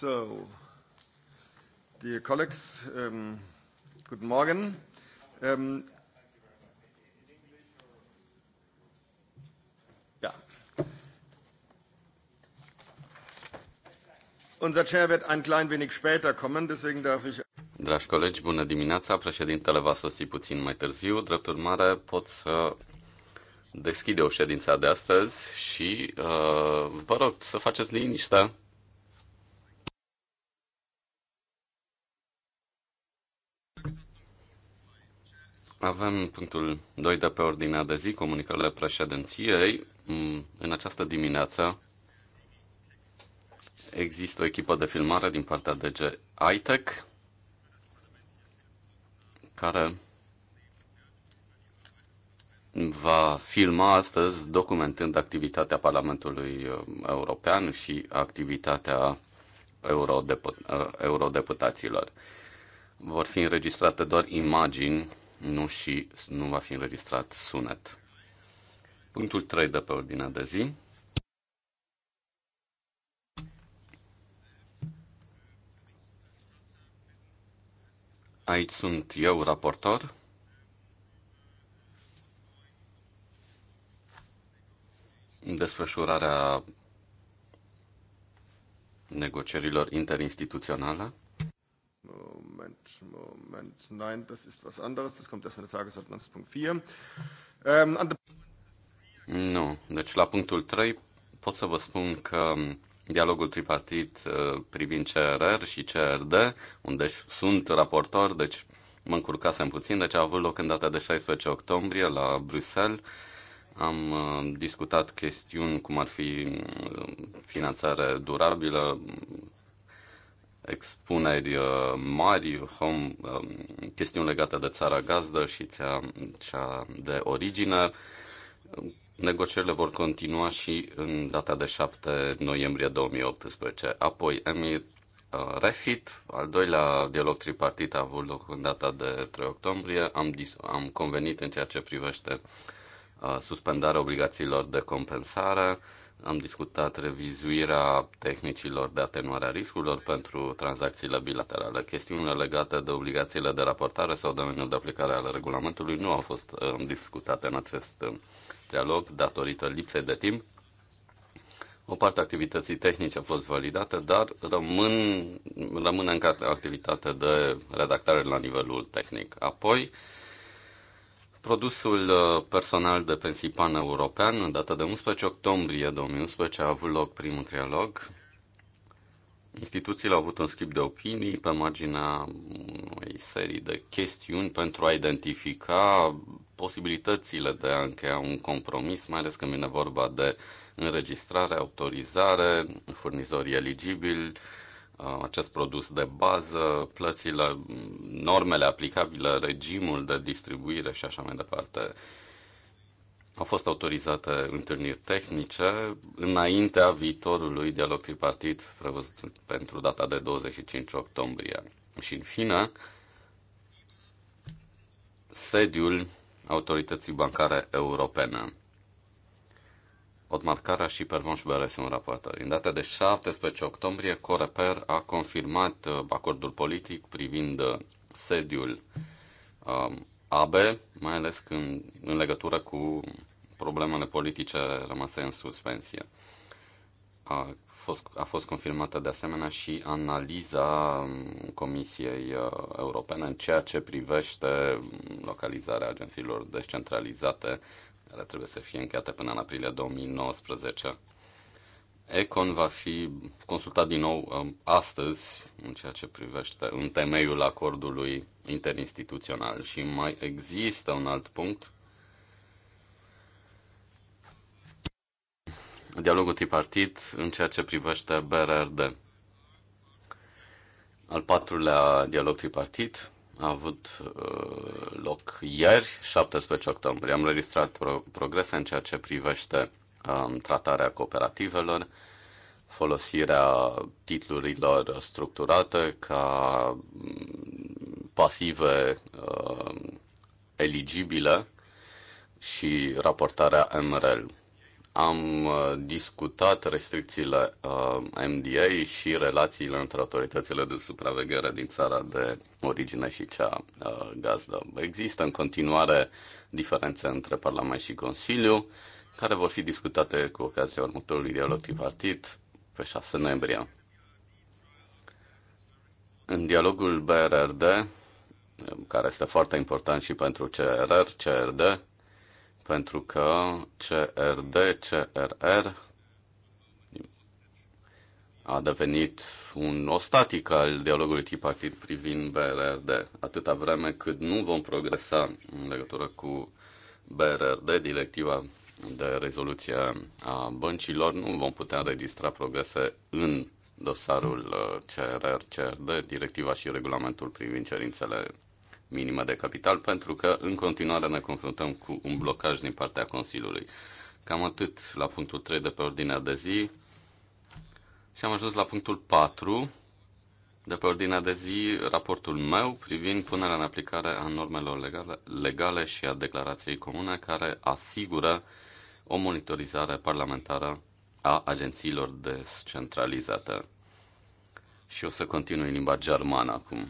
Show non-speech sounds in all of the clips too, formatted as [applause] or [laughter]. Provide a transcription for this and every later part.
So, dear colleagues, um, good morning. Um, Unser Chair wird ein klein wenig später kommen, deswegen darf ich. Dragi colegi, bună dimineața. Președintele va sosi puțin mai târziu. Drept urmare, pot să deschid eu ședința de astăzi și uh, vă rog să faceți liniște Avem punctul 2 de pe ordinea de zi, comunicările președinției. Mm, în această dimineață există o echipă de filmare din partea DG ITEC care va filma astăzi documentând activitatea Parlamentului uh, European și activitatea eurodeput- uh, eurodeputaților. Vor fi înregistrate doar imagini nu, și, nu va fi înregistrat sunet. Punctul 3 de pe ordinea de zi. Aici sunt eu, raportor. Desfășurarea negocierilor interinstituționale. Moment, Moment. Nein, das ist was anderes. Das kommt erst in der Tagesordnungspunkt 4. Ähm, Um, nu. Deci la punctul 3 pot să vă spun că um, dialogul tripartit uh, privind CRR și CRD, unde sunt raportor, deci mă încurcasem puțin, deci a avut loc în data de 16 octombrie la Bruxelles. Am uh, discutat chestiuni cum ar fi um, finanțare durabilă, expuneri uh, mari, home, um, chestiuni legate de țara gazdă și cea, cea de origine. Negocierile vor continua și în data de 7 noiembrie 2018. Apoi, Emir uh, Refit, al doilea dialog tripartit a avut loc în data de 3 octombrie. Am, am convenit în ceea ce privește uh, suspendarea obligațiilor de compensare. Uh, am discutat revizuirea tehnicilor de atenuare a riscurilor pentru tranzacțiile bilaterale. Chestiunile legate de obligațiile de raportare sau domeniul de aplicare al regulamentului nu au fost um, discutate în acest um, dialog datorită lipsei de timp. O parte a activității tehnice a fost validată, dar rămân, rămâne încă activitate de redactare la nivelul tehnic. Apoi, Produsul uh, personal de pensii pan-european, în data de 11 octombrie 2011, a avut loc primul trialog. Instituțiile au avut un schimb de opinii pe marginea unei serii de chestiuni pentru a identifica posibilitățile de a încheia un compromis, mai ales când vine vorba de înregistrare, autorizare, furnizori eligibili, Uh, acest produs de bază, plățile, normele aplicabile, regimul de distribuire și așa mai departe. Au fost autorizate întâlniri tehnice înaintea viitorului dialog tripartit prevăzut pentru data de 25 octombrie. Și în fine, sediul Autorității Bancare Europene. Otmar Cara și Pervon Șubere sunt raportări. În data de 17 octombrie, Coreper a confirmat uh, acordul politic privind uh, sediul um, ABE, mai ales când, în legătură cu problemele politice rămase în suspensie. A fost, a fost confirmată de asemenea și analiza um, Comisiei uh, Europene în ceea ce privește um, localizarea agențiilor descentralizate uh, care trebuie să fie încheiată până în aprilie 2019. Econ va fi consultat din nou um, astăzi în ceea ce privește în temeiul acordului interinstituțional și mai există un alt punct. Dialogul tripartit în ceea ce privește BRRD. Al patrulea dialog tripartit a avut uh, loc ieri, 17 octombrie. Am registrat pro- progrese în ceea ce privește uh, tratarea cooperativelor, folosirea titlurilor structurate ca mm, pasive uh, eligibile și raportarea MRL. Am uh, discutat restricțiile uh, MDA și relațiile între autoritățile de supraveghere din țara de origine și cea uh, gazdă. Există în continuare diferențe între Parlament și Consiliu, care vor fi discutate cu ocazia următorului dialog tripartit pe 6 noiembrie. În dialogul BRRD, care este foarte important și pentru CRR, CRD, pentru că CRD, CRR a devenit un ostatic al dialogului tripartit privind BRRD. Atâta vreme cât nu vom progresa în legătură cu BRRD, directiva de rezoluție a băncilor, nu vom putea înregistra progrese în dosarul uh, CRR, CRD, directiva și regulamentul privind cerințele minimă de capital, pentru că în continuare ne confruntăm cu un blocaj din partea Consiliului. Cam atât la punctul 3 de pe ordinea de zi. Și am ajuns la punctul 4 de pe ordinea de zi, raportul meu privind punerea în aplicare a normelor legale, legale și a declarației comune care asigură o monitorizare parlamentară a agențiilor descentralizate. Și o să continui în limba germană acum.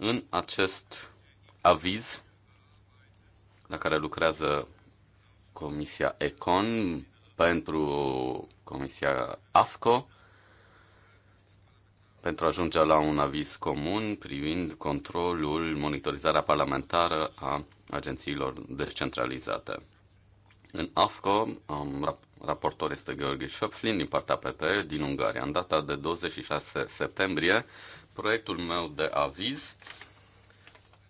În acest aviz la care lucrează Comisia Econ pentru Comisia AFCO, pentru a ajunge la un aviz comun privind controlul, monitorizarea parlamentară a agențiilor descentralizate. În AFCO, um, raportor este Gheorghe Șöpflin din partea PP din Ungaria. În data de 26 septembrie, Proiectul meu de aviz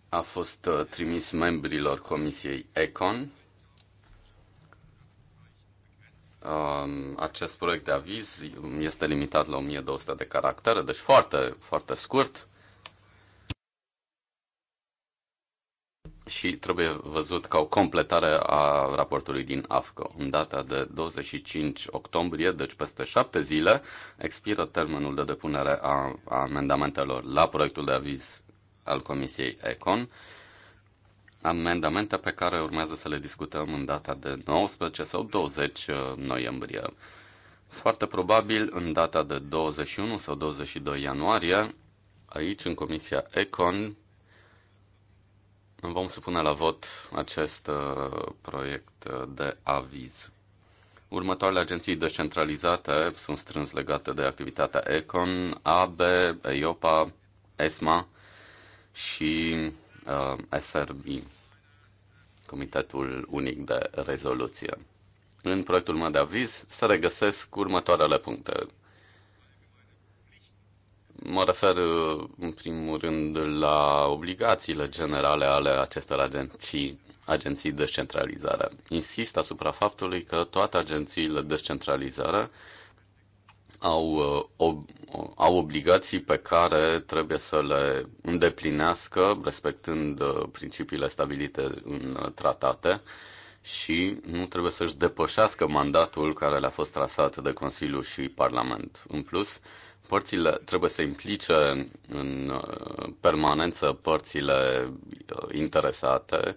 a fost uh, trimis membrilor Comisiei ECON. Um, acest proiect de aviz este limitat la 1200 de caractere, deci foarte, foarte scurt. și trebuie văzut ca o completare a raportului din AFCO. În data de 25 octombrie, deci peste șapte zile, expiră termenul de depunere a, amendamentelor la proiectul de aviz al Comisiei ECON, amendamente pe care urmează să le discutăm în data de 19 sau 20 uh, noiembrie. Foarte probabil în data de 21 sau 22 ianuarie, aici în Comisia ECON, Vom supune la vot acest uh, proiect de aviz. Următoarele agenții descentralizate sunt strâns legate de activitatea Econ, AB, EIOPA, ESMA și uh, SRB, Comitetul Unic de Rezoluție. În proiectul meu de aviz se regăsesc următoarele puncte. Mă refer uh, în primul rând la obligațiile generale ale acestor agenții, agenții descentralizare. Insist asupra faptului că toate agențiile descentralizare au, uh, ob, uh, au obligații pe care trebuie să le îndeplinească respectând principiile stabilite în tratate și nu trebuie să-și depășească mandatul care le-a fost trasat de Consiliu și Parlament. În plus, părțile trebuie să implice în uh, permanență părțile uh, interesate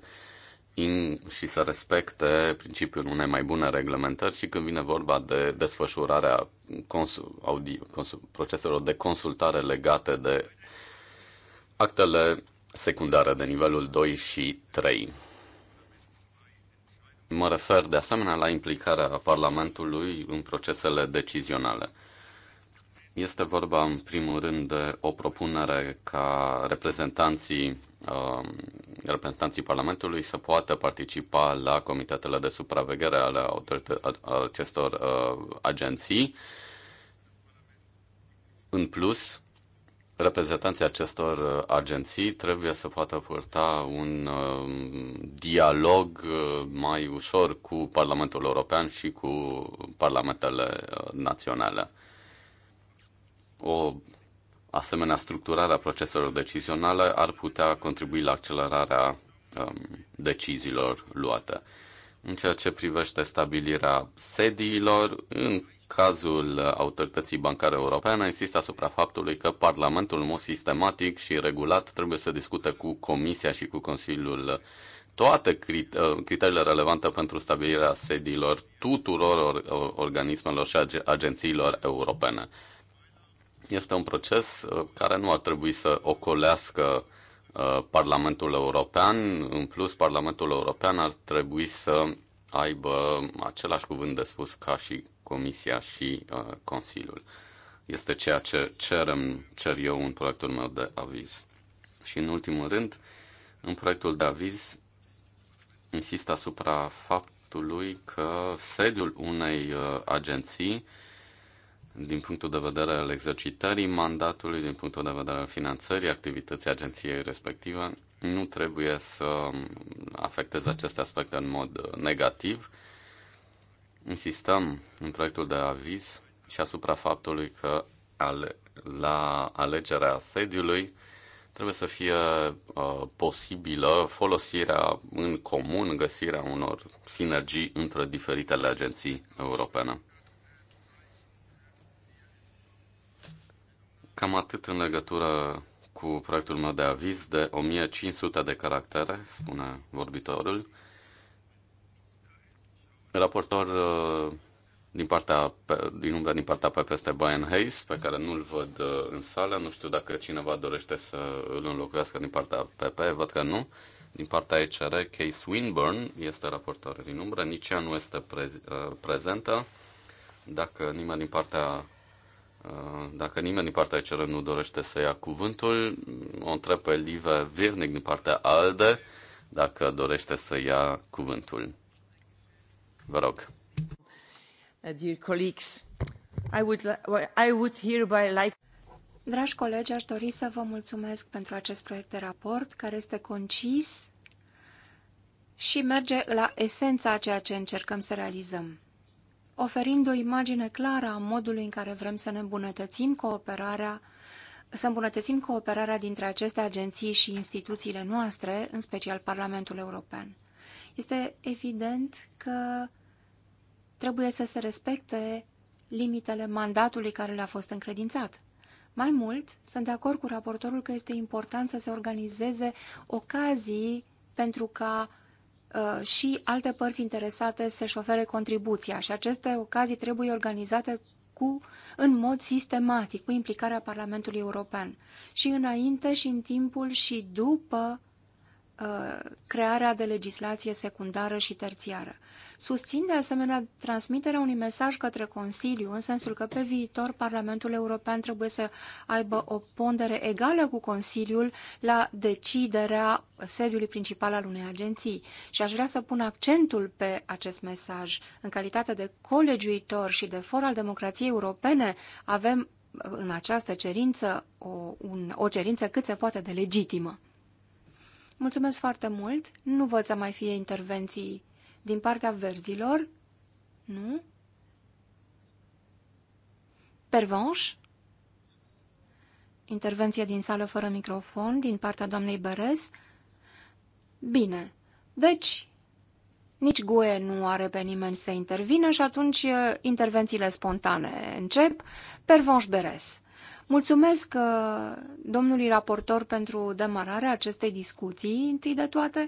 in, și să respecte principiul unei mai bune reglementări și când vine vorba de desfășurarea consul, consul, proceselor de consultare legate de actele secundare de nivelul 2 și 3. Mă refer de asemenea la implicarea Parlamentului în procesele decizionale. Este vorba, în primul rând, de o propunere ca reprezentanții um, reprezentanții Parlamentului să poată participa la comitetele de supraveghere ale acestor uh, agenții. În plus, reprezentanții acestor uh, agenții trebuie să poată purta un um, uh, dialog mai ușor cu Parlamentul European și cu parlamentele uh, naționale o asemenea structurare a proceselor decizionale ar putea contribui la accelerarea um, deciziilor luate. În ceea ce privește stabilirea sediilor, în cazul Autorității Bancare Europene, insist asupra faptului că Parlamentul, în mod sistematic și regulat, trebuie să discute cu Comisia și cu Consiliul toate crit uh, criteriile relevante pentru stabilirea sediilor tuturor organismelor și agențiilor europene este un proces uh, care nu ar trebui să ocolească uh, Parlamentul European. În plus, Parlamentul European ar trebui să aibă același cuvânt de spus ca și Comisia și uh, Consiliul. Este ceea ce cerem, cer eu în proiectul meu de aviz. Și în ultimul rând, în proiectul de aviz insist asupra faptului că sediul unei agenții din punctul de vedere al exercitării mandatului, din punctul de vedere al finanțării activității agenției respective, nu trebuie să afecteze aceste aspecte în mod negativ. Insistăm în proiectul de aviz și asupra faptului că ale, la alegerea sediului trebuie să fie uh, posibilă folosirea în comun, găsirea unor sinergii între diferitele agenții europene. Cam atât în legătură cu proiectul meu de aviz de 1500 de caractere, spune vorbitorul. Raportor uh, din partea, din umbra din partea pe peste Brian Hayes, pe care nu-l văd uh, în sală. Nu știu dacă cineva dorește să îl înlocuiască din partea PP, văd că nu. Din partea ECR, Case Swinburne este raportor din umbră, nici ea nu este uh, prezentă. Dacă nimeni din partea Uh, dacă nimeni din partea CR nu dorește să ia cuvântul, o întreb pe Live Virnic din partea ALDE dacă dorește să ia cuvântul. Vă rog. Uh, dear colleagues, I would, I would hereby like... Dragi colegi, aș dori să vă mulțumesc pentru acest proiect de raport care este concis și merge la esența a ceea ce încercăm să realizăm oferind o imagine clară a modului în care vrem să ne îmbunătățim cooperarea să îmbunătățim cooperarea dintre aceste agenții și instituțiile noastre, în special Parlamentul European. Este evident că trebuie să se respecte limitele mandatului care le-a fost încredințat. Mai mult, sunt de acord cu raportorul că este important să se organizeze ocazii pentru ca Uh, și alte părți interesate să-și ofere contribuția și aceste ocazii trebuie organizate cu, în mod sistematic, cu implicarea Parlamentului European. Și înainte, și în timpul, și după Uh, crearea de legislație secundară și terțiară. Susțin de asemenea transmiterea unui mesaj către Consiliu, în sensul că pe viitor Parlamentul European trebuie să aibă o pondere egală cu Consiliul la deciderea sediului principal al unei agenții. Și aș vrea să pun accentul pe acest mesaj. În calitate de colegiuitor și de for al democrației europene, avem în această cerință o, un, o cerință cât se poate de legitimă. Mulțumesc foarte mult. Nu văd să mai fie intervenții din partea verzilor. Nu? Pervanș? Intervenție din sală fără microfon din partea doamnei Berez. Bine. Deci, nici GUE nu are pe nimeni să intervină și atunci eh, intervențiile spontane încep. Pervanș Berez. Mulțumesc uh, domnului raportor pentru demararea acestei discuții, întâi de toate.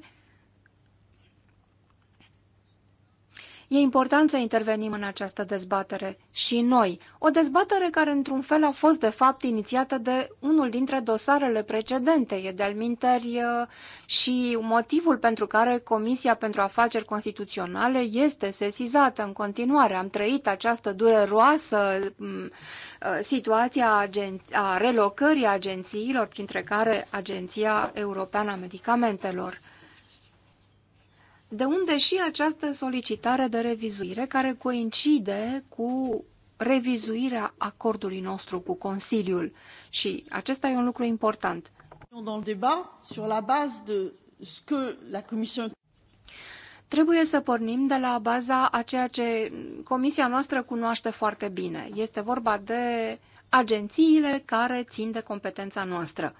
E important să intervenim în această dezbatere și noi, o dezbatere care într-un fel a fost de fapt inițiată de unul dintre dosarele precedente, e de-al uh, și motivul pentru care Comisia pentru Afaceri Constituționale este sesizată în continuare. Am trăit această dureroasă mm, uh, situație a, agen- a relocării agențiilor, printre care Agenția Europeană a Medicamentelor. De unde și această solicitare de revizuire care coincide cu revizuirea acordului nostru cu Consiliul. Și acesta e un lucru important. Trebuie să pornim de la baza a ceea ce comisia noastră cunoaște foarte bine. Este vorba de agențiile care țin de competența noastră.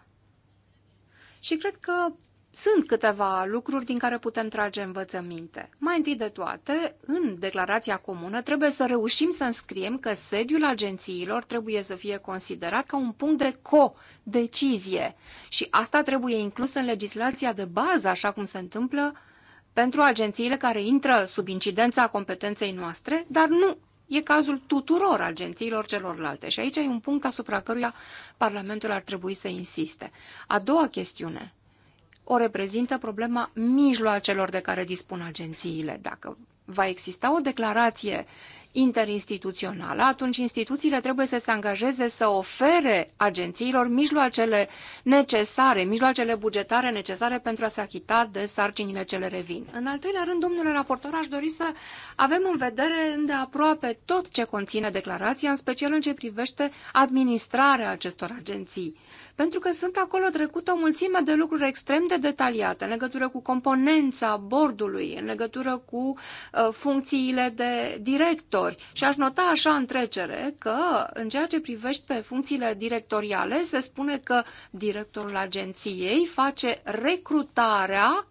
Și cred că sunt câteva lucruri din care putem trage învățăminte. Mai întâi de toate, în declarația comună trebuie să reușim să înscriem că sediul agențiilor trebuie să fie considerat ca un punct de co-decizie și asta trebuie inclus în legislația de bază, așa cum se întâmplă pentru agențiile care intră sub incidența competenței noastre, dar nu e cazul tuturor agențiilor celorlalte. Și aici e un punct asupra căruia Parlamentul ar trebui să insiste. A doua chestiune o reprezintă problema mijloacelor de care dispun agențiile. Dacă va exista o declarație interinstituțională, atunci instituțiile trebuie să se angajeze să ofere agențiilor mijloacele necesare, mijloacele bugetare necesare pentru a se achita de sarcinile ce le revin. În al treilea rând, domnule raportor, aș dori să avem în vedere îndeaproape tot ce conține declarația, în special în ce privește administrarea acestor agenții pentru că sunt acolo trecută o mulțime de lucruri extrem de detaliate în legătură cu componența bordului, în legătură cu uh, funcțiile de directori. Și aș nota așa în trecere că, în ceea ce privește funcțiile directoriale, se spune că directorul agenției face recrutarea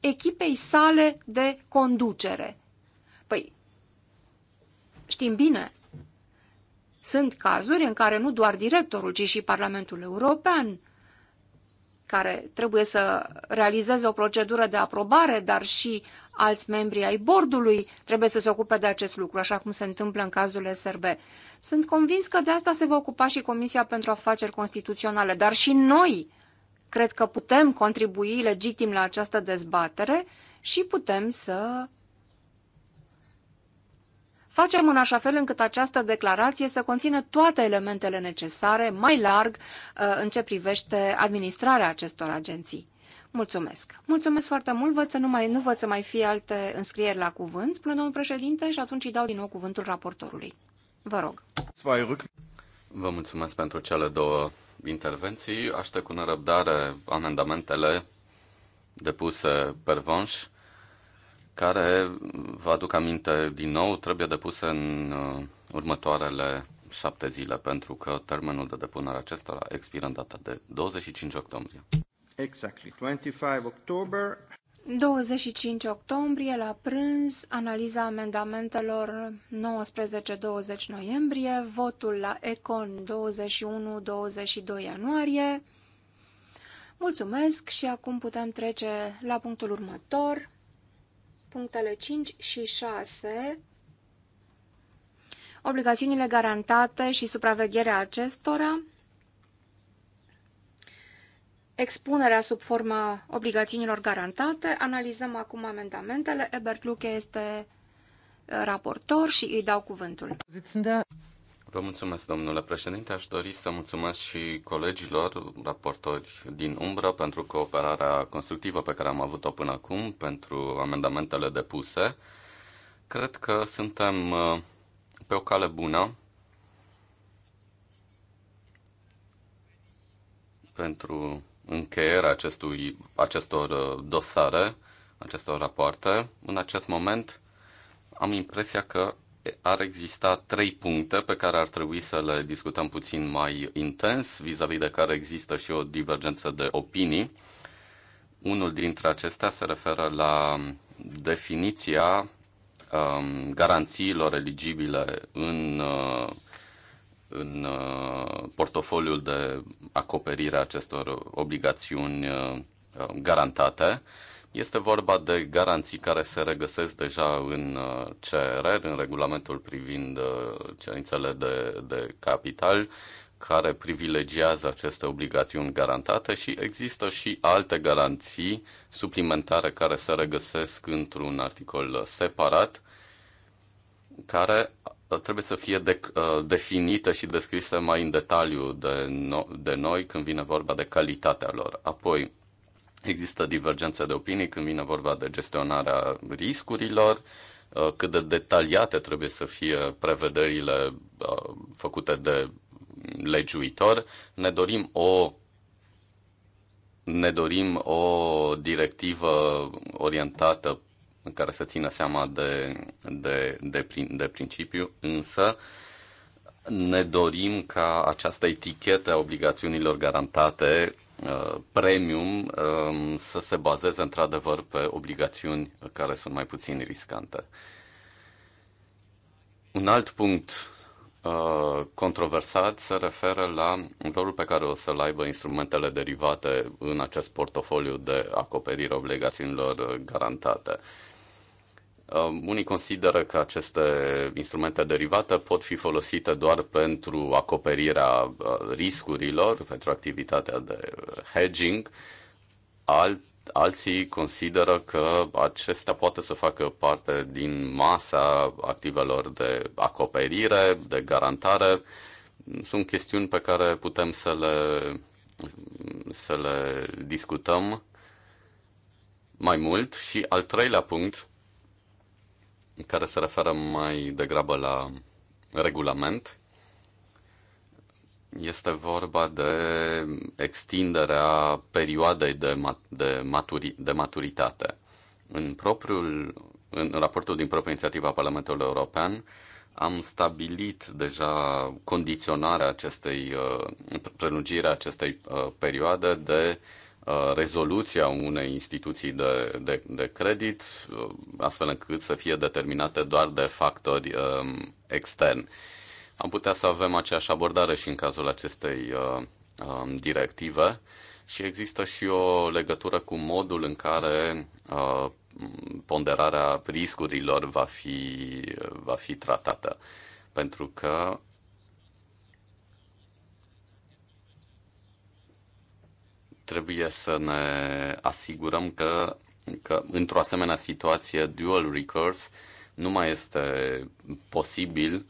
echipei sale de conducere. Păi, știm bine sunt cazuri în care nu doar directorul, ci și Parlamentul European, care trebuie să realizeze o procedură de aprobare, dar și alți membri ai bordului trebuie să se ocupe de acest lucru, așa cum se întâmplă în cazul SRB. Sunt convins că de asta se va ocupa și Comisia pentru Afaceri Constituționale, dar și noi cred că putem contribui legitim la această dezbatere și putem să facem în așa fel încât această declarație să conțină toate elementele necesare, mai larg, uh, în ce privește administrarea acestor agenții. Mulțumesc. Mulțumesc foarte mult. Văd să nu, mai, nu văd să mai fie alte înscrieri la cuvânt, spune domnul președinte, și atunci îi dau din nou cuvântul raportorului. Vă rog. Vă mulțumesc pentru cele două intervenții. Aștept cu nerăbdare amendamentele depuse per vanș care, vă aduc aminte din nou, trebuie depuse în uh, următoarele șapte zile, pentru că termenul de depunere acestora expiră în data de 25 octombrie. Exactly, 25 october. 25 octombrie, la prânz, analiza amendamentelor 19-20 noiembrie, votul la Econ 21-22 ianuarie. Mulțumesc și acum putem trece la punctul următor punctele 5 și 6, obligațiunile garantate și supravegherea acestora, expunerea sub forma obligațiunilor garantate. Analizăm acum amendamentele. Ebert Luche este raportor și îi dau cuvântul. Vă mulțumesc, domnule președinte. Aș dori să mulțumesc și colegilor, raportori din umbră, pentru cooperarea constructivă pe care am avut-o până acum, pentru amendamentele depuse. Cred că suntem uh, pe o cale bună pentru încheierea acestui, acestor uh, dosare, acestor rapoarte. În acest moment am impresia că ar exista trei puncte pe care ar trebui să le discutăm puțin mai intens, vis-a-vis -vis de care există și o divergență de opinii. Unul dintre acestea se referă la definiția um, garanțiilor eligibile în, uh, în uh, portofoliul de acoperire a acestor obligațiuni uh, garantate. Uh, este vorba de garanții care se regăsesc deja în uh, CRR, în regulamentul privind uh, cerințele de, de capital, care privilegiază aceste obligațiuni garantate și există și alte garanții suplimentare care se regăsesc într-un articol separat care uh, trebuie să fie de, definită și descrisă mai în detaliu de, no, de noi când vine vorba de calitatea lor. Apoi, Există divergențe de opinii când vine vorba de gestionarea riscurilor, uh, cât de detaliate trebuie să fie prevederile uh, făcute de legiuitor. Ne dorim o ne dorim o directivă orientată în care să țină seama de, de, de, de principiu, însă ne dorim ca această etichetă a obligațiunilor garantate Uh, premium um, să se bazeze într-adevăr pe obligațiuni care sunt mai puțin riscante. Un alt punct uh, controversat se referă la rolul pe care o să-l aibă instrumentele derivate în acest portofoliu de acoperire obligațiunilor uh, garantate. Um, unii consideră că aceste instrumente derivate pot fi folosite doar pentru acoperirea uh, riscurilor, pentru activitatea de hedging. Alt, alții consideră că acestea poate să facă parte din masa activelor de acoperire, de garantare. Sunt chestiuni pe care putem să le, să le discutăm mai mult și al treilea punct care se referă mai degrabă la regulament. Este vorba de extinderea perioadei de, mat- de, maturi- de maturitate. În, propriul, în raportul din propria inițiativă a Parlamentului European, am stabilit deja condiționarea acestei, uh, prelungirea acestei uh, perioade de Uh, rezoluția unei instituții de, de, de credit, uh, astfel încât să fie determinate doar de factori um, externi. Am putea să avem aceeași abordare și în cazul acestei uh, um, directive și există și o legătură cu modul în care uh, ponderarea riscurilor va fi, va fi tratată. Pentru că trebuie să ne asigurăm că, că într-o asemenea situație dual recourse nu mai este posibil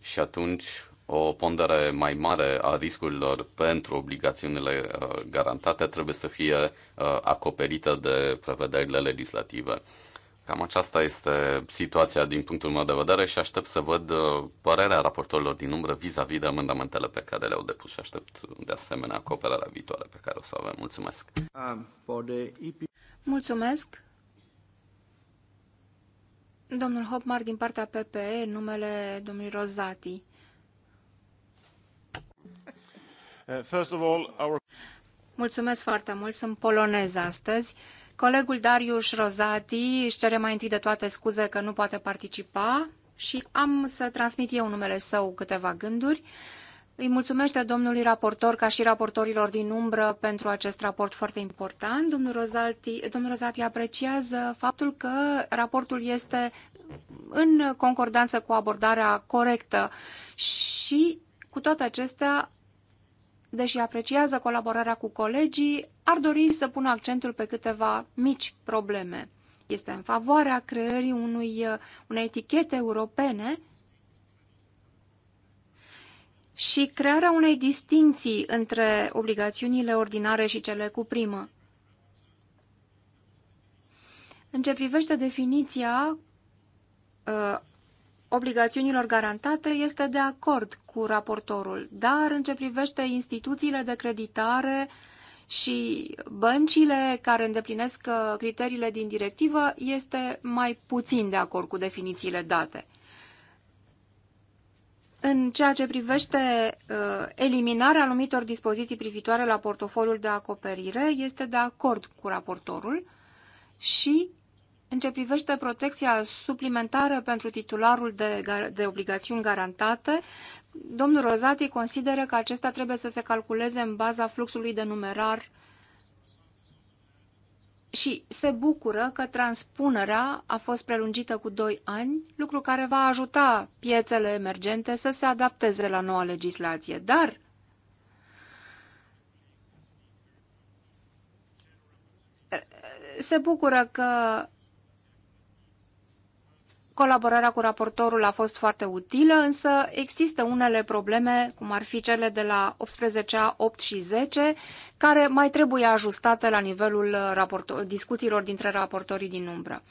și atunci o pondere mai mare a riscurilor pentru obligațiunile uh, garantate trebuie să fie uh, acoperită de prevederile legislative. Cam aceasta este situația din punctul meu de vedere și aștept să văd uh, părerea raportorilor din umbră vis-a-vis -vis de amendamentele pe care le-au depus și aștept de asemenea cooperarea viitoare pe care o să o avem. Mulțumesc! Um, Mulțumesc! Domnul Hopmar din partea PPE, numele domnului Rozati. Uh, first of all, our... Mulțumesc foarte mult, sunt polonez astăzi. Colegul Darius Rozati își cere mai întâi de toate scuze că nu poate participa și am să transmit eu numele său câteva gânduri. Îi mulțumește domnului raportor ca și raportorilor din umbră pentru acest raport foarte important. Domnul Rozati, domnul Rozati apreciază faptul că raportul este în concordanță cu abordarea corectă și cu toate acestea deși apreciază colaborarea cu colegii, ar dori să pună accentul pe câteva mici probleme. Este în favoarea creării unui, uh, unei etichete europene și crearea unei distinții între obligațiunile ordinare și cele cu primă. În ce privește definiția uh, obligațiunilor garantate este de acord cu raportorul, dar în ce privește instituțiile de creditare și băncile care îndeplinesc uh, criteriile din directivă, este mai puțin de acord cu definițiile date. În ceea ce privește uh, eliminarea anumitor dispoziții privitoare la portofoliul de acoperire, este de acord cu raportorul și în ce privește protecția suplimentară pentru titularul de, de obligațiuni garantate, domnul Rozati consideră că acesta trebuie să se calculeze în baza fluxului de numerar și se bucură că transpunerea a fost prelungită cu 2 ani, lucru care va ajuta piețele emergente să se adapteze la noua legislație. Dar se bucură că Colaborarea cu raportorul a fost foarte utilă, însă există unele probleme, cum ar fi cele de la 18 8 și 10, care mai trebuie ajustate la nivelul discuțiilor dintre raportorii din umbră.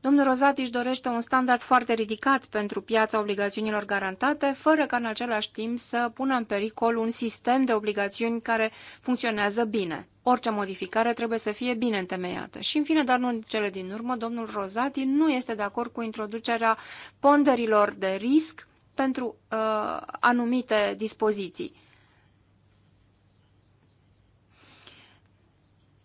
Domnul Rozati își dorește un standard foarte ridicat pentru piața obligațiunilor garantate, fără ca în același timp să pună în pericol un sistem de obligațiuni care funcționează bine. Orice modificare trebuie să fie bine întemeiată. Și în fine, dar nu în cele din urmă, domnul Rozati nu este de acord cu introducerea ponderilor de risc pentru uh, anumite dispoziții.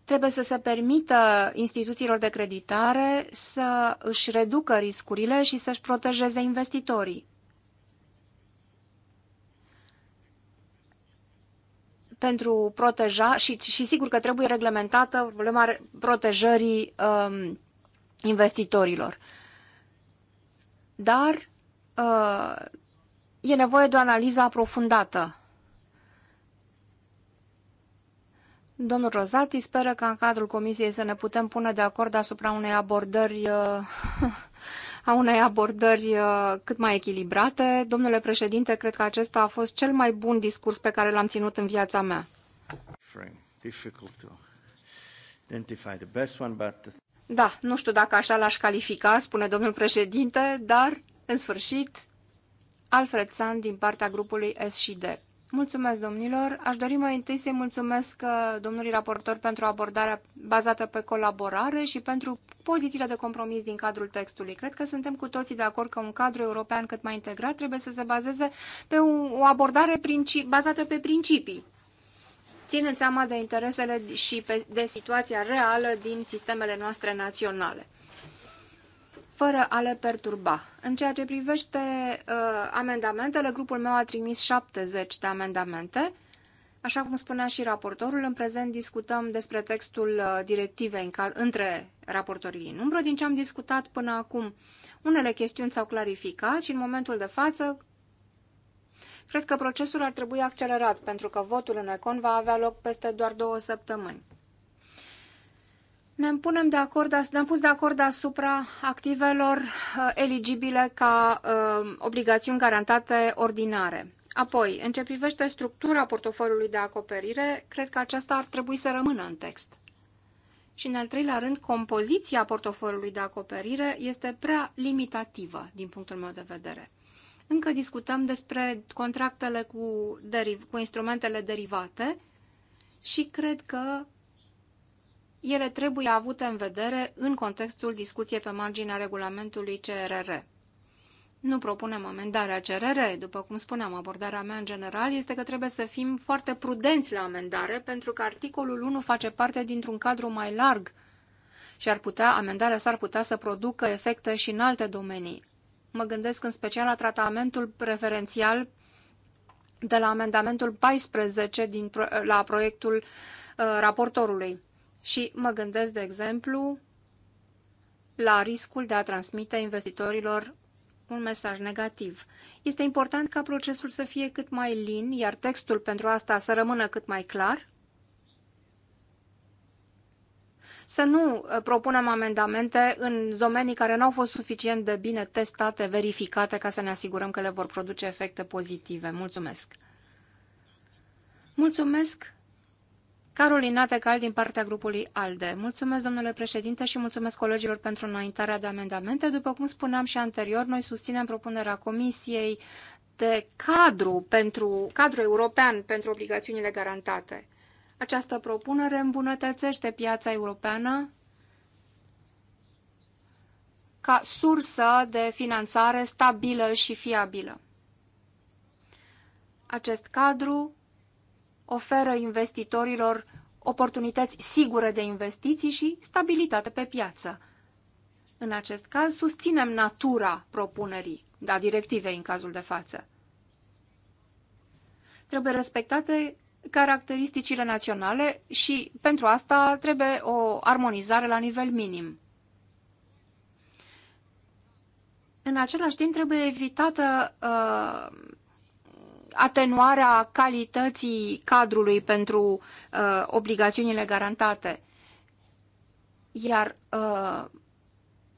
Trebuie să se permită instituțiilor de creditare să își reducă riscurile și să-și protejeze investitorii. pentru proteja și, și sigur că trebuie reglementată problema protejării um, investitorilor. Dar uh, e nevoie de o analiză aprofundată. Domnul Rozati speră că în cadrul comisiei să ne putem pune de acord asupra unei abordări uh, [laughs] a unei abordări uh, cât mai echilibrate. Domnule președinte, cred că acesta a fost cel mai bun discurs pe care l-am ținut în viața mea. Da, nu știu dacă așa l-aș califica, spune domnul președinte, dar, în sfârșit, Alfred Sand din partea grupului S și D. Mulțumesc, domnilor. Aș dori mai întâi să-i mulțumesc uh, domnului raportor pentru abordarea bazată pe colaborare și pentru pozițiile de compromis din cadrul textului. Cred că suntem cu toții de acord că un cadru european cât mai integrat trebuie să se bazeze pe o abordare bazată pe principii, ținând seama de interesele și de situația reală din sistemele noastre naționale fără a le perturba. În ceea ce privește uh, amendamentele, grupul meu a trimis 70 de amendamente. Așa cum spunea și raportorul, în prezent discutăm despre textul uh, directivei în între raportorii în umbră. Din ce am discutat până acum, unele chestiuni s-au clarificat și în momentul de față cred că procesul ar trebui accelerat, pentru că votul în Econ va avea loc peste doar două săptămâni ne punem de acord, ne-am pus de acord asupra activelor uh, eligibile ca uh, obligațiuni garantate ordinare. Apoi, în ce privește structura portofoliului de acoperire, cred că aceasta ar trebui să rămână în text. Și în al treilea rând, compoziția portofoliului de acoperire este prea limitativă din punctul meu de vedere. Încă discutăm despre contractele cu, deriv, cu instrumentele derivate și cred că ele trebuie avute în vedere în contextul discuției pe marginea regulamentului CRR. Nu propunem amendarea CRR, după cum spuneam, abordarea mea în general este că trebuie să fim foarte prudenți la amendare, pentru că articolul 1 face parte dintr-un cadru mai larg și ar putea, amendarea s-ar putea să producă efecte și în alte domenii. Mă gândesc în special la tratamentul preferențial de la amendamentul 14 din, la proiectul uh, raportorului. Și mă gândesc, de exemplu, la riscul de a transmite investitorilor un mesaj negativ. Este important ca procesul să fie cât mai lin, iar textul pentru asta să rămână cât mai clar. Să nu uh, propunem amendamente în domenii care nu au fost suficient de bine testate, verificate, ca să ne asigurăm că le vor produce efecte pozitive. Mulțumesc! Mulțumesc! Carolina Tecal din partea grupului ALDE. Mulțumesc, domnule președinte, și mulțumesc colegilor pentru înaintarea de amendamente. După cum spuneam și anterior, noi susținem propunerea Comisiei de cadru, pentru, cadru european pentru obligațiunile garantate. Această propunere îmbunătățește piața europeană ca sursă de finanțare stabilă și fiabilă. Acest cadru oferă investitorilor oportunități sigure de investiții și stabilitate pe piață. În acest caz, susținem natura propunerii, da, directivei în cazul de față. Trebuie respectate caracteristicile naționale și pentru asta trebuie o armonizare la nivel minim. În același timp, trebuie evitată uh, atenuarea calității cadrului pentru uh, obligațiunile garantate. Iar uh,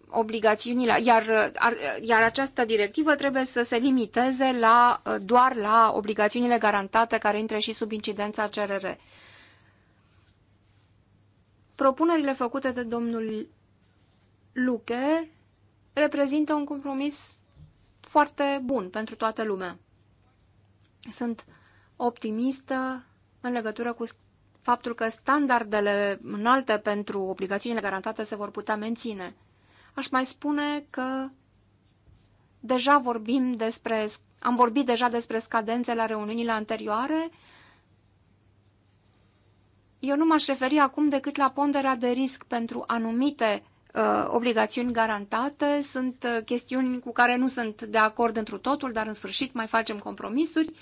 obligațiunile, iar, ar, iar această directivă trebuie să se limiteze la, uh, doar la obligațiunile garantate care intră și sub incidența CRR. Propunerile făcute de domnul Luche reprezintă un compromis foarte bun pentru toată lumea. Sunt optimistă în legătură cu faptul că standardele înalte pentru obligațiunile garantate se vor putea menține. Aș mai spune că deja vorbim despre, am vorbit deja despre scadențe la reuniunile anterioare. Eu nu m-aș referi acum decât la ponderea de risc pentru anumite Uh, obligațiuni garantate, sunt uh, chestiuni cu care nu sunt de acord întru totul, dar în sfârșit mai facem compromisuri.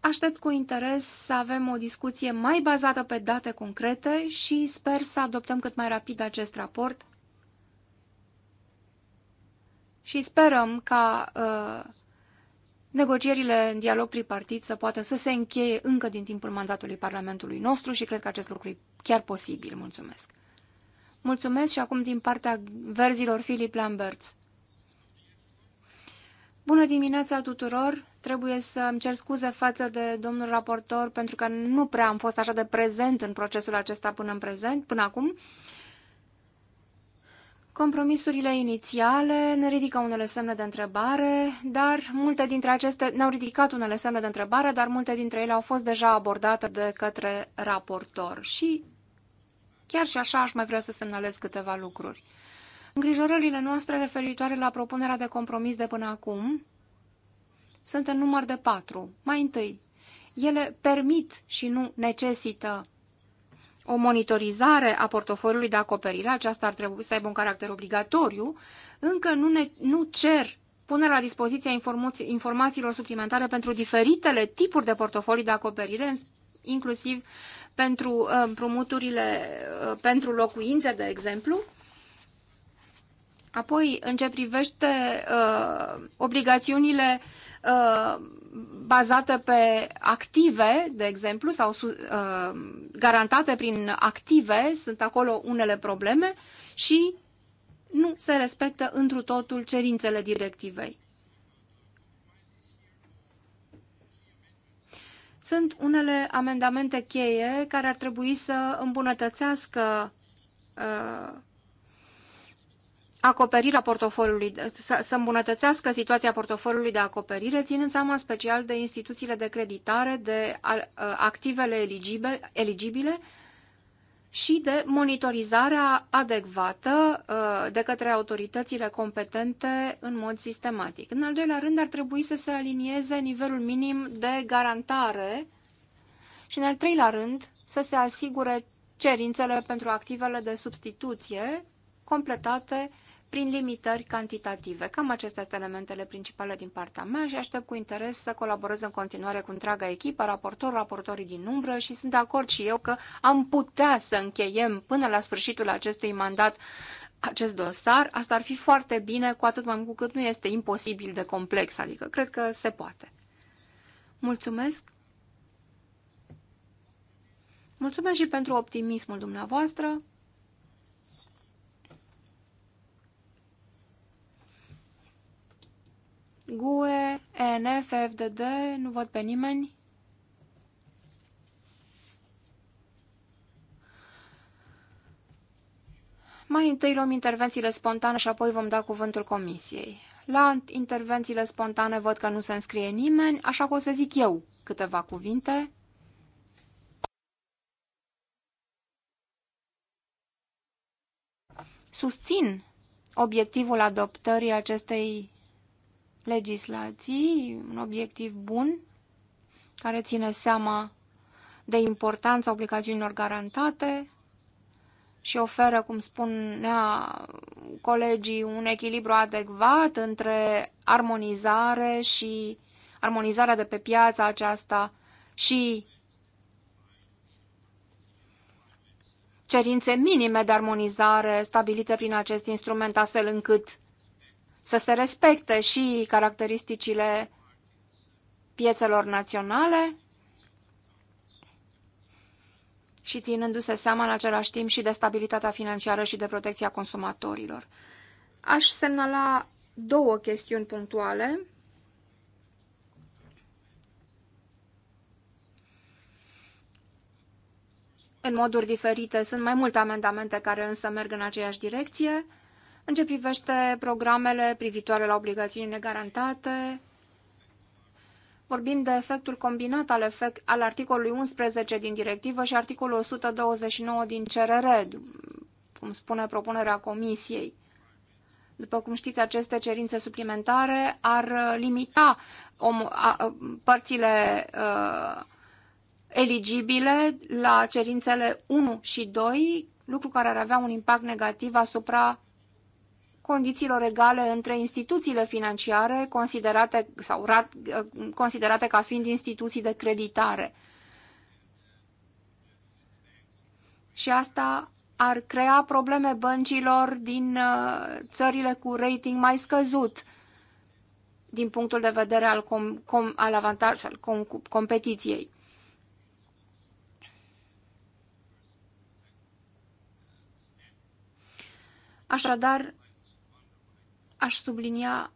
Aștept cu interes să avem o discuție mai bazată pe date concrete și sper să adoptăm cât mai rapid acest raport și sperăm ca uh, negocierile în dialog tripartit să poată să se încheie încă din timpul mandatului Parlamentului nostru și cred că acest lucru e chiar posibil. Mulțumesc! Mulțumesc și acum din partea verzilor Philip Lamberts. Bună dimineața tuturor! Trebuie să îmi cer scuze față de domnul raportor pentru că nu prea am fost așa de prezent în procesul acesta până în prezent, până acum. Compromisurile inițiale ne ridică unele semne de întrebare, dar multe dintre aceste ne-au ridicat unele semne de întrebare, dar multe dintre ele au fost deja abordate de către raportor și chiar și așa aș mai vrea să semnalez câteva lucruri. Îngrijorările noastre referitoare la propunerea de compromis de până acum sunt în număr de patru. Mai întâi, ele permit și nu necesită o monitorizare a portofoliului de acoperire, aceasta ar trebui să aibă un caracter obligatoriu, încă nu, ne, nu cer punerea la dispoziția informațiilor suplimentare pentru diferitele tipuri de portofolii de acoperire, inclusiv pentru uh, împrumuturile uh, pentru locuințe, de exemplu. Apoi, în ce privește uh, obligațiunile Uh, bazată pe active, de exemplu, sau uh, garantate prin active, sunt acolo unele probleme și nu se respectă întru totul cerințele directivei. Sunt unele amendamente cheie care ar trebui să îmbunătățească uh, acoperirea portofoliului, să, să îmbunătățească situația portofoliului de acoperire, ținând seama special de instituțiile de creditare, de ă, activele eligibile, eligibile și de monitorizarea adecvată ă, de către autoritățile competente în mod sistematic. În al doilea rând, ar trebui să se alinieze nivelul minim de garantare și, în al treilea rând, să se asigure cerințele pentru activele de substituție completate prin limitări cantitative. Cam acestea sunt elementele principale din partea mea și aștept cu interes să colaborez în continuare cu întreaga echipă, raportor, raportorii din umbră și sunt de acord și eu că am putea să încheiem până la sfârșitul acestui mandat acest dosar. Asta ar fi foarte bine, cu atât mai mult cu cât nu este imposibil de complex, adică cred că se poate. Mulțumesc! Mulțumesc și pentru optimismul dumneavoastră. GUE, ENF, FDD, nu văd pe nimeni. Mai întâi luăm intervențiile spontane și apoi vom da cuvântul comisiei. La intervențiile spontane văd că nu se înscrie nimeni, așa că o să zic eu câteva cuvinte. Susțin obiectivul adoptării acestei legislații, un obiectiv bun care ține seama de importanța obligațiunilor garantate și oferă, cum spunea colegii, un echilibru adecvat între armonizare și armonizarea de pe piața aceasta și cerințe minime de armonizare stabilite prin acest instrument, astfel încât să se respecte și caracteristicile piețelor naționale și ținându-se seama în același timp și de stabilitatea financiară și de protecția consumatorilor. Aș semnala două chestiuni punctuale. În moduri diferite sunt mai multe amendamente care însă merg în aceeași direcție. În ce privește programele privitoare la obligații negarantate, vorbim de efectul combinat al, efect, al articolului 11 din directivă și articolul 129 din CRR, cum spune propunerea Comisiei. După cum știți, aceste cerințe suplimentare ar limita părțile eligibile la cerințele 1 și 2, lucru care ar avea un impact negativ asupra condițiilor egale între instituțiile financiare considerate, sau rat, considerate ca fiind instituții de creditare. Și asta ar crea probleme băncilor din uh, țările cu rating mai scăzut din punctul de vedere al, com, com, al avantaj, al com, competiției. Așadar, aș sublinia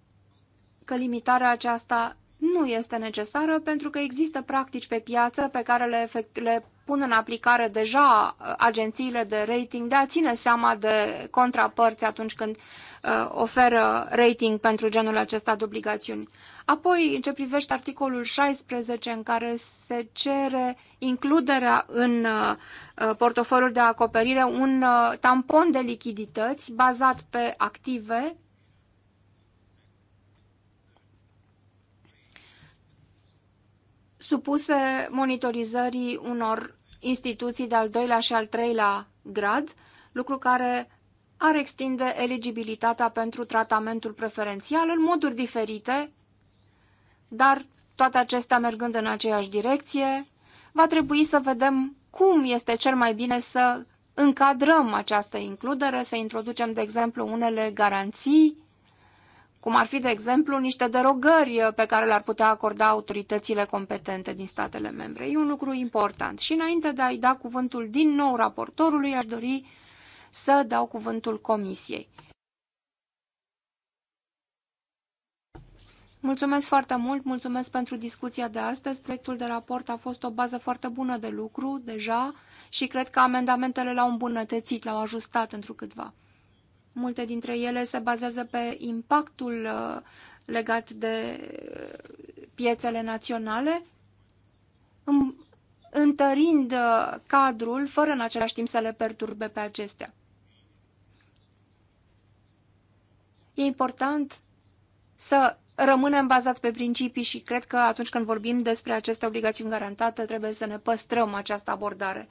că limitarea aceasta nu este necesară pentru că există practici pe piață pe care le, le pun în aplicare deja uh, agențiile de rating de a ține seama de contrapărți atunci când uh, oferă rating pentru genul acesta de obligațiuni. Apoi, în ce privește articolul 16, în care se cere includerea în uh, uh portofoliul de acoperire un uh, tampon de lichidități bazat pe active supuse monitorizării unor instituții de-al doilea și al treilea grad, lucru care ar extinde eligibilitatea pentru tratamentul preferențial în moduri diferite, dar toate acestea mergând în aceeași direcție, va trebui să vedem cum este cel mai bine să încadrăm această includere, să introducem, de exemplu, unele garanții cum ar fi, de exemplu, niște derogări uh, pe care le-ar putea acorda autoritățile competente din statele membre. E un lucru important. Și înainte de a-i da cuvântul din nou raportorului, aș dori să dau cuvântul comisiei. Mulțumesc foarte mult, mulțumesc pentru discuția de astăzi. Proiectul de raport a fost o bază foarte bună de lucru deja și cred că amendamentele l-au îmbunătățit, l-au ajustat într-o câtva. Multe dintre ele se bazează pe impactul uh, legat de uh, piețele naționale, întărind uh, cadrul, fără în același timp să le perturbe pe acestea. E important să rămânem bazat pe principii și cred că atunci când vorbim despre aceste obligațiuni garantate, trebuie să ne păstrăm această abordare.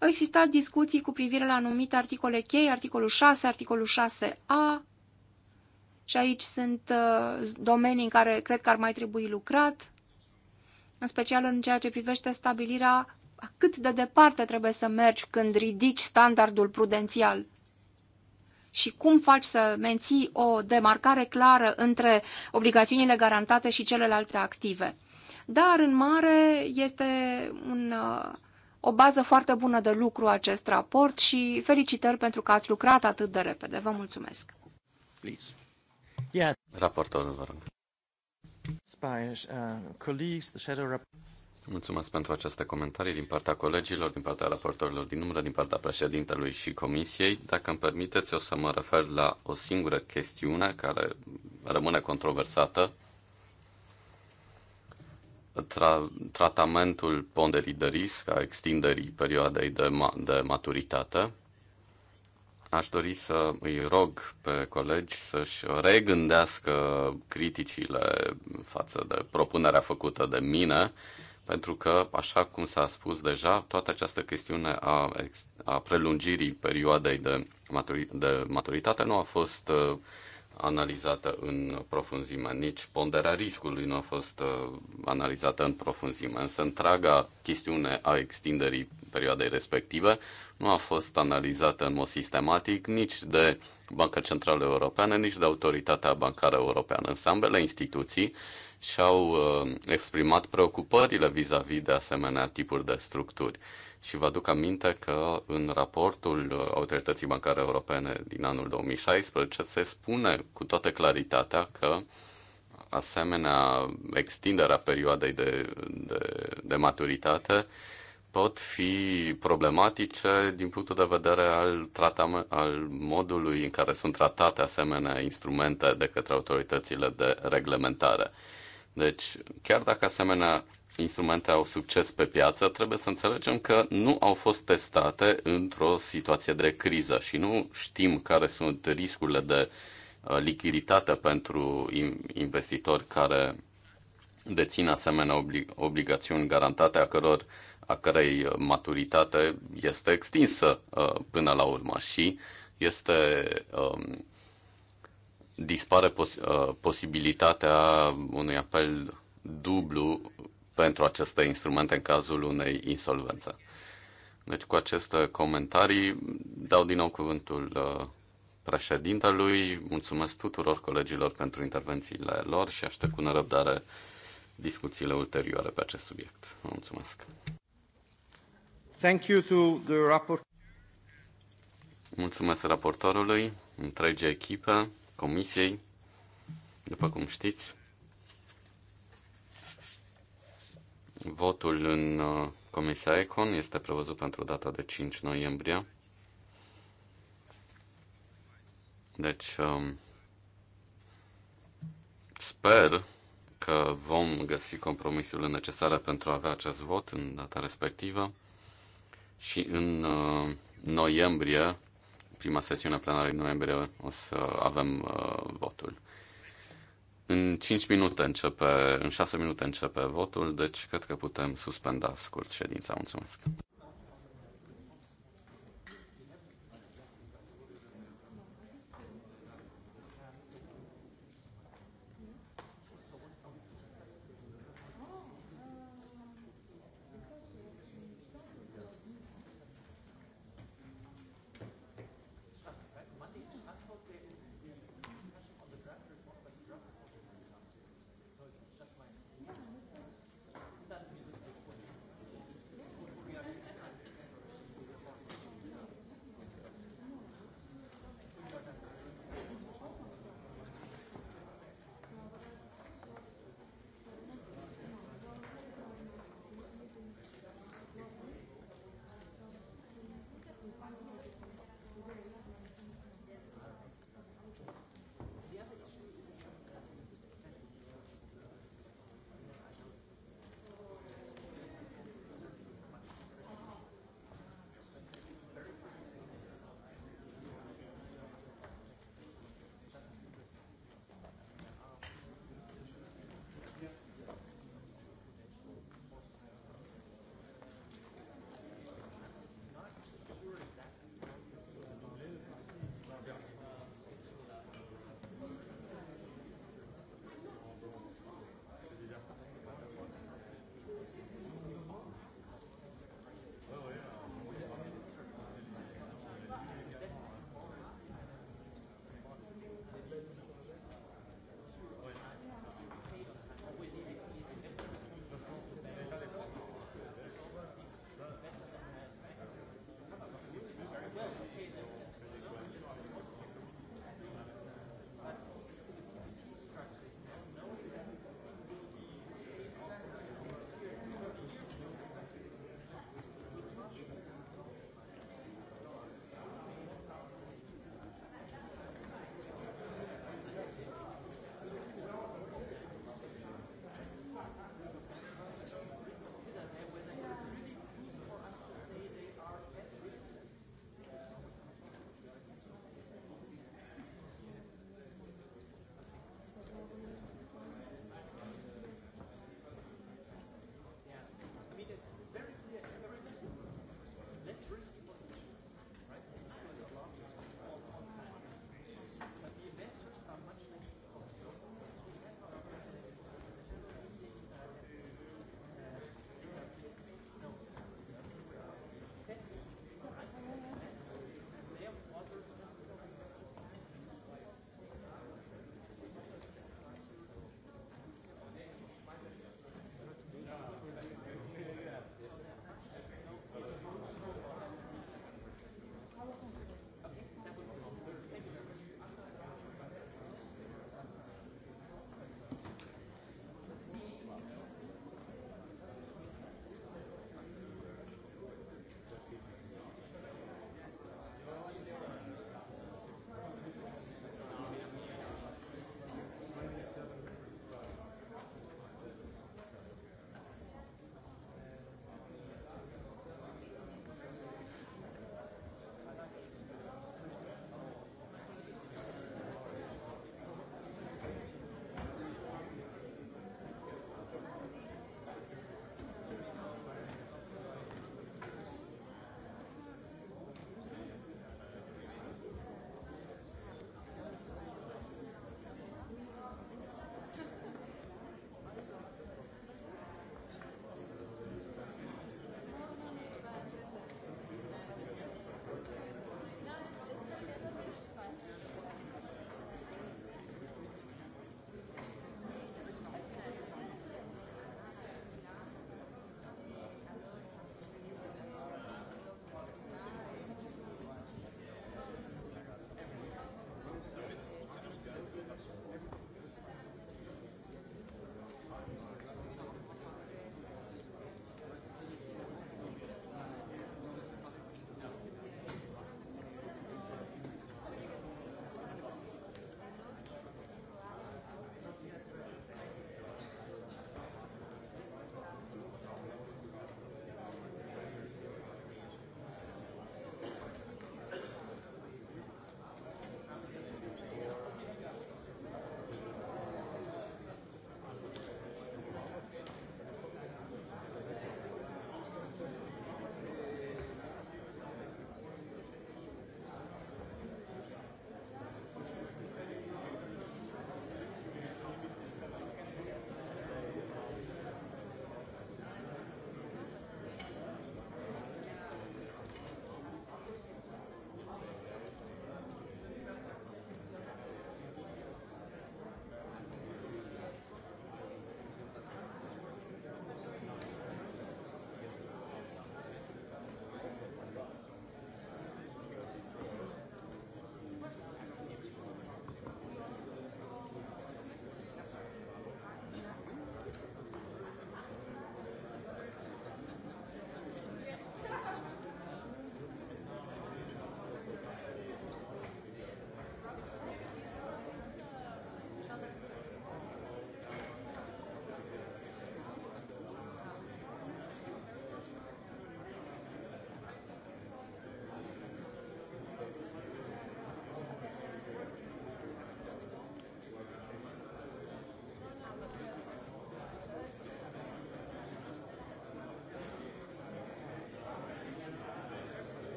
Au existat discuții cu privire la anumite articole chei, articolul 6, articolul 6a, și aici sunt uh, domenii în care cred că ar mai trebui lucrat, în special în ceea ce privește stabilirea cât de departe trebuie să mergi când ridici standardul prudențial și cum faci să menții o demarcare clară între obligațiunile garantate și celelalte active. Dar, în mare, este un uh, o bază foarte bună de lucru acest raport și felicitări pentru că ați lucrat atât de repede. Vă mulțumesc. Please. Yeah. Raportorul, vă rog. Uh, mulțumesc pentru aceste comentarii din partea colegilor, din partea raportorilor din umbră, din partea președintelui și comisiei. Dacă îmi permiteți, o să mă refer la o singură chestiune care rămâne controversată tra- tratamentul ponderii de risc, a extinderii perioadei de, ma- de maturitate. Aș dori să îi rog pe colegi să-și regândească criticile față de propunerea făcută de mine, pentru că, așa cum s-a spus deja, toată această chestiune a, a prelungirii perioadei de, maturi- de maturitate nu a fost uh, analizată în profunzime, nici ponderea riscului nu a fost uh, analizată în profunzime, însă întreaga chestiune a extinderii perioadei respective nu a fost analizată în mod sistematic nici de Banca Centrală Europeană, nici de Autoritatea Bancară Europeană. Însă ambele instituții și-au uh, exprimat preocupările vis-a-vis -vis de asemenea tipuri de structuri. Și vă aduc aminte că în raportul uh, Autorității Bancare Europene din anul 2016 se spune cu toată claritatea că asemenea extinderea perioadei de, de, de maturitate pot fi problematice din punctul de vedere al, tratame, al modului în care sunt tratate asemenea instrumente de către autoritățile de reglementare. Deci, chiar dacă asemenea instrumente au succes pe piață, trebuie să înțelegem că nu au fost testate într-o situație de criză și nu știm care sunt riscurile de uh, lichiditate pentru investitori care dețin asemenea oblig- obligațiuni garantate a căror a cărei maturitate este extinsă uh, până la urmă și este um, dispare pos- uh, posibilitatea unui apel dublu pentru aceste instrumente în cazul unei insolvențe. Deci cu aceste comentarii dau din nou cuvântul uh, președintelui. Mulțumesc tuturor colegilor pentru intervențiile lor și aștept cu nerăbdare discuțiile ulterioare pe acest subiect. Mulțumesc! Thank you to the rapport- Mulțumesc raportorului, întregii echipe, comisiei. După cum știți, Votul în uh, Comisia Econ este prevăzut pentru data de 5 noiembrie. Deci, um, sper că vom găsi compromisurile necesare pentru a avea acest vot în data respectivă și în uh, noiembrie, prima sesiune plenară din noiembrie, o să avem uh, votul. În 5 minute începe, în 6 minute începe votul, deci cred că putem suspenda scurt ședința. Mulțumesc!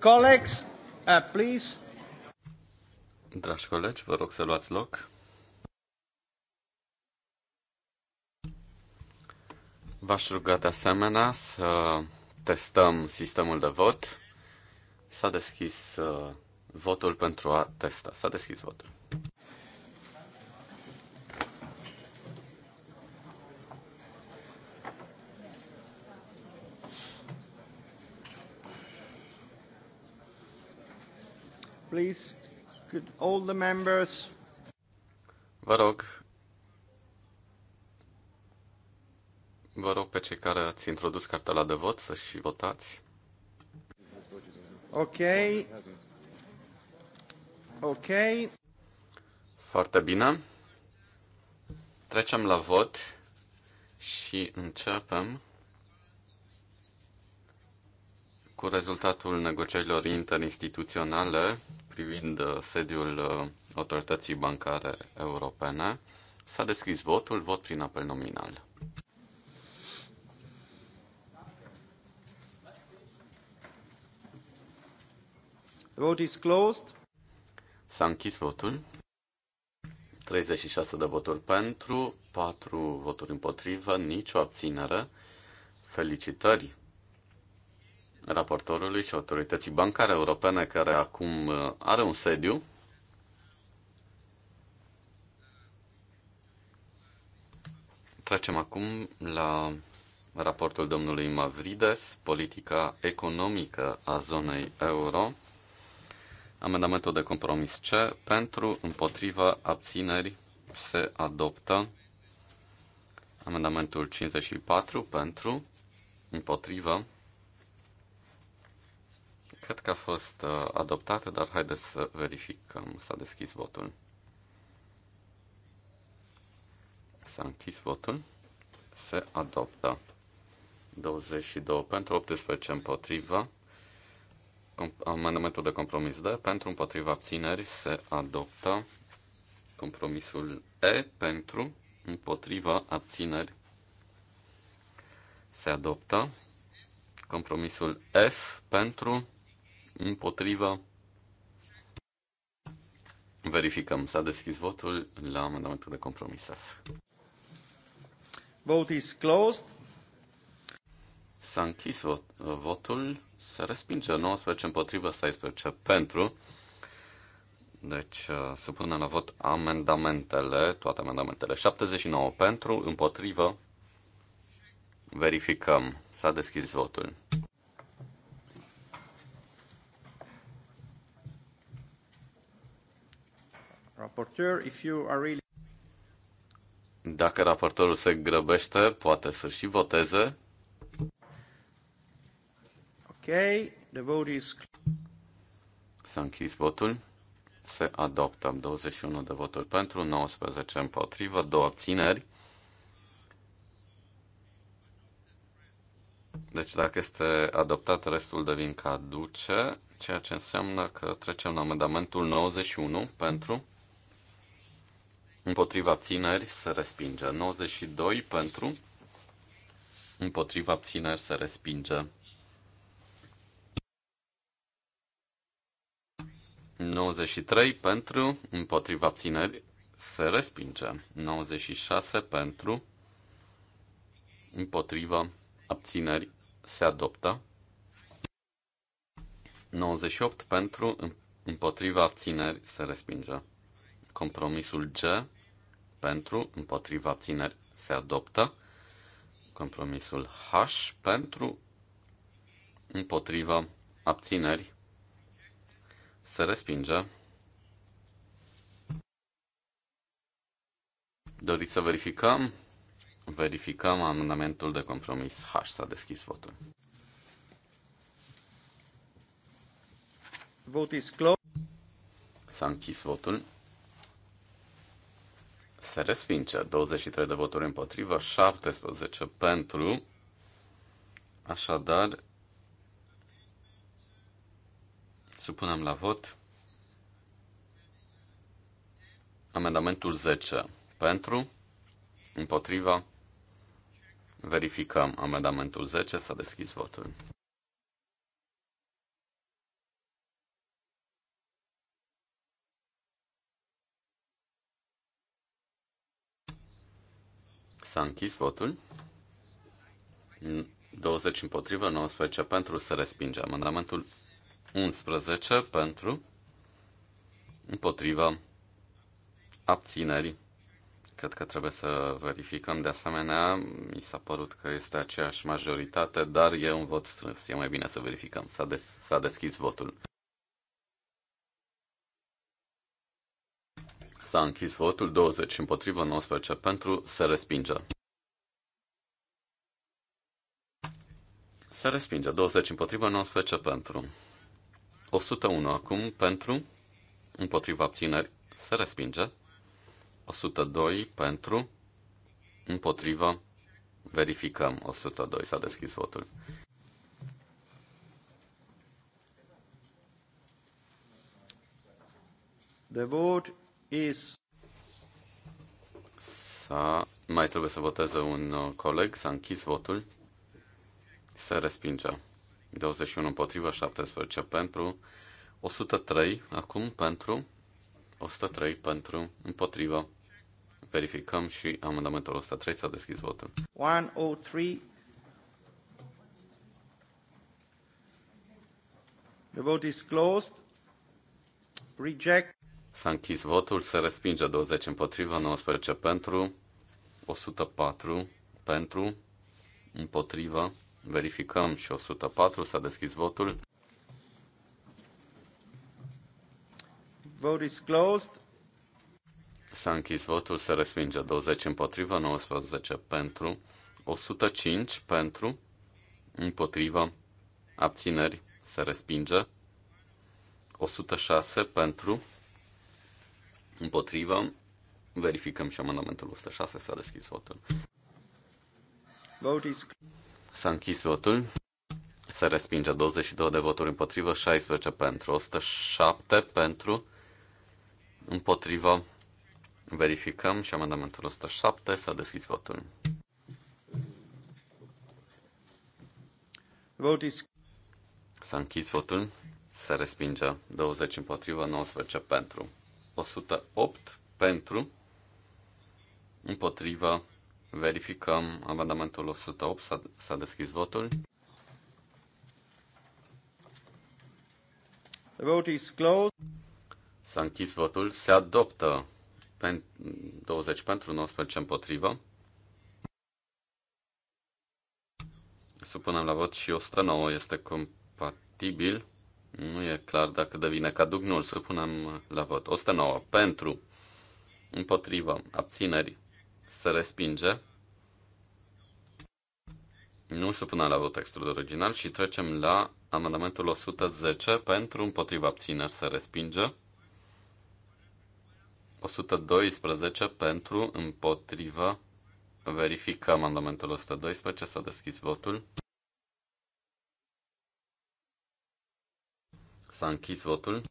Colleagues, uh, please. Dragi colegi, vă rog să luați loc. V-aș ruga de asemenea să testăm sistemul de vot. S-a deschis uh, votul pentru a testa. S-a deschis votul. please? Could all the members... Vă rog, Vă rog pe cei care ați introdus cartela de vot să și votați. Ok. Ok. Foarte bine. Trecem la vot și începem cu rezultatul negocierilor interinstituționale privind uh, sediul uh, Autorității Bancare Europene. S-a deschis votul, vot prin apel nominal. Vote is closed. S-a închis votul. 36 de voturi pentru, 4 voturi împotrivă, nicio abținere. Felicitări raportorului și autorității bancare europene care acum uh, are un sediu. Trecem acum la raportul domnului Mavrides, politica economică a zonei euro, amendamentul de compromis C, pentru, împotriva, abțineri, se adoptă amendamentul 54 pentru, împotriva, Cred că a fost uh, adoptată, dar haideți să verificăm. S-a deschis votul. S-a închis votul. Se adoptă. 22 pentru, 18 împotriva. Amendamentul de compromis D pentru, împotriva abțineri se adoptă. Compromisul E pentru, împotriva abțineri se adoptă. Compromisul F pentru, împotrivă. Verificăm. S-a deschis votul la amendamentul de compromis Vote is closed. S-a închis vot, votul. Se respinge 19 împotrivă, 16 pentru. Deci uh, se pune la vot amendamentele, toate amendamentele. 79 pentru, împotrivă. Verificăm. S-a deschis votul. Dacă raportorul se grăbește, poate să și voteze. Ok, the vote is... S-a închis votul. Se adoptă 21 de voturi pentru, 19 împotrivă, două abțineri. Deci dacă este adoptat, restul devin caduce, ceea ce înseamnă că trecem la amendamentul 91 pentru împotriva abțineri se respinge. 92 pentru, împotriva abțineri se respinge. 93 pentru, împotriva abțineri se respinge. 96 pentru, împotriva abțineri se adoptă. 98 pentru, împotriva abțineri se respinge. Compromisul G pentru, împotriva țineri se adoptă. Compromisul H pentru, împotriva abțineri se respinge. Doriți să verificăm? Verificăm amendamentul de compromis H. S-a deschis votul. Vote is closed. S-a închis votul se respinge. 23 de voturi împotrivă, 17 pentru. Așadar, supunem la vot amendamentul 10. Pentru, împotriva, verificăm amendamentul 10, s-a deschis votul. S-a închis votul. 20 împotrivă, 19 pentru, să respinge. Amendamentul 11 pentru, împotriva, abținerii. Cred că trebuie să verificăm. De asemenea, mi s-a părut că este aceeași majoritate, dar e un vot strâns. E mai bine să verificăm. S-a, des- s-a deschis votul. S-a închis votul 20 împotrivă 19 pentru. Se respinge. Se respinge 20 împotrivă 19 pentru. 101 acum pentru. Împotriva abțineri. Se respinge. 102 pentru. Împotriva. Verificăm. 102. S-a deschis votul. The vote is... s Mai trebuie să voteze un uh, coleg, s-a închis votul, se respinge. 21 împotriva, 17 pentru, 103 acum pentru, 103 pentru, împotriva. Verificăm și amendamentul 103 s-a deschis votul. 103. The vote is closed. Reject. S-a închis votul, se respinge 20 împotriva, 19 pentru, 104 pentru, împotriva. Verificăm și 104, s-a deschis votul. Vote is closed. S-a închis votul, se respinge 20 împotriva, 19 pentru, 105 pentru, împotriva, abțineri, se respinge, 106 pentru, Împotrivă. Verificăm și amendamentul 106. S-a deschis votul. Vote is... S-a închis votul. Se respinge 22 de voturi împotrivă, 16 pentru, 107 pentru, împotrivă. Verificăm și amendamentul 107. S-a deschis votul. Vote is... S-a închis votul. Se respinge 20 împotrivă, 19 pentru. 108 pentru, împotriva, verificăm amendamentul 108, s-a, deschis votul. The vote is closed. S-a închis votul, se adoptă pen, 20 pentru, 19 împotriva. Supunem la vot și 109 este compatibil. Nu e clar dacă devine caduc, nu îl supunem la vot. 109 pentru, împotrivă, abțineri, se respinge. Nu supunem la vot textul original și trecem la amendamentul 110 pentru, împotrivă, abțineri, se respinge. 112 pentru, împotrivă, verificăm amendamentul 112, s-a deschis votul. S-a închis votul.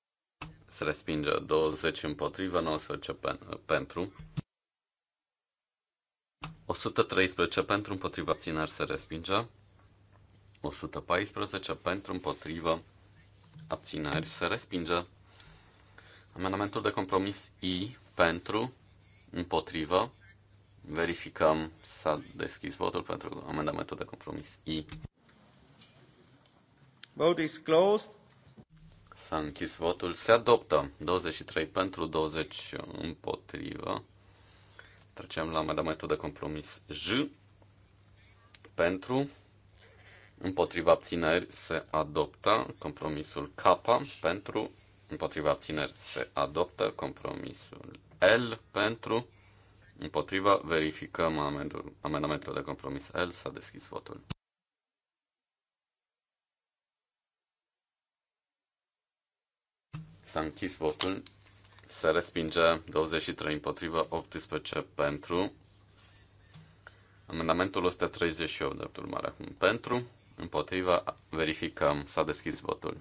Se respinge 20 împotriva, 19 pen- pentru. 113 pentru împotriva țineri se respinge. 114 pentru împotriva abțineri se respinge. Amendamentul de compromis I pentru împotriva. Verificăm s-a deschis votul pentru amendamentul de compromis I. Vote is closed. S-a închis votul. Se adoptă. 23 pentru, 20 împotrivă. Trecem la amendamentul de compromis J. Pentru. Împotriva abțineri se adoptă. Compromisul K. Pentru. Împotriva abțineri se adoptă. Compromisul L. Pentru. Împotriva verificăm amendul, amendamentul de compromis L. S-a deschis votul. S-a închis votul. Se respinge 23 împotrivă, 18 pentru. Amendamentul 138, drept urmare, acum pentru. Împotriva, verificăm, s-a deschis votul.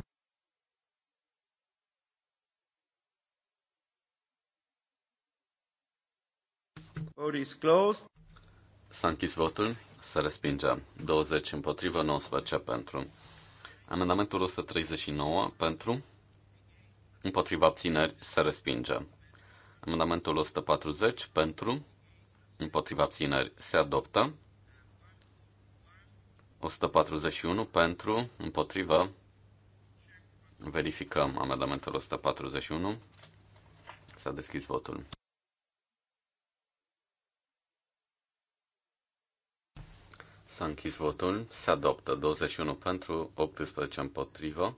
Vote is closed. S-a închis votul, se respinge 20 împotrivă, 19 pentru. Amendamentul 139 pentru, împotriva abțineri se respinge. Amendamentul 140 pentru, împotriva abțineri se adoptă. 141 pentru, împotriva, verificăm amendamentul 141. S-a deschis votul. S-a închis votul, se adoptă 21 pentru, 18 împotrivă.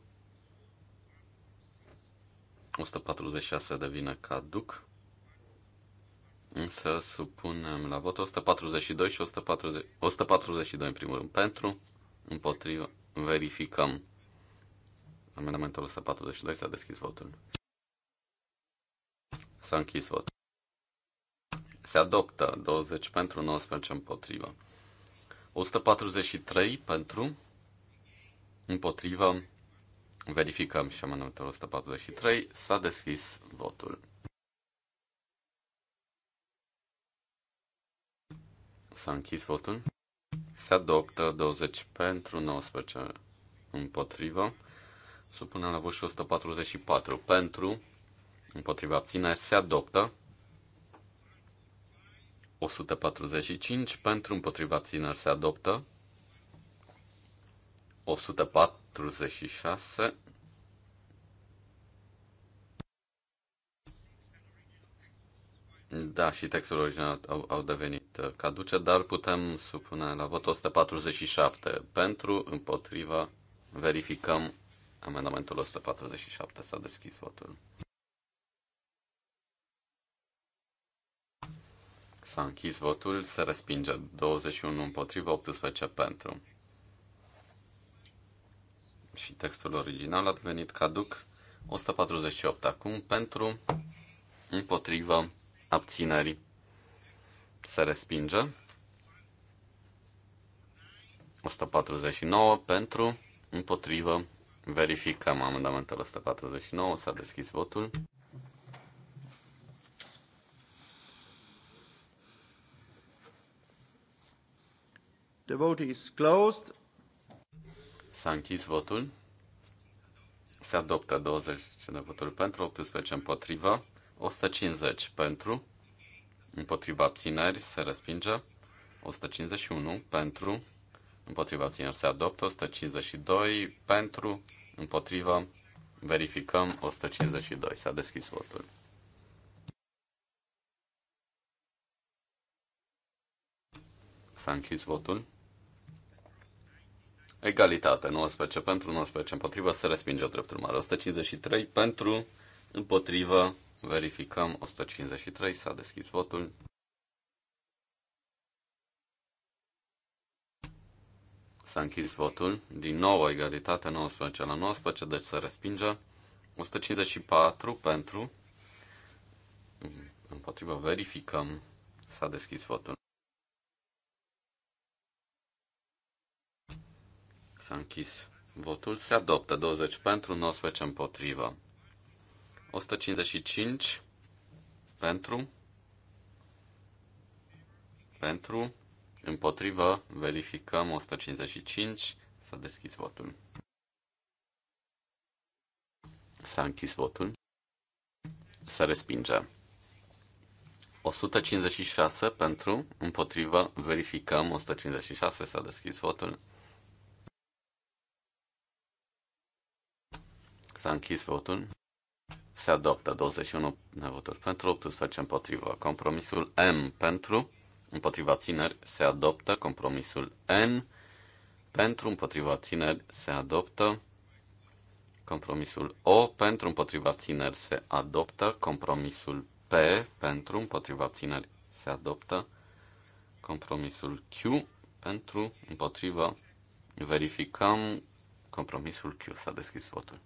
146 devine caduc. Însă supunem la vot 142 și 140, 142 în primul rând. Pentru, împotriva, verificăm. Amendamentul 142 s-a deschis votul. S-a închis votul. Se adoptă 20 pentru, 19 împotriva. 143 pentru, împotriva, Verificăm și amendamentul 143. S-a deschis votul. S-a închis votul. Se adoptă 20 pentru, 19 împotrivă. Supunem la vot și 144 pentru, împotriva abțineri. Se adoptă 145 pentru, împotriva abțineri. Se adoptă 104 46. Da, și textul original au, au devenit uh, caduce, dar putem supune la vot 147. Pentru, împotriva, verificăm amendamentul 147. S-a deschis votul. S-a închis votul, se respinge 21 împotriva, 18 pentru și textul original a devenit caduc 148 acum pentru împotriva abținerii. Se respinge. 149 pentru împotrivă. Verificăm amendamentul 149. S-a deschis votul. The vote is closed. S-a închis votul. Se adoptă 20 de voturi pentru, 18 împotriva, 150 pentru, împotriva abțineri se respinge, 151 pentru, împotriva abțineri se adoptă, 152 pentru, împotriva, verificăm 152. S-a deschis votul. S-a închis votul. Egalitate, 19 pentru, 19 împotrivă, se respinge dreptul mare. 153 pentru, împotrivă, verificăm, 153, s-a deschis votul. S-a închis votul, din nou egalitate, 19 la 19, deci se respinge. 154 pentru, împotrivă, verificăm, s-a deschis votul. S-a închis votul. Se adoptă 20 pentru, 19 împotrivă. 155 pentru, pentru, împotrivă, verificăm 155, s-a deschis votul. S-a închis votul. Se respinge. 156 pentru, împotrivă, verificăm, 156 s-a deschis votul. S-a închis votul. Se adoptă 21 de voturi pentru, 18 împotrivă. Compromisul M pentru, împotriva țineri, se adoptă. Compromisul N pentru, împotriva țineri, se adoptă. Compromisul O pentru, împotriva țineri, se adoptă. Compromisul P pentru, împotriva țineri, se adoptă. Compromisul Q pentru, împotriva, verificăm compromisul Q. S-a deschis votul.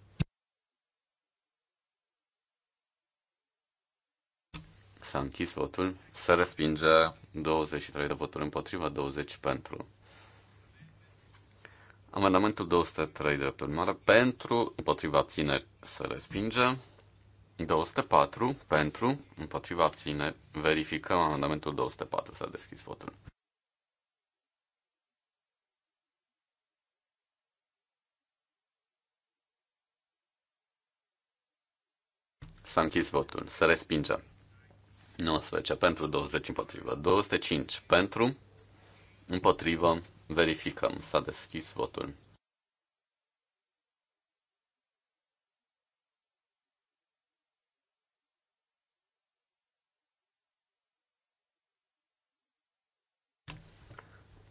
S-a închis votul. Se respinge 23 de voturi împotriva, 20 pentru. Amendamentul 203, drept urmare, pentru, împotriva abțineri, se respinge. 204, pentru, împotriva ține verificăm amendamentul 204, s-a deschis votul. S-a închis votul. Se respinge. 19 pentru 20 împotrivă. 205 pentru împotrivă. Verificăm. S-a deschis votul.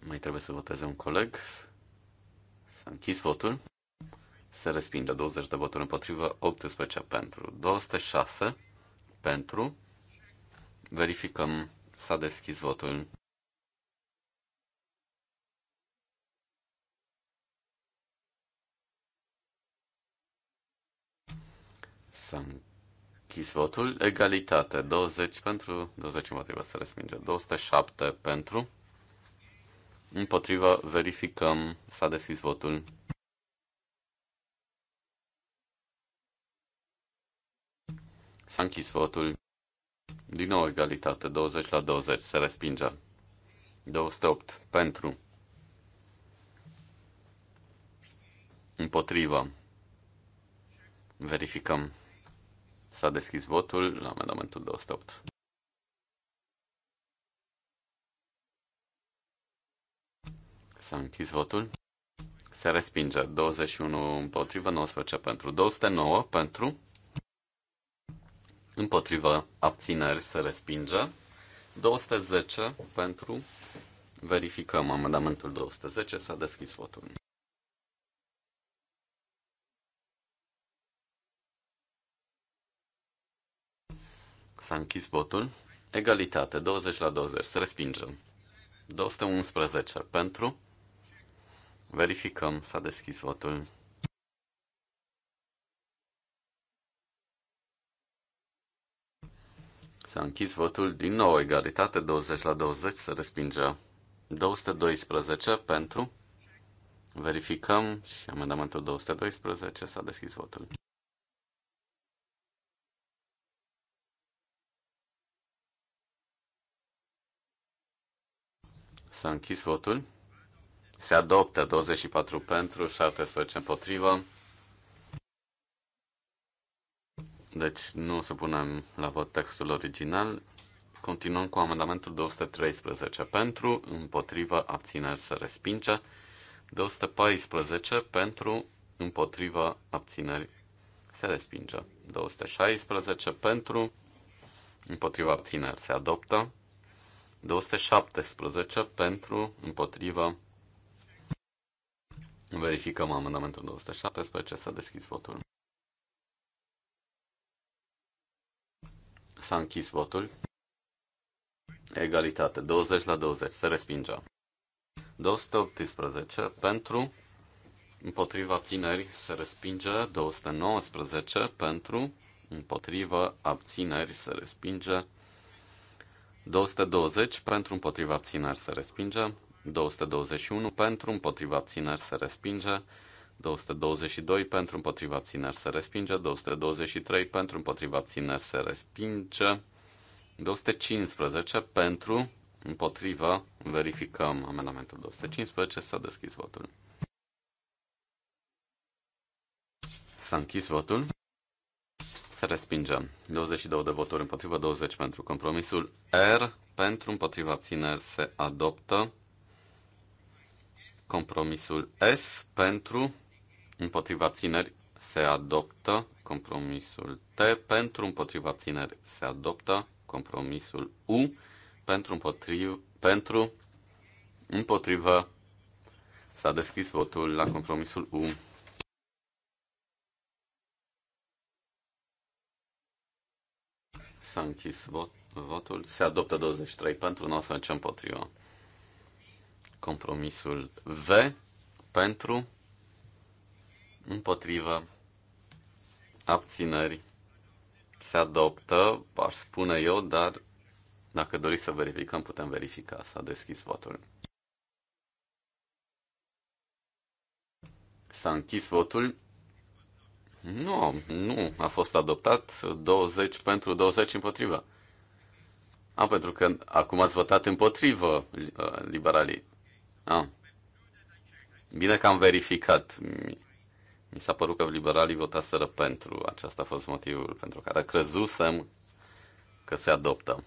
Mai trebuie să voteze un coleg. S-a închis votul. Se respinge 20 de voturi împotrivă, 18 pentru, 206 pentru, Verificăm. S-a deschis votul. S-a închis votul. Egalitate. 20 pentru, 20 împotriva să respinge. 207 pentru. Împotriva verificăm. S-a deschis votul. S-a închis votul. Din nou egalitate, 20 la 20, se respinge. 208 pentru. Împotriva. Verificăm. S-a deschis votul la amendamentul 208. S-a închis votul. Se respinge 21 împotriva, 19 pentru, 209 pentru, împotriva abțineri se respinge. 210 pentru. Verificăm amendamentul 210. S-a deschis votul. S-a închis votul. Egalitate, 20 la 20. Se respinge. 211 pentru. Verificăm. S-a deschis votul. S-a închis votul din nou, egalitate 20 la 20, se respinge 212 pentru. Verificăm și amendamentul 212 s-a deschis votul. S-a închis votul. Se adoptă 24 pentru, 17 împotrivă. Deci nu o să punem la vot textul original. Continuăm cu amendamentul 213 pentru, împotriva, abțineri să respinge. 214 pentru, împotriva, abțineri se respinge. 216 pentru, împotriva, abțineri se adoptă. 217 pentru, împotriva, verificăm amendamentul 217, să deschizi votul. S-a închis votul. Egalitate. 20 la 20. Se respingea 218 pentru. Împotriva abțineri se respinge. 219 pentru. Împotriva abțineri se respinge. 220 pentru împotriva abțineri se respinge, 221 pentru împotriva abțineri se respinge, 222 pentru împotriva abțineri se respinge, 223 pentru împotriva abțineri se respinge, 215 pentru împotriva, verificăm amendamentul 215, s-a deschis votul. S-a închis votul. Se respinge. 22 de voturi împotriva, 20 pentru compromisul R, pentru împotriva abțineri se adoptă. Compromisul S pentru împotriva țineri se adoptă compromisul T, pentru împotriva țineri se adoptă compromisul U, pentru împotriva, pentru împotriva s-a deschis votul la compromisul U. S-a închis vot, votul, se adoptă 23 pentru 19 împotriva. Compromisul V pentru împotrivă, abținării. se adoptă, aș spune eu, dar dacă doriți să verificăm, putem verifica. S-a deschis votul. S-a închis votul. Nu, nu a fost adoptat 20 pentru 20 împotriva. A, pentru că acum ați votat împotrivă ă, liberalii. A. Bine că am verificat. Mi s-a părut că liberalii votaseră pentru. Acesta a fost motivul pentru care crezusem că se adoptă.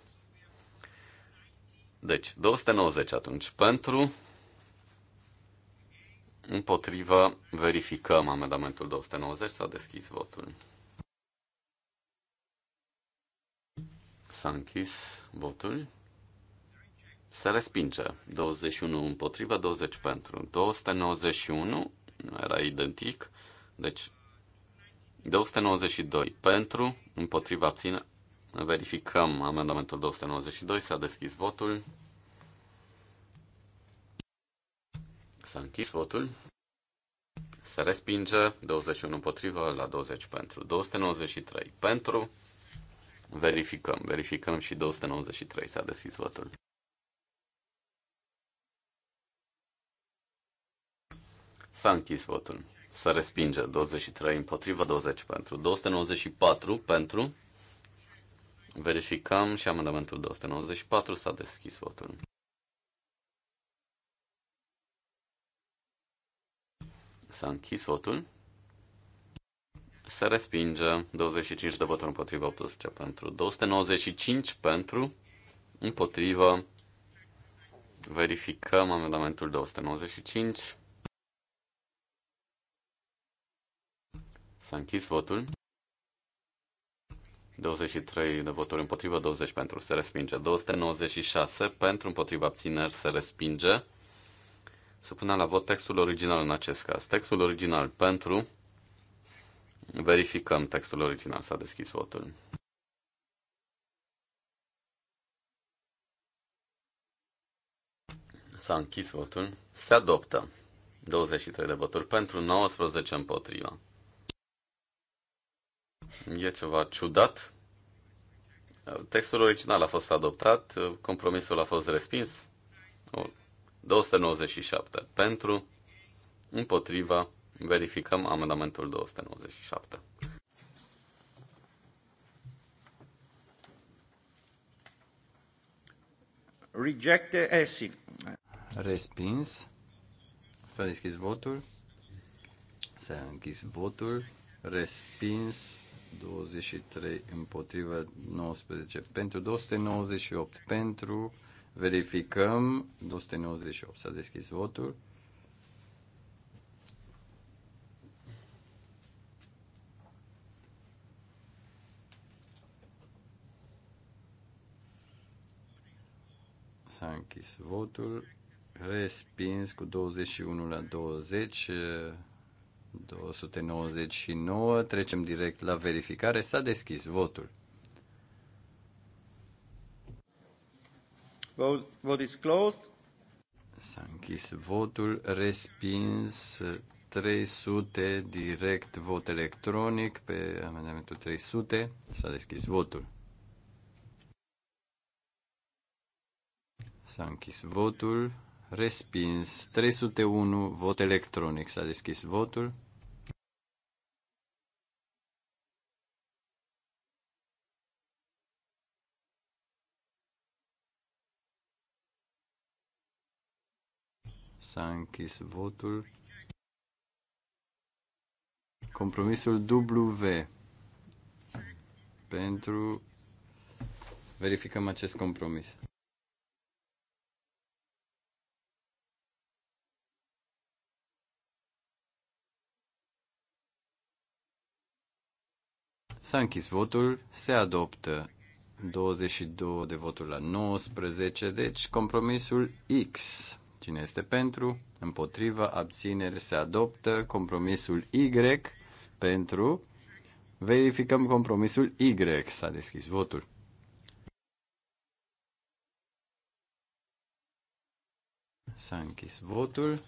Deci, 290 atunci. Pentru, împotrivă, verificăm amendamentul 290, s-a deschis votul. S-a închis votul. Se respinge. 21 împotriva, 20 pentru. 291 era identic. Deci, 292 pentru, împotriva abține. Verificăm amendamentul 292, s-a deschis votul. S-a închis votul. Se respinge 21 împotrivă la 20 pentru. 293 pentru. Verificăm, verificăm și 293 s-a deschis votul. S-a închis votul să respinge. 23 împotriva, 20 pentru. 294 pentru. Verificăm și amendamentul 294 s-a deschis votul. S-a închis votul. Se respinge 25 de voturi împotriva, 18 pentru. 295 pentru, împotriva. Verificăm amendamentul 295. S-a închis votul. 23 de voturi împotrivă, 20 pentru, se respinge. 296 pentru, împotriva abțineri, se respinge. Supunem la vot textul original în acest caz. Textul original pentru. Verificăm textul original, s-a deschis votul. S-a închis votul. Se adoptă. 23 de voturi pentru, 19 împotriva. E ceva ciudat. Textul original a fost adoptat, compromisul a fost respins. 297 pentru, împotriva, verificăm amendamentul 297. Reject ESI. Respins. S-a deschis votul. S-a închis votul. Respins 23 împotriva 19 pentru 298 pentru verificăm 298 s-a deschis votul s-a închis votul respins cu 21 la 20 299. Trecem direct la verificare. S-a deschis votul. Vote, vote is closed. S-a închis votul, respins 300 direct vot electronic pe amendamentul 300. S-a deschis votul. S-a închis votul, respins 301 vot electronic. S-a deschis votul. S-a închis votul. Compromisul W. Pentru. Verificăm acest compromis. S-a închis votul, se adoptă 22 de voturi la 19, deci compromisul X Cine este pentru? Împotrivă. Abțineri se adoptă. Compromisul Y pentru. Verificăm compromisul Y. S-a deschis votul. S-a închis votul.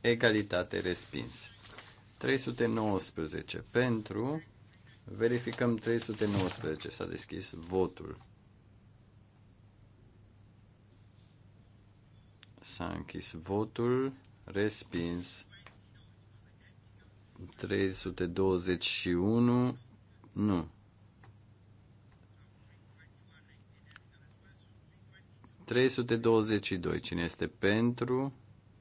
Egalitate respins. 319 pentru. Verificăm 319. S-a deschis votul. S-a închis votul. Respins. 321. Nu. 322. Cine este pentru?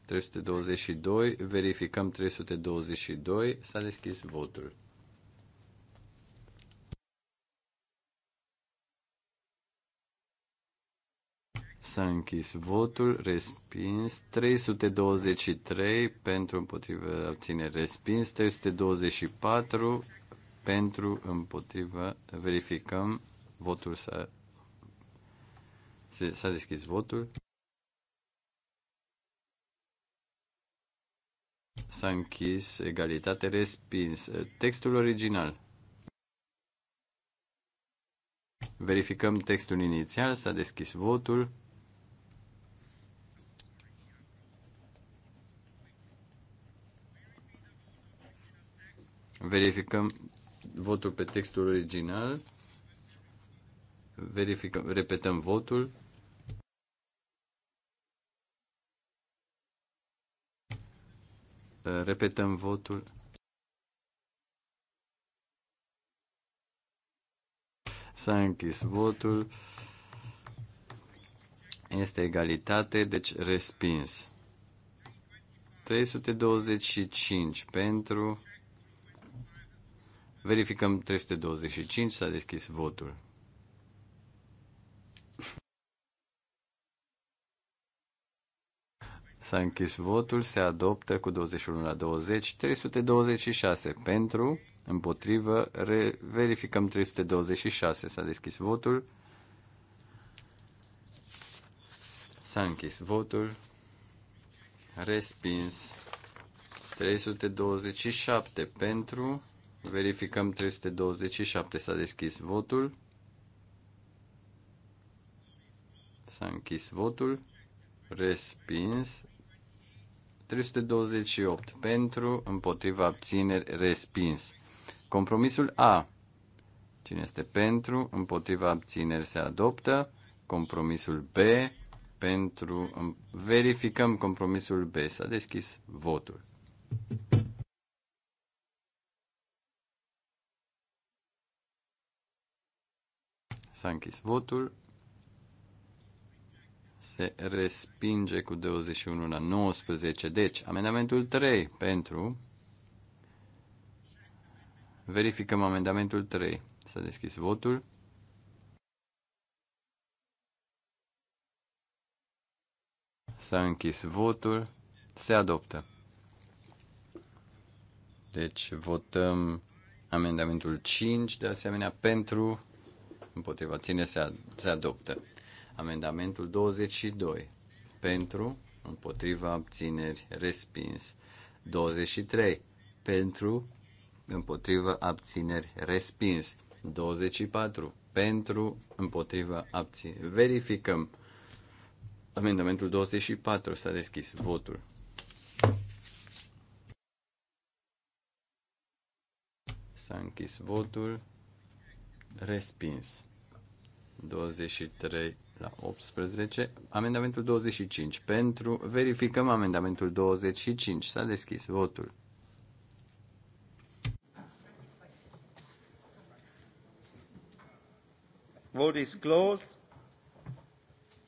322. Verificăm 322. S-a deschis votul. S-a închis votul, respins 323 pentru împotrivă abține, respins 324 pentru împotrivă, verificăm votul s-a, s-a deschis votul. S-a închis egalitate respins. Textul original. Verificăm textul inițial, s-a deschis votul. Verificăm votul pe textul original. Verificăm, repetăm votul. Uh, repetăm votul. S-a închis votul. Este egalitate, deci respins. 325 pentru Verificăm 325, s-a deschis votul. S-a închis votul, se adoptă cu 21 la 20, 326 pentru, împotrivă, re- verificăm 326, s-a deschis votul. S-a închis votul, respins 327 pentru, Verificăm 327. S-a deschis votul. S-a închis votul. Respins. 328 pentru, împotriva abțineri, respins. Compromisul A. Cine este pentru, împotriva abțineri se adoptă. Compromisul B. Pentru, verificăm compromisul B. S-a deschis votul. S-a închis votul. Se respinge cu 21 la 19. Deci, amendamentul 3 pentru. Verificăm amendamentul 3. S-a deschis votul. S-a închis votul. Se adoptă. Deci votăm amendamentul 5, de asemenea, pentru împotriva, ține se, ad, se adoptă. Amendamentul 22, pentru, împotriva, abțineri, respins. 23, pentru, împotriva, abțineri, respins. 24, pentru, împotriva, abțineri. Verificăm. Amendamentul 24 s-a deschis votul. S-a închis votul. Respins. 23 la 18. Amendamentul 25. Pentru. Verificăm amendamentul 25. S-a deschis votul. Vote is closed.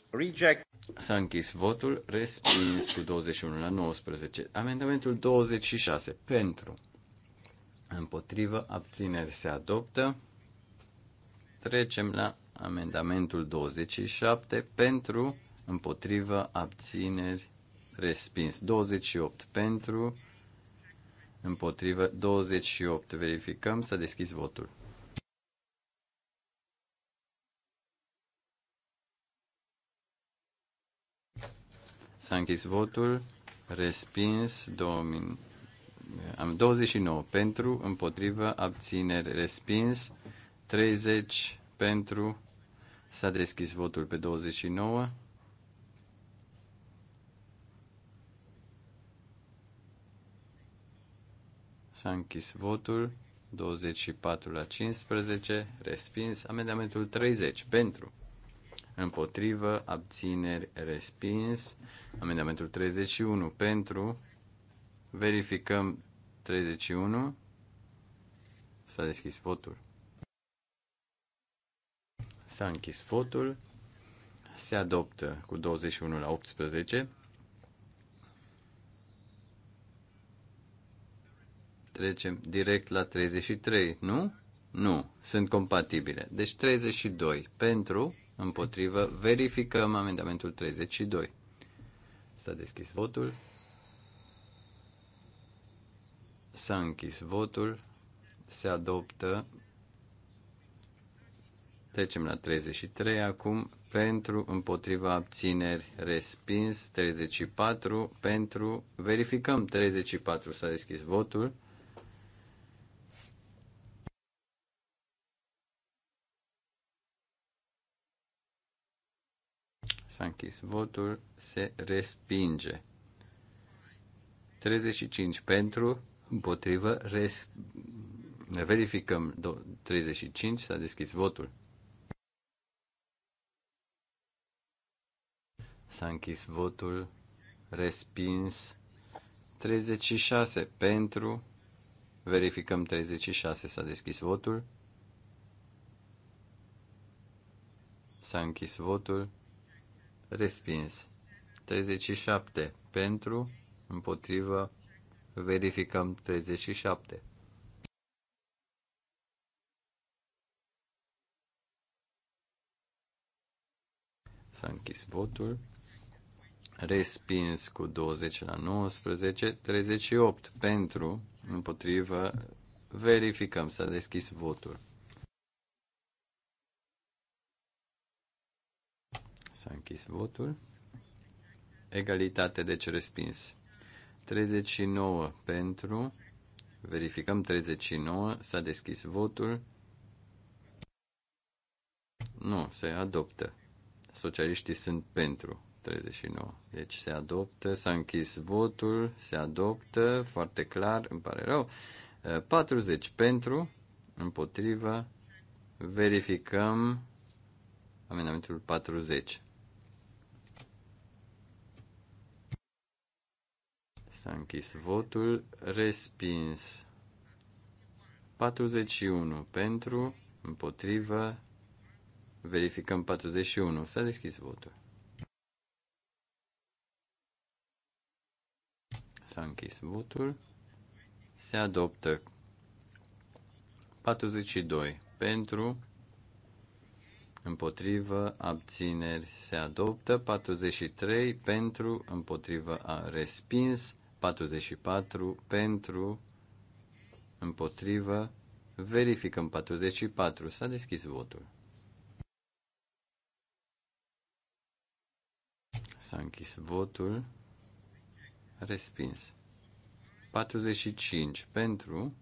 Reject. S-a închis votul, respins cu 21 la 19. Amendamentul 26. Pentru. Împotrivă, abțineri se adoptă. Trecem la amendamentul 27 pentru, împotrivă, abțineri, respins. 28 pentru, împotrivă, 28. Verificăm, să deschis votul. S-a închis votul, respins 2000. Am 29 pentru, împotrivă, abțineri, respins 30 pentru. S-a deschis votul pe 29. S-a închis votul. 24 la 15. Respins. Amendamentul 30 pentru. Împotrivă. Abțineri. Respins. Amendamentul 31 pentru. Verificăm 31. S-a deschis votul. S-a închis votul. Se adoptă cu 21 la 18. Trecem direct la 33, nu? Nu, sunt compatibile. Deci 32 pentru, împotrivă, verificăm amendamentul 32. S-a deschis votul. S-a închis votul. Se adoptă Trecem la 33 acum. Pentru, împotriva, abțineri, respins. 34 pentru, verificăm. 34 s-a deschis votul. S-a închis votul, se respinge. 35 pentru, împotrivă, res... verificăm 35, s-a deschis votul. S-a închis votul. Respins. 36 pentru. Verificăm 36. S-a deschis votul. S-a închis votul. Respins. 37 pentru. Împotrivă. Verificăm 37. S-a închis votul respins cu 20 la 19, 38 pentru, împotrivă, verificăm, s-a deschis votul. S-a închis votul. Egalitate, deci respins. 39 pentru, verificăm 39, s-a deschis votul. Nu, se adoptă. Socialiștii sunt pentru. 39. Deci se adoptă, s-a închis votul, se adoptă, foarte clar, îmi pare rău. 40 eh, pentru, împotrivă, verificăm amendamentul 40. S-a închis votul, respins. 41 pentru, împotrivă, verificăm 41. S-a deschis votul. S-a închis votul. Se adoptă 42 pentru, împotrivă, abțineri. Se adoptă 43 pentru, împotrivă, a respins. 44 pentru, împotrivă. Verificăm 44. S-a deschis votul. S-a închis votul. Respins. 45 pentru,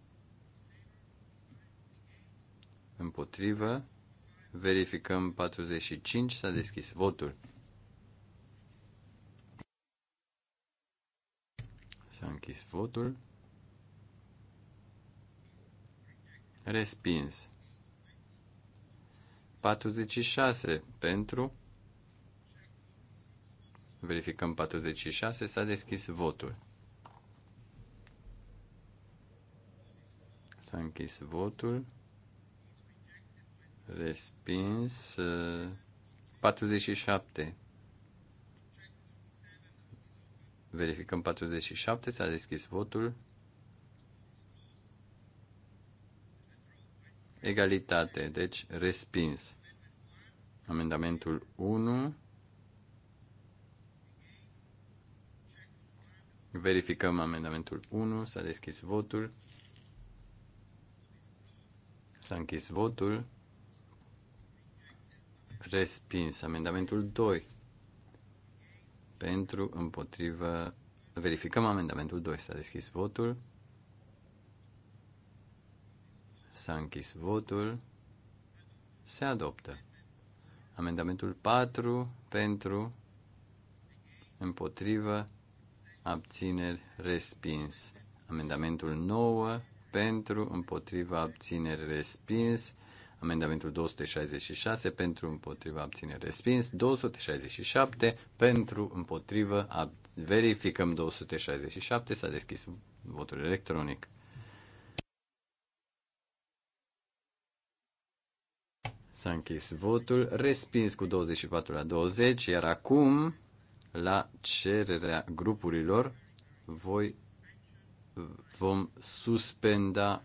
împotrivă, verificăm 45, s-a deschis votul. S-a închis votul. Respins. 46 pentru, Verificăm 46. S-a deschis votul. S-a închis votul. Respins. 47. Uh, Verificăm 47. S-a deschis votul. Egalitate. Deci, respins. Amendamentul 1 Verificăm amendamentul 1. S-a deschis votul. S-a închis votul. Respins. Amendamentul 2. Pentru, împotrivă. Verificăm amendamentul 2. S-a deschis votul. S-a închis votul. Se adoptă. Amendamentul 4 pentru, împotrivă, abțineri, respins. Amendamentul 9 pentru, împotriva, abțineri, respins. Amendamentul 266 pentru, împotriva, abțineri, respins. 267 pentru, împotriva, ab... Verificăm 267, s-a deschis votul electronic. S-a închis votul, respins cu 24 la 20, iar acum la cererea grupurilor, voi vom suspenda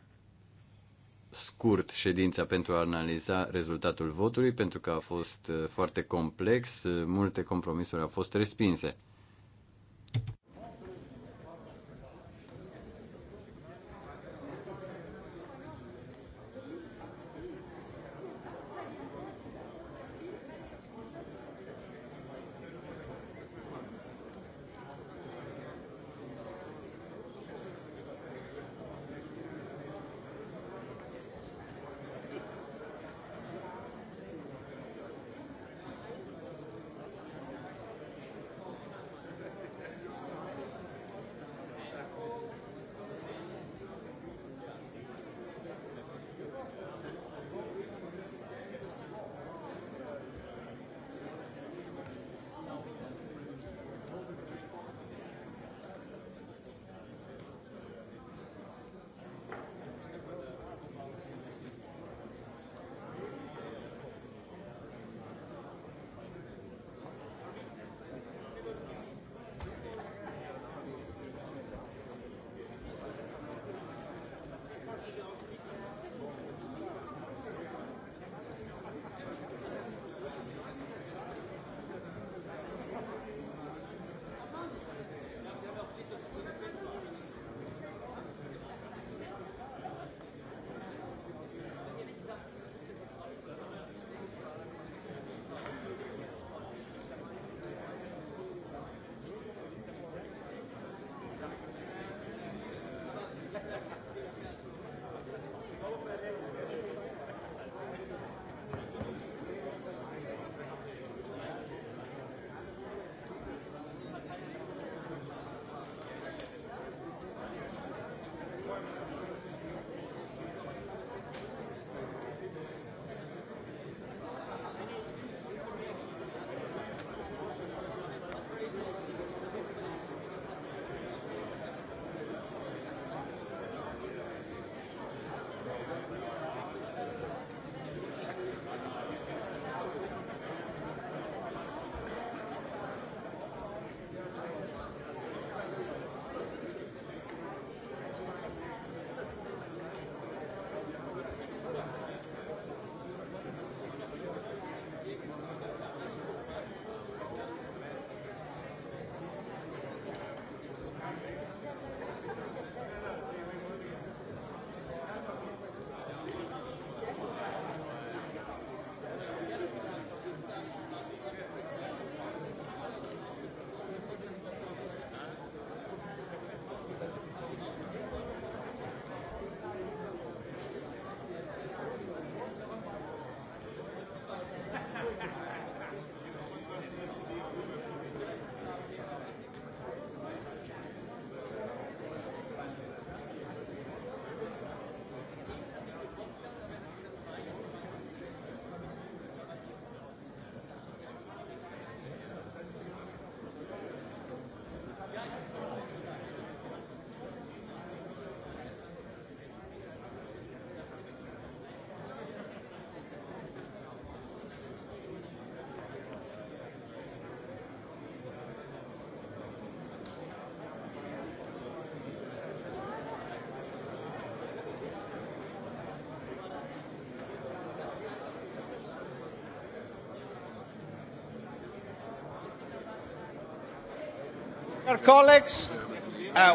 scurt ședința pentru a analiza rezultatul votului, pentru că a fost uh, foarte complex, uh, multe compromisuri au fost respinse.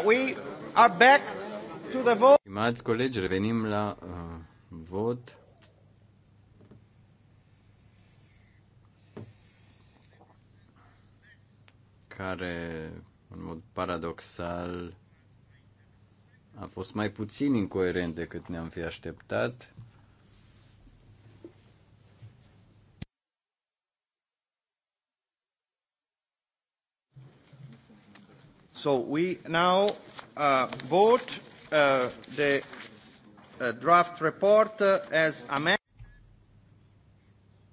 Uh, Stimați colegi, revenim la uh, vot. care, în mod paradoxal, a fost mai puțin incoerent decât ne-am fi așteptat. So we now uh, vote uh, the uh, draft report uh, as amended.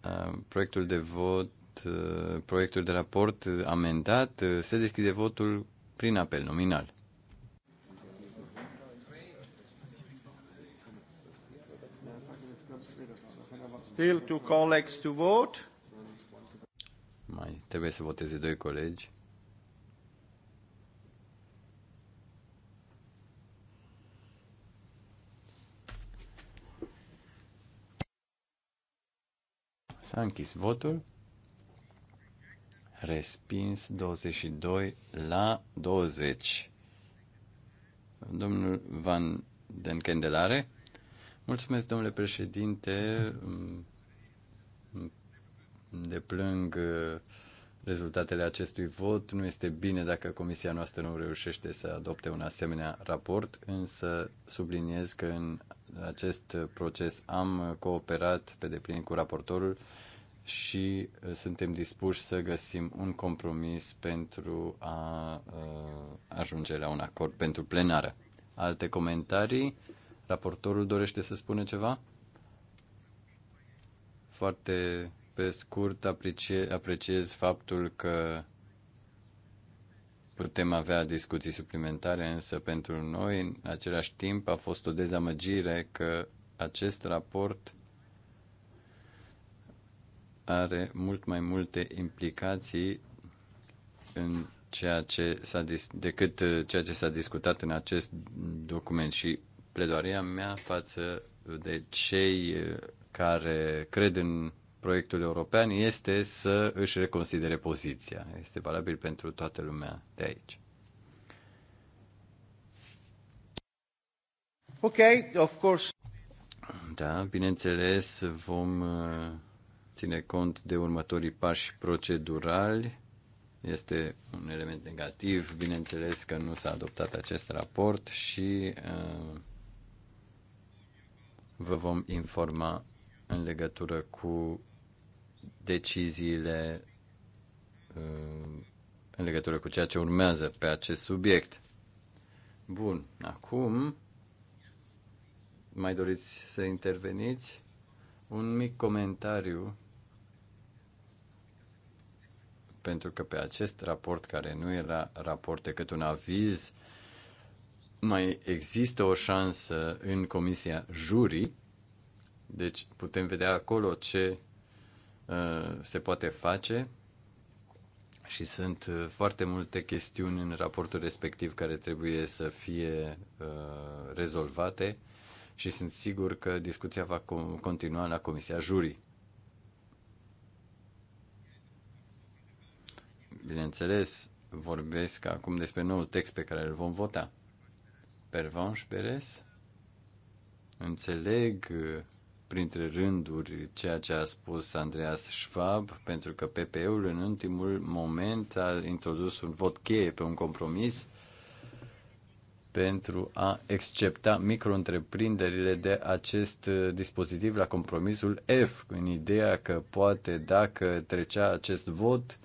Um, proiectul de vot, uh, proiectul de raport uh, amendat, uh, se deschide votul prin apel nominal. Still two colleagues to vote. Mai trebuie să voteze doi colegi. S-a închis votul. Respins 22 la 20. Domnul Van Den Candelare. Mulțumesc, domnule președinte. plâng uh, rezultatele acestui vot. Nu este bine dacă comisia noastră nu reușește să adopte un asemenea raport, însă subliniez că în acest proces am cooperat pe deplin cu raportorul și uh, suntem dispuși să găsim un compromis pentru a uh, ajunge la un acord pentru plenară. Alte comentarii? Raportorul dorește să spune ceva? Foarte pe scurt aprecie, apreciez faptul că putem avea discuții suplimentare, însă pentru noi, în același timp, a fost o dezamăgire că acest raport are mult mai multe implicații în ceea ce s-a decât uh, ceea ce s-a discutat în acest document și pledoarea mea față de cei uh, care cred în proiectul european este să își reconsidere poziția. Este valabil pentru toată lumea de aici. Ok, of course. Da, bineînțeles, vom uh, ține cont de următorii pași procedurali. Este un element negativ, bineînțeles că nu s-a adoptat acest raport și uh, vă vom informa în legătură cu deciziile uh, în legătură cu ceea ce urmează pe acest subiect. Bun, acum mai doriți să interveniți? Un mic comentariu pentru că pe acest raport, care nu era raport decât un aviz, mai există o șansă în comisia jurii, deci putem vedea acolo ce uh, se poate face și sunt uh, foarte multe chestiuni în raportul respectiv care trebuie să fie uh, rezolvate și sunt sigur că discuția va continua la comisia jurii. Bineînțeles, vorbesc acum despre noul text pe care îl vom vota. Pervanș Beres? Înțeleg uh, printre rânduri ceea ce a spus Andreas Schwab, pentru că PPE-ul în ultimul moment a introdus un vot cheie pe un compromis pentru a excepta micro-întreprinderile de acest uh, dispozitiv la compromisul F, în ideea că poate dacă trecea acest vot,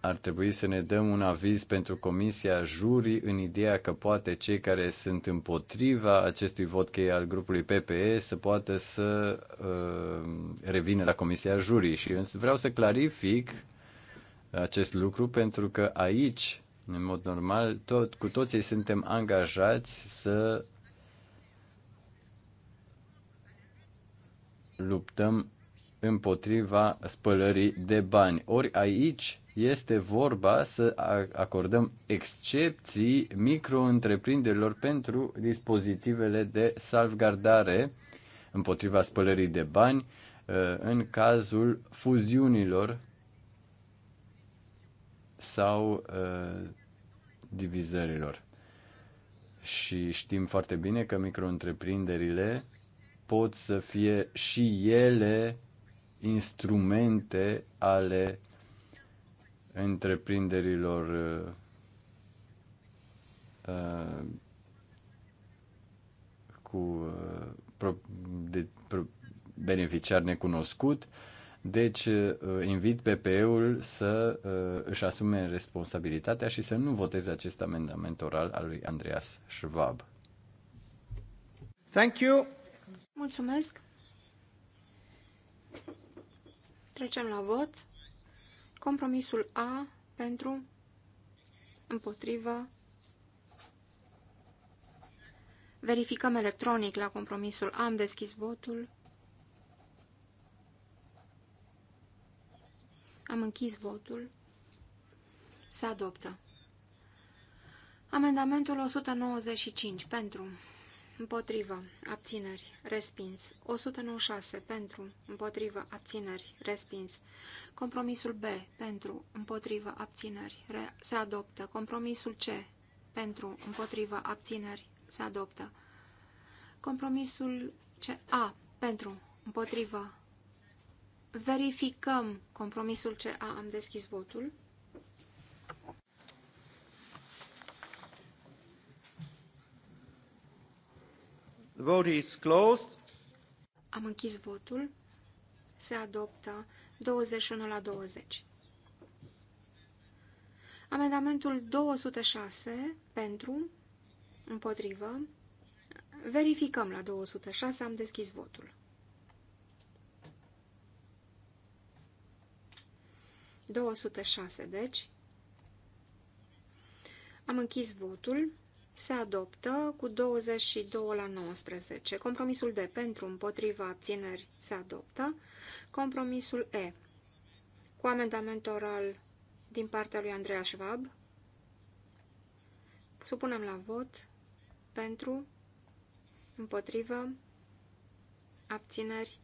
ar trebui să ne dăm un aviz pentru Comisia Juri în ideea că poate cei care sunt împotriva acestui vot cheie al grupului PPE să poată să uh, revină la Comisia Juri. Și vreau să clarific acest lucru pentru că aici, în mod normal, tot, cu toții suntem angajați să luptăm împotriva spălării de bani. Ori aici este vorba să acordăm excepții micro-întreprinderilor pentru dispozitivele de salvgardare împotriva spălării de bani uh, în cazul fuziunilor sau uh, divizărilor. Și știm foarte bine că micro-întreprinderile pot să fie și ele instrumente ale întreprinderilor uh, uh cu uh, pro, de, pro, beneficiar necunoscut. Deci uh, invit PPE-ul să uh, își asume responsabilitatea și să nu voteze acest amendament oral al lui Andreas Schwab. Thank you. Mulțumesc. Trecem la vot. Compromisul A pentru, împotrivă. Verificăm electronic la compromisul A. Am deschis votul. Am închis votul. Se adoptă. Amendamentul 195 pentru împotrivă, abțineri, respins. 196 pentru, împotrivă, abțineri, respins. Compromisul B pentru, împotrivă, abțineri, re, se adoptă. Compromisul C pentru, împotrivă, abțineri, se adoptă. Compromisul c a pentru, împotrivă, verificăm compromisul CA. Am deschis votul. The vote is closed. Am închis votul. Se adoptă 21 la 20. Amendamentul 206 pentru, împotrivă, verificăm la 206, am deschis votul. 206, deci. Am închis votul se adoptă cu 22 la 19. Compromisul D pentru împotriva abțineri se adoptă. Compromisul E cu amendament oral din partea lui Andreea Schwab. Supunem la vot pentru împotrivă abțineri.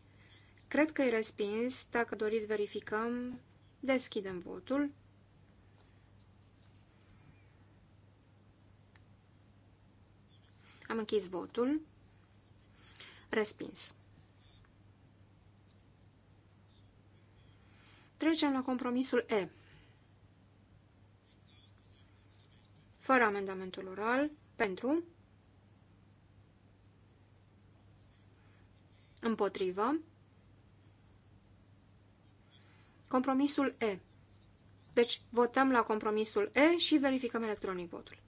Cred că e respins. Dacă doriți verificăm, deschidem votul. Am închis votul. Respins. Trecem la compromisul E. Fără amendamentul oral, pentru, împotrivă, compromisul E. Deci votăm la compromisul E și verificăm electronic votul.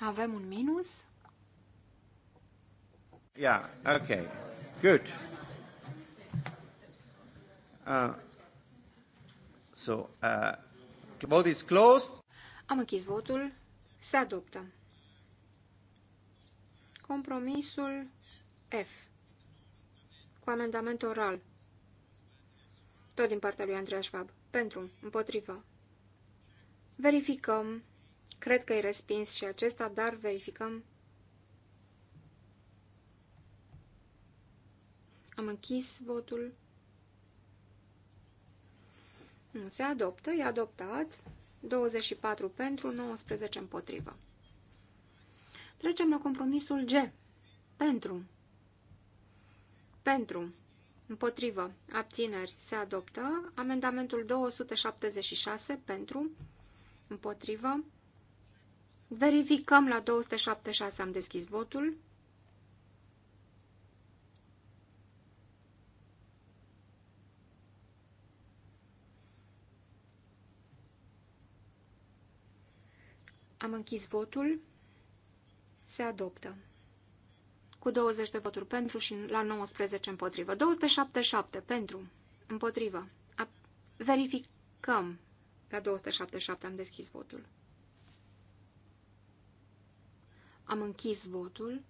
Avem un minus? Yeah, okay. Good. Uh, so, uh, vote is closed. Am închis votul. Se adoptă. Compromisul F. Cu amendament oral. Tot din partea lui Andreea Schwab. Pentru. Împotrivă. Verificăm. Cred că i respins și acesta, dar verificăm. Am închis votul. Nu se adoptă, e adoptat. 24 pentru, 19 împotrivă. Trecem la compromisul G. Pentru. Pentru. Împotrivă. Abțineri. Se adoptă. Amendamentul 276 pentru. Împotrivă. Verificăm la 276 am deschis votul. Am închis votul. Se adoptă. Cu 20 de voturi pentru și la 19 împotrivă. 277 pentru. Împotrivă. verificăm. La 277 am deschis votul. Am închis votul.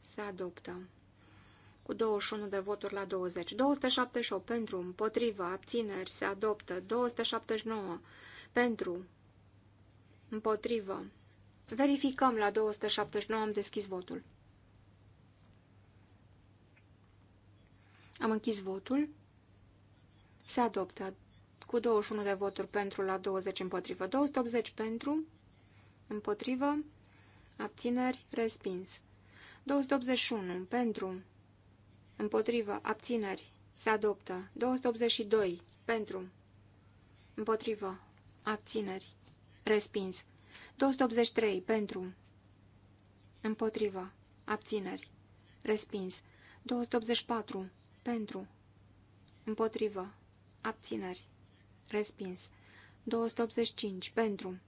Se adoptă. Cu 21 de voturi la 20. 278 pentru, împotriva, abțineri, se adoptă. 279 pentru, împotrivă. Verificăm la 279, am deschis votul. Am închis votul. Se adoptă cu 21 de voturi pentru la 20 împotrivă. 280 pentru, împotrivă, Abțineri. Respins. 281. Pentru. Împotrivă. Abțineri. Se adoptă. 282. Pentru. Împotrivă. Abțineri. Respins. 283. Pentru. Împotrivă. Abțineri. Respins. 284. Pentru. Împotrivă. Abțineri. Respins. 285. Pentru.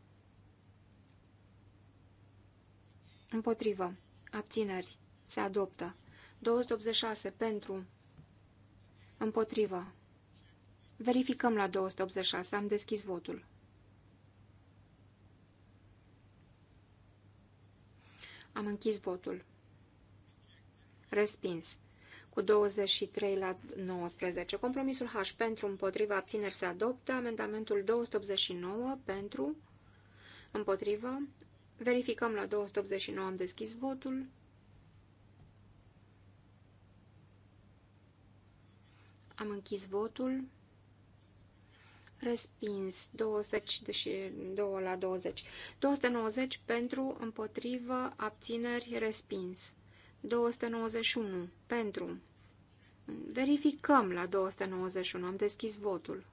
Împotrivă. Abțineri. Se adoptă. 286. Pentru. Împotrivă. Verificăm la 286. Am deschis votul. Am închis votul. Respins. Cu 23 la 19. Compromisul H pentru împotriva abțineri se adoptă. Amendamentul 289 pentru împotrivă Verificăm la 289, am deschis votul. Am închis votul. Respins 20 deși 2 la 20. 290 pentru, împotrivă, abțineri, respins. 291 pentru. Verificăm la 291, am deschis votul.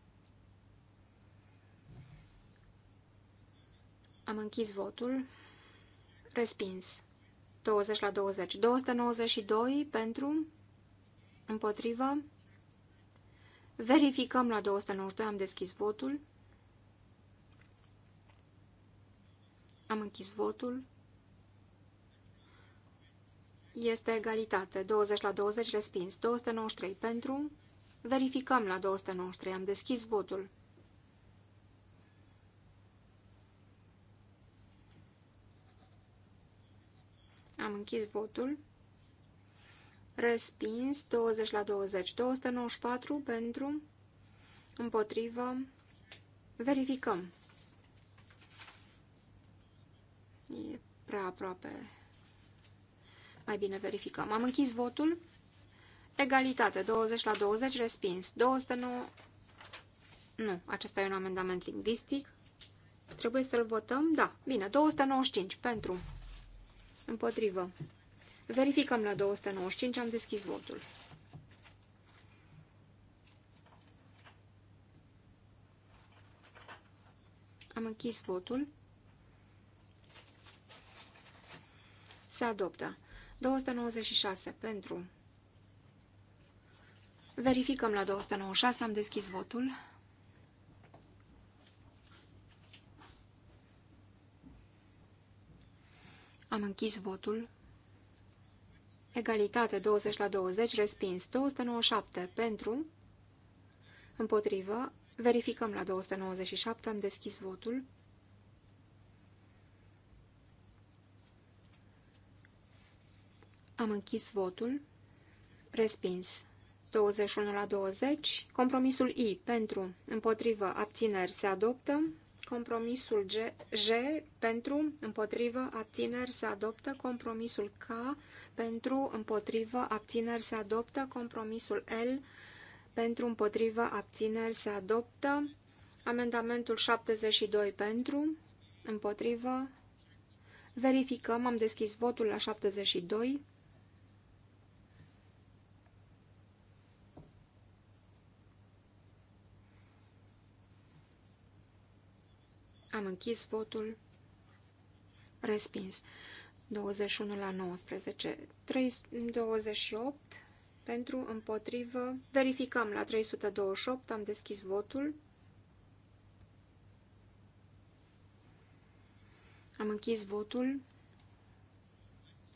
Am închis votul. Respins. 20 la 20. 292 pentru, împotrivă. Verificăm la 292, am deschis votul. Am închis votul. Este egalitate. 20 la 20, respins. 293 pentru. Verificăm la 293, am deschis votul. Am închis votul. Respins 20 la 20. 294 pentru, împotrivă. Verificăm. E prea aproape. Mai bine verificăm. Am închis votul. Egalitate 20 la 20, respins 209. Nu, acesta e un amendament lingvistic. Trebuie să-l votăm? Da. Bine, 295 pentru. Împotrivă. Verificăm la 295, am deschis votul. Am închis votul. Se adoptă. 296 pentru. Verificăm la 296, am deschis votul. Am închis votul. Egalitate 20 la 20, respins 297 pentru, împotrivă, verificăm la 297, am deschis votul. Am închis votul. Respins. 21 la 20. Compromisul I pentru, împotrivă, abțineri se adoptă. Compromisul G, G pentru, împotrivă, abțineri se adoptă. Compromisul K pentru, împotrivă, abțineri se adoptă. Compromisul L pentru, împotrivă, abțineri se adoptă. Amendamentul 72 pentru, împotrivă. Verificăm, am deschis votul la 72. Am închis votul. Respins. 21 la 19. 328 pentru, împotrivă. Verificăm la 328. Am deschis votul. Am închis votul.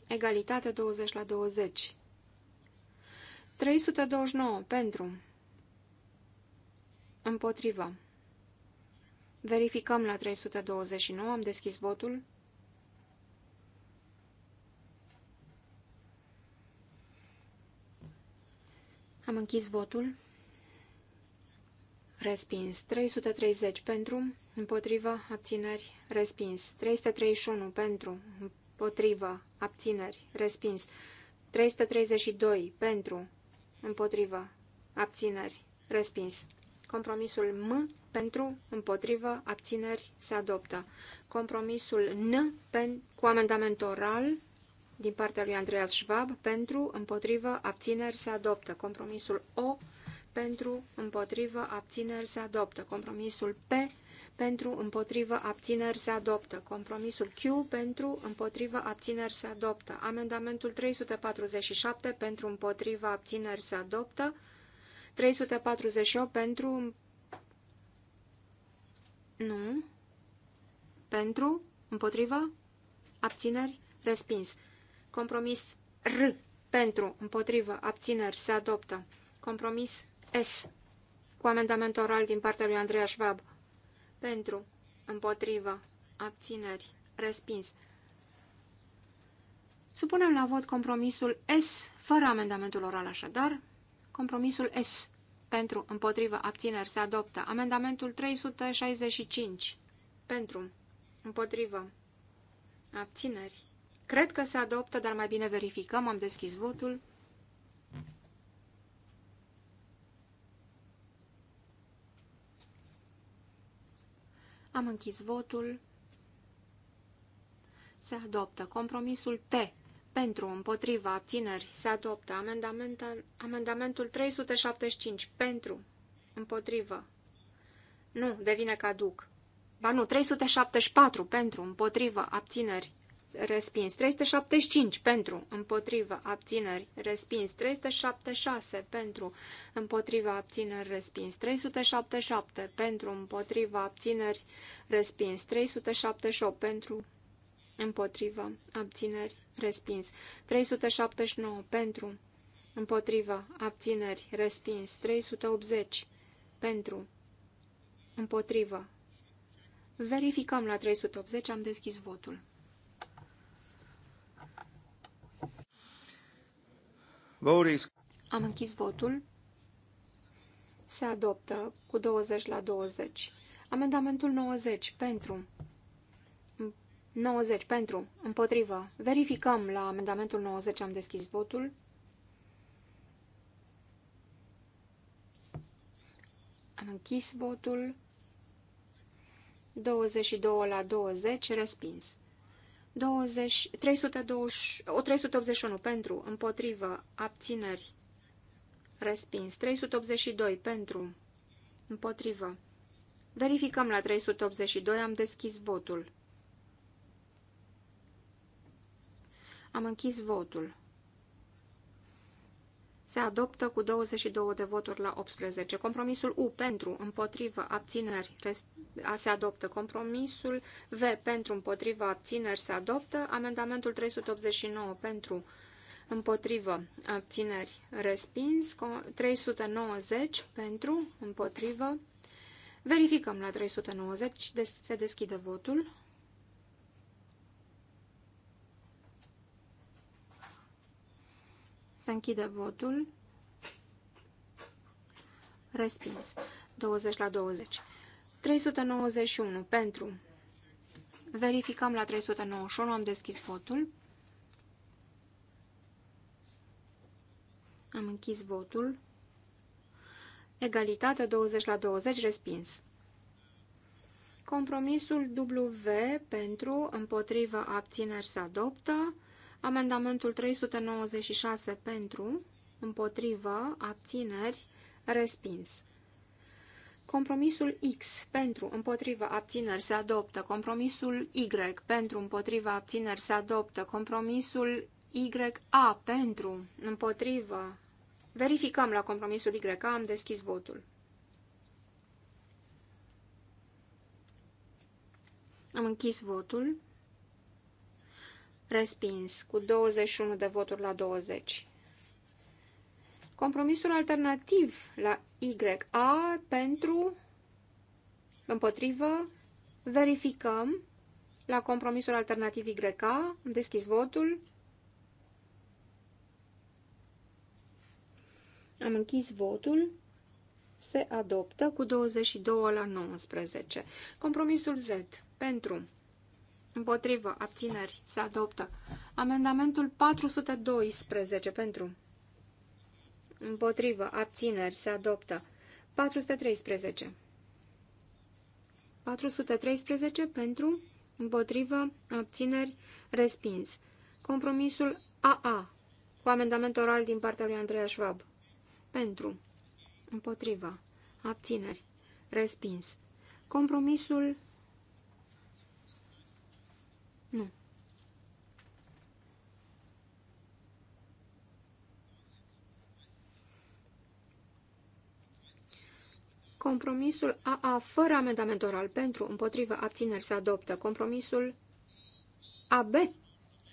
Egalitate 20 la 20. 329 pentru. Împotrivă. Verificăm la 329, am deschis votul. Am închis votul. Respins. 330 pentru, împotrivă, abțineri, respins. 331 pentru, împotrivă, abțineri, respins. 332 pentru, împotrivă, abțineri, respins. Compromisul M pentru, împotrivă, abțineri, se adoptă. Compromisul N pen, cu amendament oral din partea lui Andreas Schwab, pentru, împotrivă, abțineri, se adoptă. Compromisul O pentru, împotrivă, abțineri, se adoptă. Compromisul P pentru, împotrivă, abțineri, se adoptă. Compromisul Q pentru, împotrivă, abțineri, se adoptă. Amendamentul 347 pentru, împotrivă, abțineri, se adoptă. 348 pentru, nu. Pentru? Împotrivă? Abțineri? Respins. Compromis R. Pentru? Împotrivă? Abțineri? Se adoptă. Compromis S. Cu amendament oral din partea lui Andreea Schwab. Pentru? Împotrivă? Abțineri? Respins. Supunem la vot compromisul S, fără amendamentul oral așadar. Compromisul S. Pentru, împotrivă, abțineri, se adoptă. Amendamentul 365. Pentru, împotrivă, abțineri. Cred că se adoptă, dar mai bine verificăm. Am deschis votul. Am închis votul. Se adoptă compromisul T pentru, împotriva, abțineri, se adoptă amendamentul 375. Pentru, împotrivă. Nu, devine caduc. Ba nu, 374 pentru, împotrivă, abțineri, respins. 375 pentru, împotrivă, abțineri, respins. 376 pentru, împotrivă, abțineri, respins. 377 pentru, împotrivă, abțineri, respins. 378 pentru, împotrivă, abțineri, respins. 379 pentru, împotrivă, abțineri, respins. 380 pentru, împotrivă. Verificăm la 380, am deschis votul. Am închis votul. Se adoptă cu 20 la 20. Amendamentul 90 pentru 90 pentru, împotrivă. Verificăm la amendamentul 90, am deschis votul. Am închis votul. 22 la 20, respins. 20, 320, 381 pentru, împotrivă, abțineri, respins. 382 pentru, împotrivă. Verificăm la 382, am deschis votul. Am închis votul. Se adoptă cu 22 de voturi la 18. Compromisul U pentru, împotrivă, abțineri rest, se adoptă. Compromisul V pentru, împotrivă, abțineri se adoptă. Amendamentul 389 pentru, împotrivă, abțineri respins. 390 pentru, împotrivă. Verificăm la 390, se deschide votul. Se închide votul. Respins. 20 la 20. 391 pentru. Verificăm la 391. Am deschis votul. Am închis votul. Egalitate 20 la 20. Respins. Compromisul W pentru împotriva abțineri se adoptă. Amendamentul 396 pentru, împotrivă, abțineri, respins. Compromisul X pentru împotriva abțineri se adoptă. Compromisul Y pentru împotriva abțineri se adoptă. Compromisul YA pentru împotrivă. Verificăm la compromisul YA. Am deschis votul. Am închis votul respins cu 21 de voturi la 20. Compromisul alternativ la YA pentru, împotrivă, verificăm la compromisul alternativ YA, am deschis votul, am închis votul, se adoptă cu 22 la 19. Compromisul Z pentru, Împotrivă. Abțineri. Se adoptă. Amendamentul 412 pentru. Împotrivă. Abțineri. Se adoptă. 413. 413 pentru. Împotrivă. Abțineri. Respins. Compromisul AA. Cu amendament oral din partea lui Andreea Schwab. Pentru. Împotrivă. Abțineri. Respins. Compromisul nu. Compromisul AA fără amendament oral pentru împotrivă abțineri se adoptă. Compromisul AB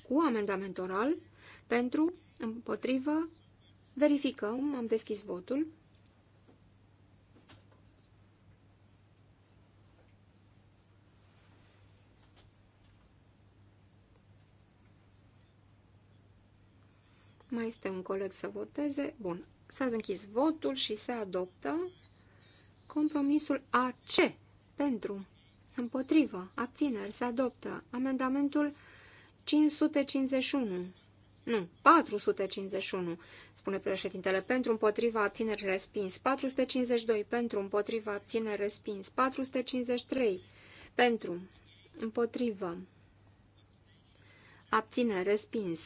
cu amendament oral pentru împotrivă verificăm, am deschis votul. Mai este un coleg să voteze. Bun. S-a închis votul și se adoptă compromisul AC pentru, împotrivă, abțineri, se adoptă amendamentul 551. Nu, 451, spune președintele, pentru împotriva abțineri respins, 452 pentru împotriva abțineri respins, 453 pentru împotriva abțineri respins,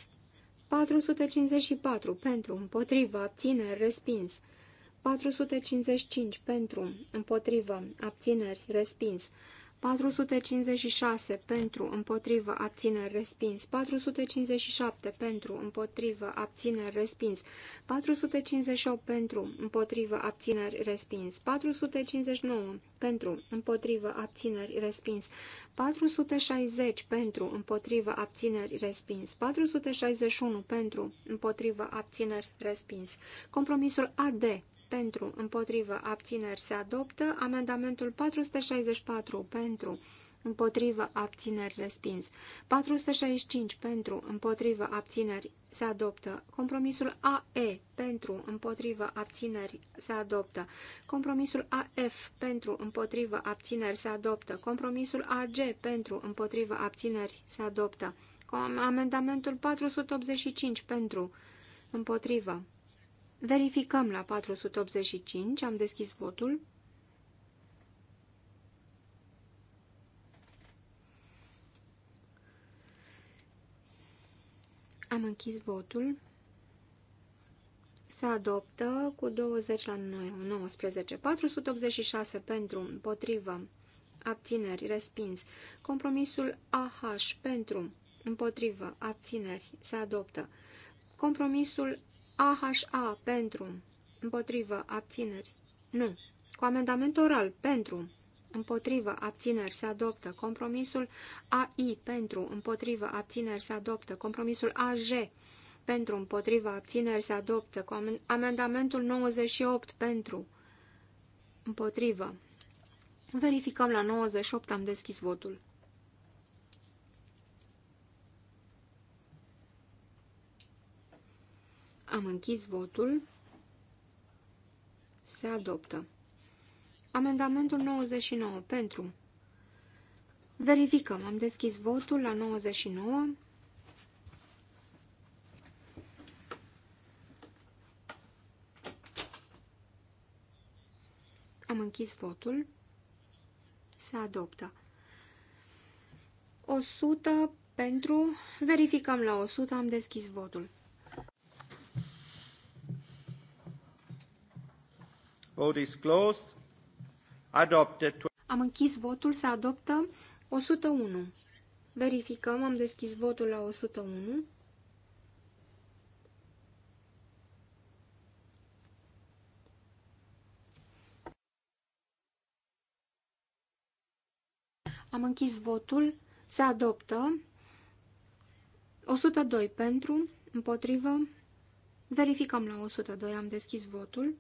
454 pentru, împotrivă, abțineri, respins. 455 pentru, împotrivă, abțineri, respins. 456 pentru, împotrivă, abțineri, respins. 457 pentru, împotrivă, abțineri, respins. 458 pentru, împotrivă, abțineri, respins. 459 pentru, împotrivă, abțineri, respins. 460 pentru, împotrivă, abțineri, respins. 461 pentru, împotrivă, abțineri, respins. Compromisul AD pentru, împotrivă, abțineri se adoptă. Amendamentul 464 pentru, împotrivă, abțineri respins. 465 pentru, împotrivă, abțineri se adoptă. Compromisul AE pentru, împotrivă, abțineri se adoptă. Compromisul AF pentru, împotrivă, abțineri se adoptă. Compromisul AG pentru, împotrivă, abțineri se adoptă. Amendamentul 485 pentru, împotrivă, Verificăm la 485, am deschis votul. Am închis votul. Se adoptă cu 20 la 19, 486 pentru, împotrivă, abțineri, respins. Compromisul AH pentru, împotrivă, abțineri, se adoptă. Compromisul AHA pentru, împotrivă, abțineri, nu. Cu amendament oral pentru, împotrivă, abțineri, se adoptă. Compromisul AI pentru, împotrivă, abțineri, se adoptă. Compromisul AJ pentru, împotriva, abțineri, se adoptă. Cu amendamentul 98 pentru, împotrivă. Verificăm la 98, am deschis votul. Am închis votul. Se adoptă. Amendamentul 99. Pentru. Verificăm. Am deschis votul la 99. Am închis votul. Se adoptă. 100 pentru. Verificăm la 100. Am deschis votul. Vote is closed. Adopted. Am închis votul, se adoptă 101. Verificăm, am deschis votul la 101. Am închis votul, se adoptă 102 pentru, împotrivă. Verificăm la 102, am deschis votul.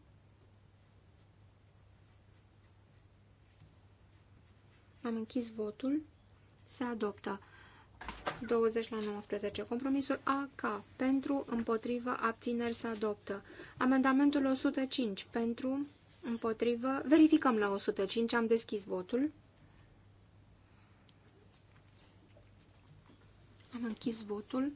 Am închis votul. Se adoptă. 20 la 19. Compromisul AK. Pentru, împotrivă, abțineri se adoptă. Amendamentul 105. Pentru, împotrivă. Verificăm la 105. Am deschis votul. Am închis votul.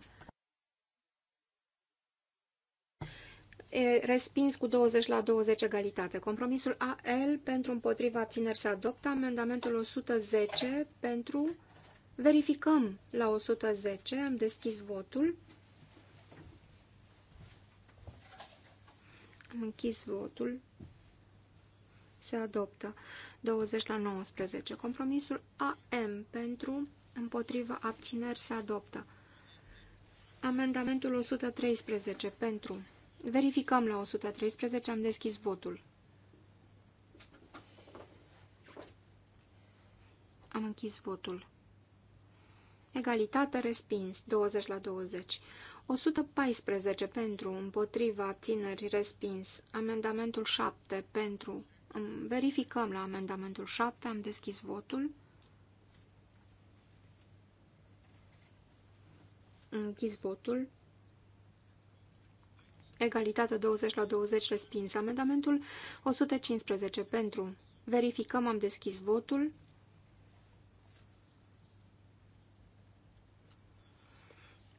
e respins cu 20 la 20 egalitate. Compromisul AL pentru împotriva abțineri se adoptă. Amendamentul 110 pentru... Verificăm la 110. Am deschis votul. Am închis votul. Se adoptă 20 la 19. Compromisul AM pentru împotriva abțineri se adoptă. Amendamentul 113 pentru Verificăm la 113, am deschis votul. Am închis votul. Egalitate respins, 20 la 20. 114 pentru, împotriva, abțineri, respins. Amendamentul 7 pentru. Verificăm la amendamentul 7, am deschis votul. Am închis votul. Egalitate 20 la 20 respins. Amendamentul 115 pentru. Verificăm, am deschis votul.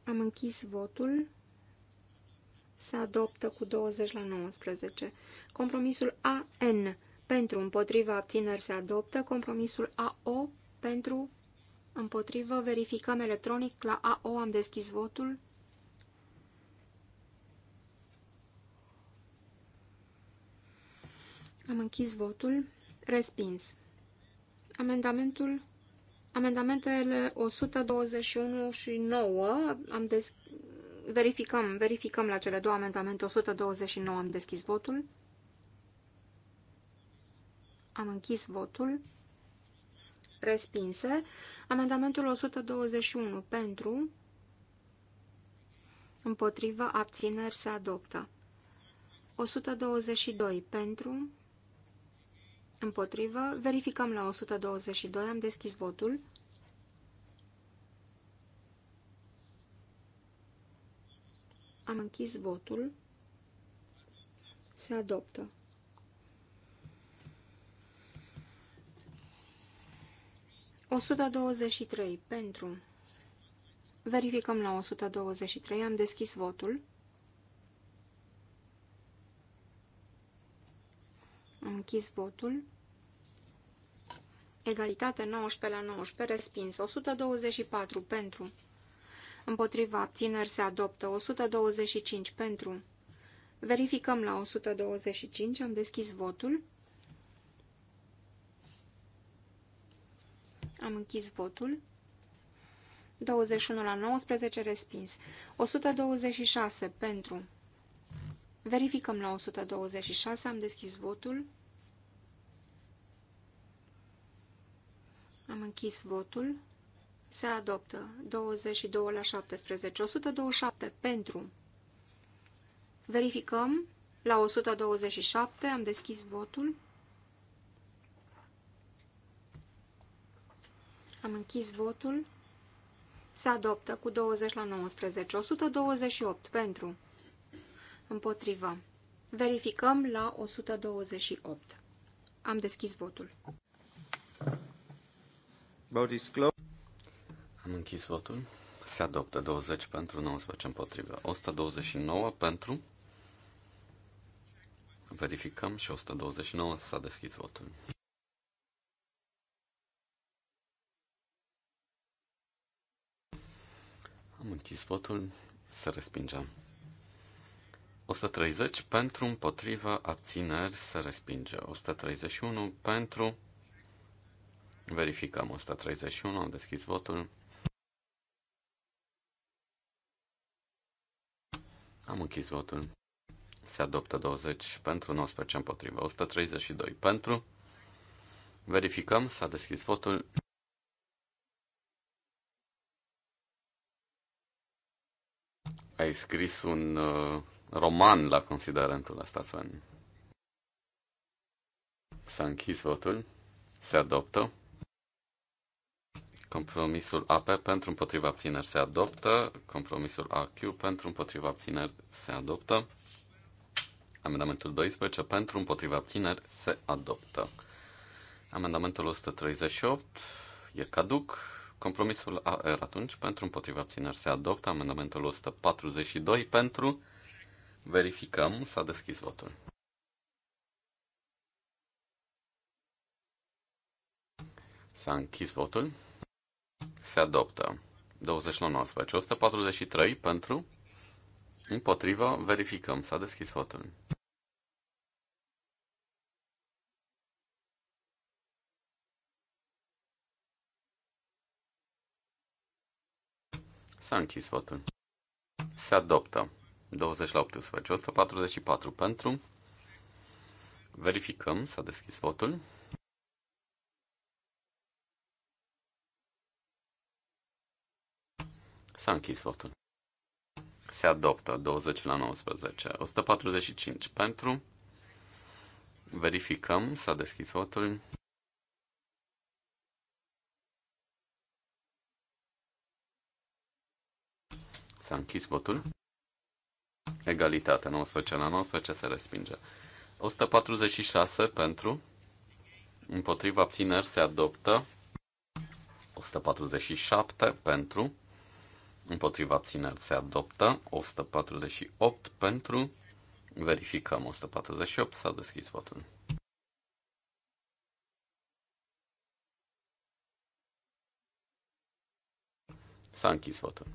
Am închis votul. Se adoptă cu 20 la 19. Compromisul AN pentru împotriva abțineri se adoptă. Compromisul AO pentru împotrivă verificăm electronic. La AO am deschis votul. Am închis votul. Respins. Amendamentul, amendamentele 121 și 9, am des, verificăm, verificăm la cele două amendamente, 129 am deschis votul. Am închis votul. Respinse. Amendamentul 121 pentru, împotrivă, abțineri se adoptă. 122 pentru, Împotrivă. Verificăm la 122. Am deschis votul. Am închis votul. Se adoptă. trei pentru. Verificăm la 123. Am deschis votul. Am închis votul. Egalitate 19 la 19, respins. 124 pentru. Împotriva abțineri se adoptă. 125 pentru. Verificăm la 125. Am deschis votul. Am închis votul. 21 la 19, respins. 126 pentru. Verificăm la 126, am deschis votul. Am închis votul. Se adoptă 22 la 17, 127 pentru. Verificăm la 127, am deschis votul. Am închis votul. Se adoptă cu 20 la 19, 128 pentru. Împotrivă. Verificăm la 128. Am deschis votul. Am închis votul. Se adoptă 20 pentru, 19 împotrivă. 129 pentru. Verificăm și 129 s-a deschis votul. Am închis votul. Se respingem. 130 pentru, împotriva, abțineri, se respinge. 131 pentru, verificăm 131, am deschis votul. Am închis votul. Se adoptă 20 pentru, 19 împotriva, 132 pentru. Verificăm, s-a deschis votul. Ai scris un uh, roman la considerentul ăsta, Sven. S-a închis votul. Se adoptă. Compromisul AP pentru împotriva abțineri se adoptă. Compromisul AQ pentru împotriva abțineri se adoptă. Amendamentul 12 pentru împotriva abțineri se adoptă. Amendamentul 138 e caduc. Compromisul AR atunci pentru împotriva abțineri se adoptă. Amendamentul 142 pentru Verificăm, s-a deschis votul. S-a închis votul. Se adoptă. 29 19. 143 pentru. Împotriva. Verificăm. S-a deschis votul. S-a închis votul. Se adoptă. 20 la 18, 144 pentru. Verificăm, s-a deschis votul. S-a închis votul. Se adoptă 20 la 19, 145 pentru. Verificăm, s-a deschis votul. S-a închis votul egalitate, 19 la 19 se respinge. 146 pentru, împotriva abțineri se adoptă, 147 pentru, împotriva abțineri se adoptă, 148 pentru, verificăm 148, s-a deschis votul. S-a închis votul.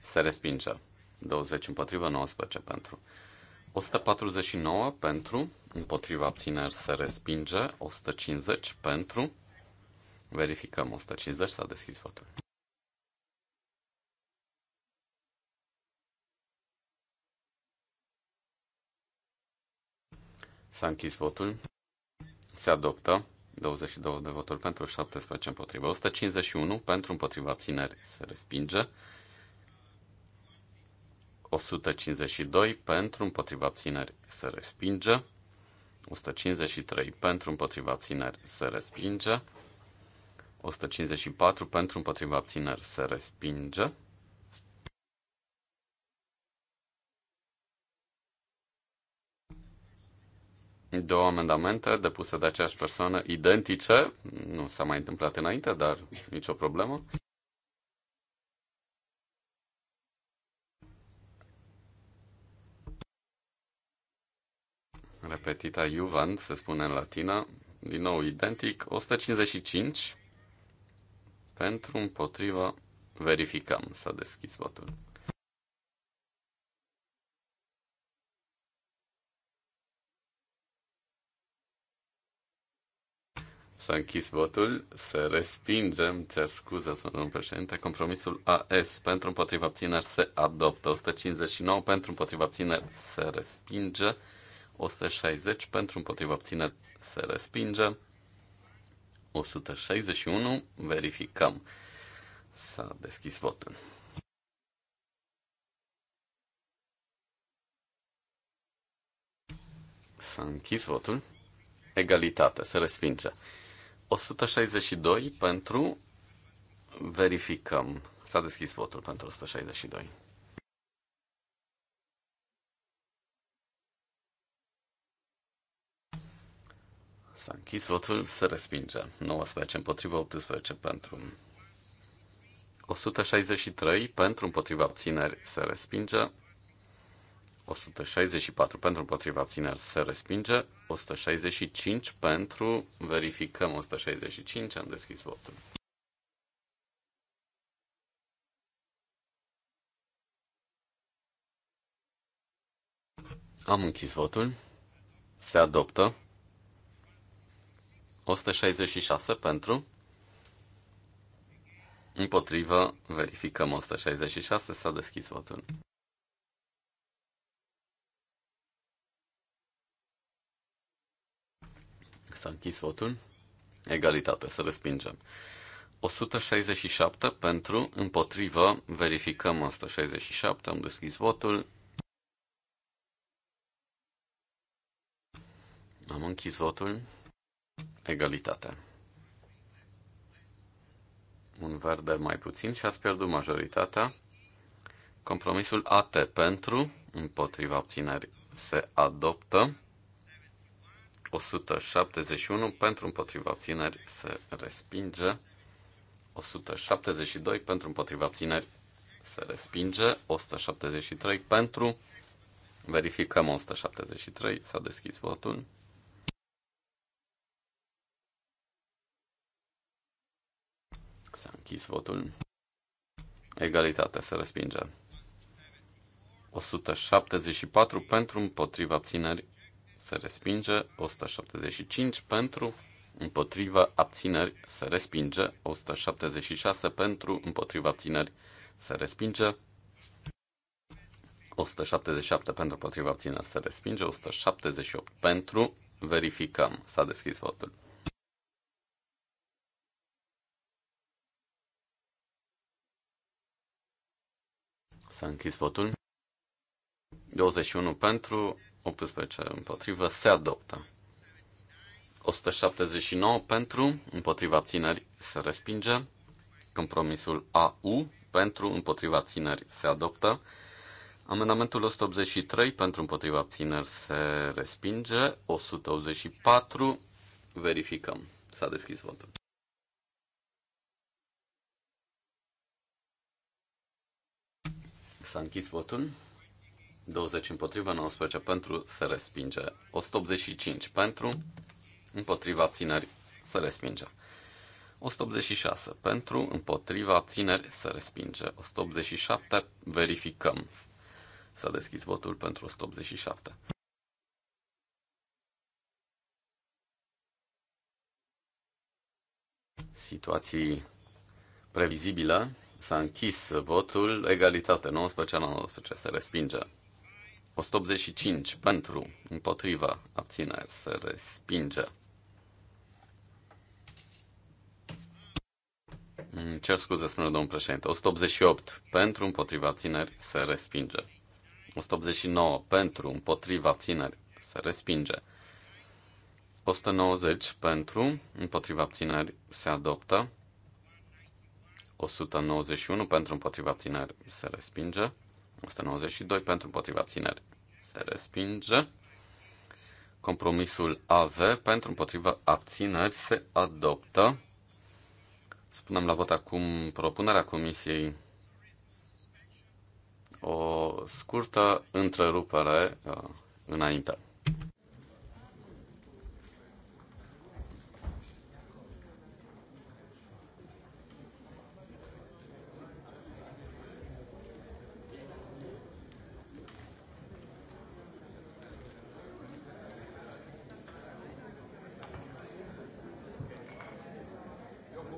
Se respinge. 20 împotriva, 19 pentru. 149 pentru, împotriva abțineri se respinge, 150 pentru, verificăm 150, s-a deschis votul. S-a închis votul, se adoptă, 22 de voturi pentru, 17 împotriva, 151 pentru, împotriva abțineri se respinge, 152 pentru împotriva abțineri se respinge. 153 pentru împotriva abțineri se respinge. 154 pentru împotriva abțineri se respinge. Două amendamente depuse de aceeași persoană, identice, nu s-a mai întâmplat înainte, dar nicio problemă. repetita Juvent, se spune în latină, din nou identic, 155 pentru împotriva verificăm. S-a deschis votul. S-a închis votul. Să respingem, cer scuze, domnul președinte, compromisul AS pentru împotriva abțineri se adoptă. 159 pentru împotriva abțineri se respinge. 160 pentru împotriva obține se respinge. 161 verificăm. S-a deschis votul. S-a închis votul. Egalitate, se respinge. 162 pentru verificăm. S-a deschis votul pentru 162. S-a închis votul, se respinge. 19 împotriva, 18 pentru. 163 pentru împotriva abțineri se respinge. 164 pentru împotriva abțineri se respinge. 165 pentru verificăm 165. Am deschis votul. Am închis votul. Se adoptă. 166 pentru. Împotrivă, verificăm 166, s-a deschis votul. S-a închis votul. Egalitate, să respingem. 167 pentru, împotrivă, verificăm 167, am deschis votul. Am închis votul egalitate. Un verde mai puțin și ați pierdut majoritatea. Compromisul AT pentru, împotriva abțineri, se adoptă. 171 pentru împotriva obțineri se respinge. 172 pentru împotriva obțineri se respinge. 173 pentru. Verificăm 173. S-a deschis votul. S-a închis votul. Egalitate se respinge. 174 pentru, împotriva abțineri se respinge. 175 pentru, împotriva abțineri se respinge. 176 pentru, împotriva abțineri se respinge. 177 pentru, împotriva abțineri se respinge. 178 pentru, verificăm. S-a deschis votul. S-a închis votul. 21 pentru, 18 împotrivă, se adoptă. 179 pentru, împotriva țineri se respinge. Compromisul AU pentru, împotriva țineri se adoptă. Amendamentul 183 pentru împotriva abțineri se respinge, 184 verificăm. S-a deschis votul. S-a închis votul. 20 împotriva, 19 pentru, se respinge. 185 pentru, împotriva abțineri, se respinge. 186 pentru, împotriva abțineri, se respinge. 187 verificăm. S-a deschis votul pentru 187. Situații previzibile. S-a închis votul, egalitate 19 la 19, se respinge. 185 pentru, împotriva, abțineri, se respinge. Cer scuze, spune domnul președinte. 188 pentru, împotriva, abțineri, se respinge. 189 pentru, împotriva, abțineri, se respinge. 190 pentru, împotriva abțineri se adoptă. 191 pentru împotriva tineri se respinge. 192 pentru împotriva tineri se respinge. Compromisul AV pentru împotriva abțineri se adoptă. Spunem la vot acum propunerea Comisiei o scurtă întrerupere uh, înainte.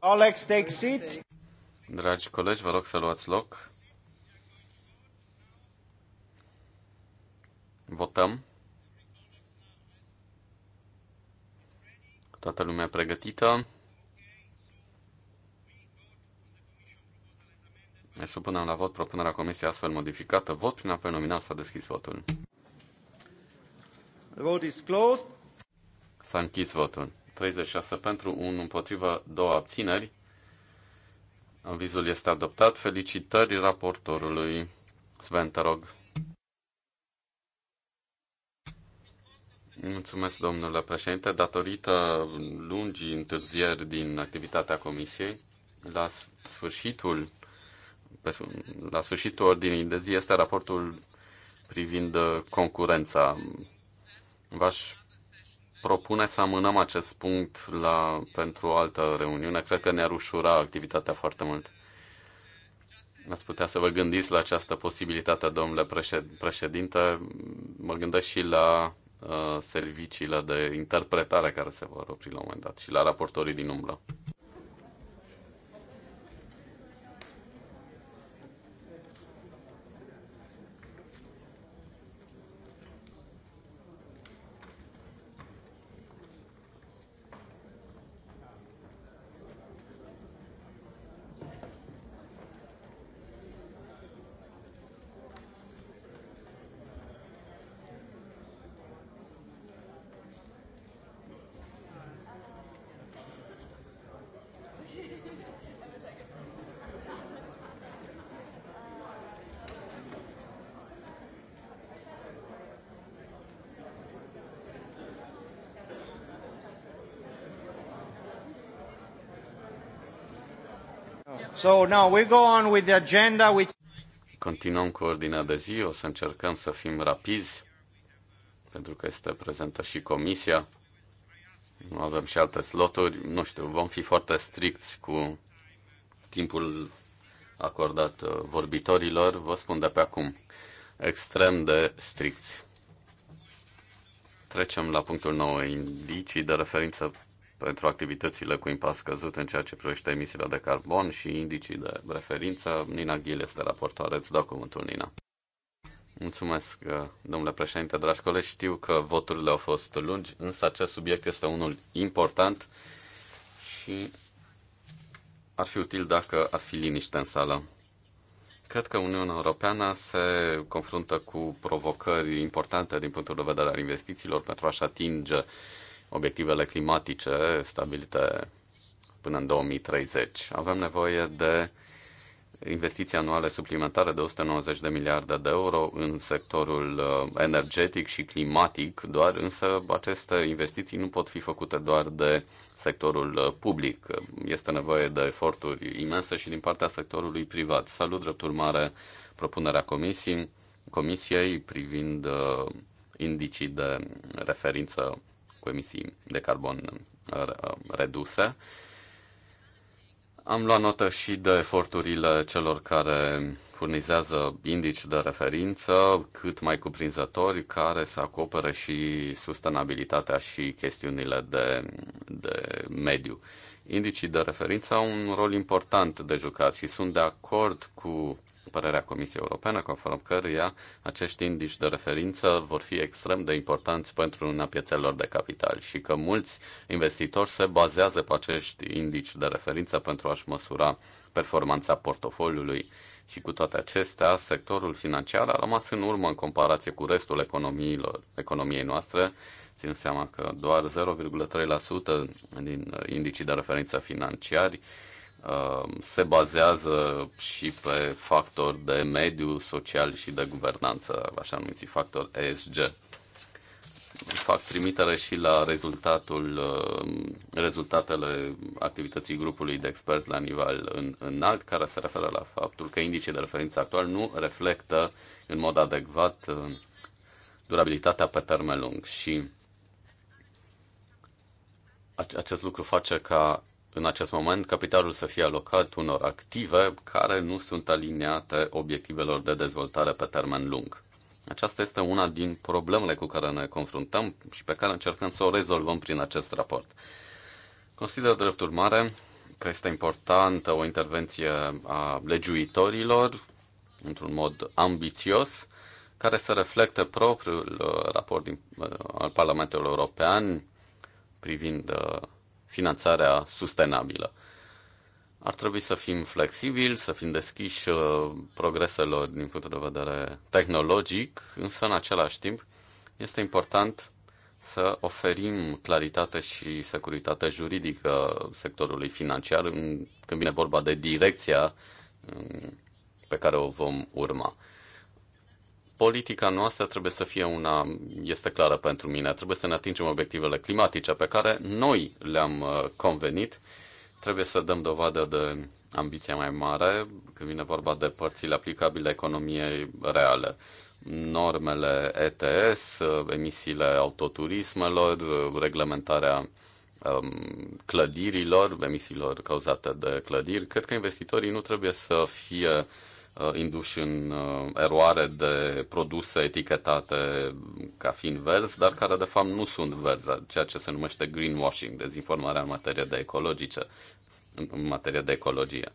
Alex, take seat. Dragi colegi, vă rog să luați loc. Votăm. Toată lumea pregătită. Ne supunem la vot propunerea comisiei astfel modificată. Vot prin apel nominal s-a deschis votul. The vote is closed. S-a închis votul. 36 pentru, 1 împotriva, 2 abțineri. Avizul este adoptat. Felicitări raportorului. Sven, te rog. Mulțumesc, domnule președinte. Datorită lungii întârzieri din activitatea comisiei, la sfârșitul, la sfârșitul ordinii de zi este raportul privind concurența. V-aș propune să amânăm acest punct la, pentru o altă reuniune. Cred că ne-ar ușura activitatea foarte mult. Ați putea să vă gândiți la această posibilitate, domnule președinte. Mă gândesc și la uh, serviciile de interpretare care se vor opri la un moment dat și la raportorii din umbră. So now we go on with the agenda which... Continuăm cu ordinea de zi, o să încercăm să fim rapizi, pentru că este prezentă și comisia. Nu avem și alte sloturi, nu știu, vom fi foarte stricți cu timpul acordat uh, vorbitorilor, vă spun de pe acum, extrem de stricți. Trecem la punctul 9, indicii de referință pentru activitățile cu impas scăzut în ceea ce privește emisiile de carbon și indicii de referință. Nina Ghil este raportoare. Îți dau cuvântul, Nina. Mulțumesc, uh, domnule președinte, dragi colegi. Știu că voturile au fost lungi, însă acest subiect este unul important și ar fi util dacă ar fi liniște în sală. Cred că Uniunea Europeană se confruntă cu provocări importante din punctul de vedere al investițiilor pentru a-și atinge obiectivele climatice stabilite până în 2030. Avem nevoie de investiții anuale suplimentare de 190 de miliarde de euro în sectorul uh, energetic și climatic, doar însă aceste investiții nu pot fi făcute doar de sectorul uh, public. Este nevoie de eforturi imense și din partea sectorului privat. Salut, drept urmare, propunerea comisiei, comisiei privind uh, indicii de referință cu emisii de carbon uh, reduse. Am luat notă și de eforturile celor care furnizează indici de referință cât mai cuprinzători care să acopere și sustenabilitatea și chestiunile de, de mediu. Indicii de referință au un rol important de jucat și sunt de acord cu părerea Comisiei Europene, conform căruia acești indici de referință vor fi extrem de importanți pentru una piețelor de capital și că mulți investitori se bazează pe acești indici de referință pentru a-și măsura performanța portofoliului. Și cu toate acestea, sectorul financiar a rămas în urmă în comparație cu restul economiilor, economiei noastre, țin seama că doar 0,3% din indicii de referință financiari Um, se bazează și pe factori de mediu, social și de guvernanță, așa numiți factor ESG. Fac trimitere și la rezultatul, um, rezultatele activității grupului de experți la nivel în, înalt, care se referă la faptul că indicii de referință actual nu reflectă în mod adecvat uh, durabilitatea pe termen lung și acest lucru face ca în acest moment capitalul să fie alocat unor active care nu sunt aliniate obiectivelor de dezvoltare pe termen lung. Aceasta este una din problemele cu care ne confruntăm și pe care încercăm să o rezolvăm prin acest raport. Consider drept urmare că este importantă o intervenție a legiuitorilor într-un mod ambițios, care să reflecte propriul uh, raport din, uh, al Parlamentului European privind uh, finanțarea sustenabilă. Ar trebui să fim flexibili, să fim deschiși uh, progreselor din punct de vedere tehnologic, însă în același timp este important să oferim claritate și securitate juridică sectorului financiar când vine vorba de direcția um, pe care o vom urma politica noastră trebuie să fie una, este clară pentru mine, trebuie să ne atingem obiectivele climatice pe care noi le-am uh, convenit, trebuie să dăm dovadă de ambiția mai mare când vine vorba de părțile aplicabile economiei reale. Normele ETS, uh, emisiile autoturismelor, uh, reglementarea um, clădirilor, emisiilor cauzate de clădiri. Cred că investitorii nu trebuie să fie uh, Uh, induși în uh, eroare de produse etichetate ca fiind verzi, dar care de fapt nu sunt verzi, ceea ce se numește greenwashing, dezinformarea în materie de ecologice, în materie de ecologie.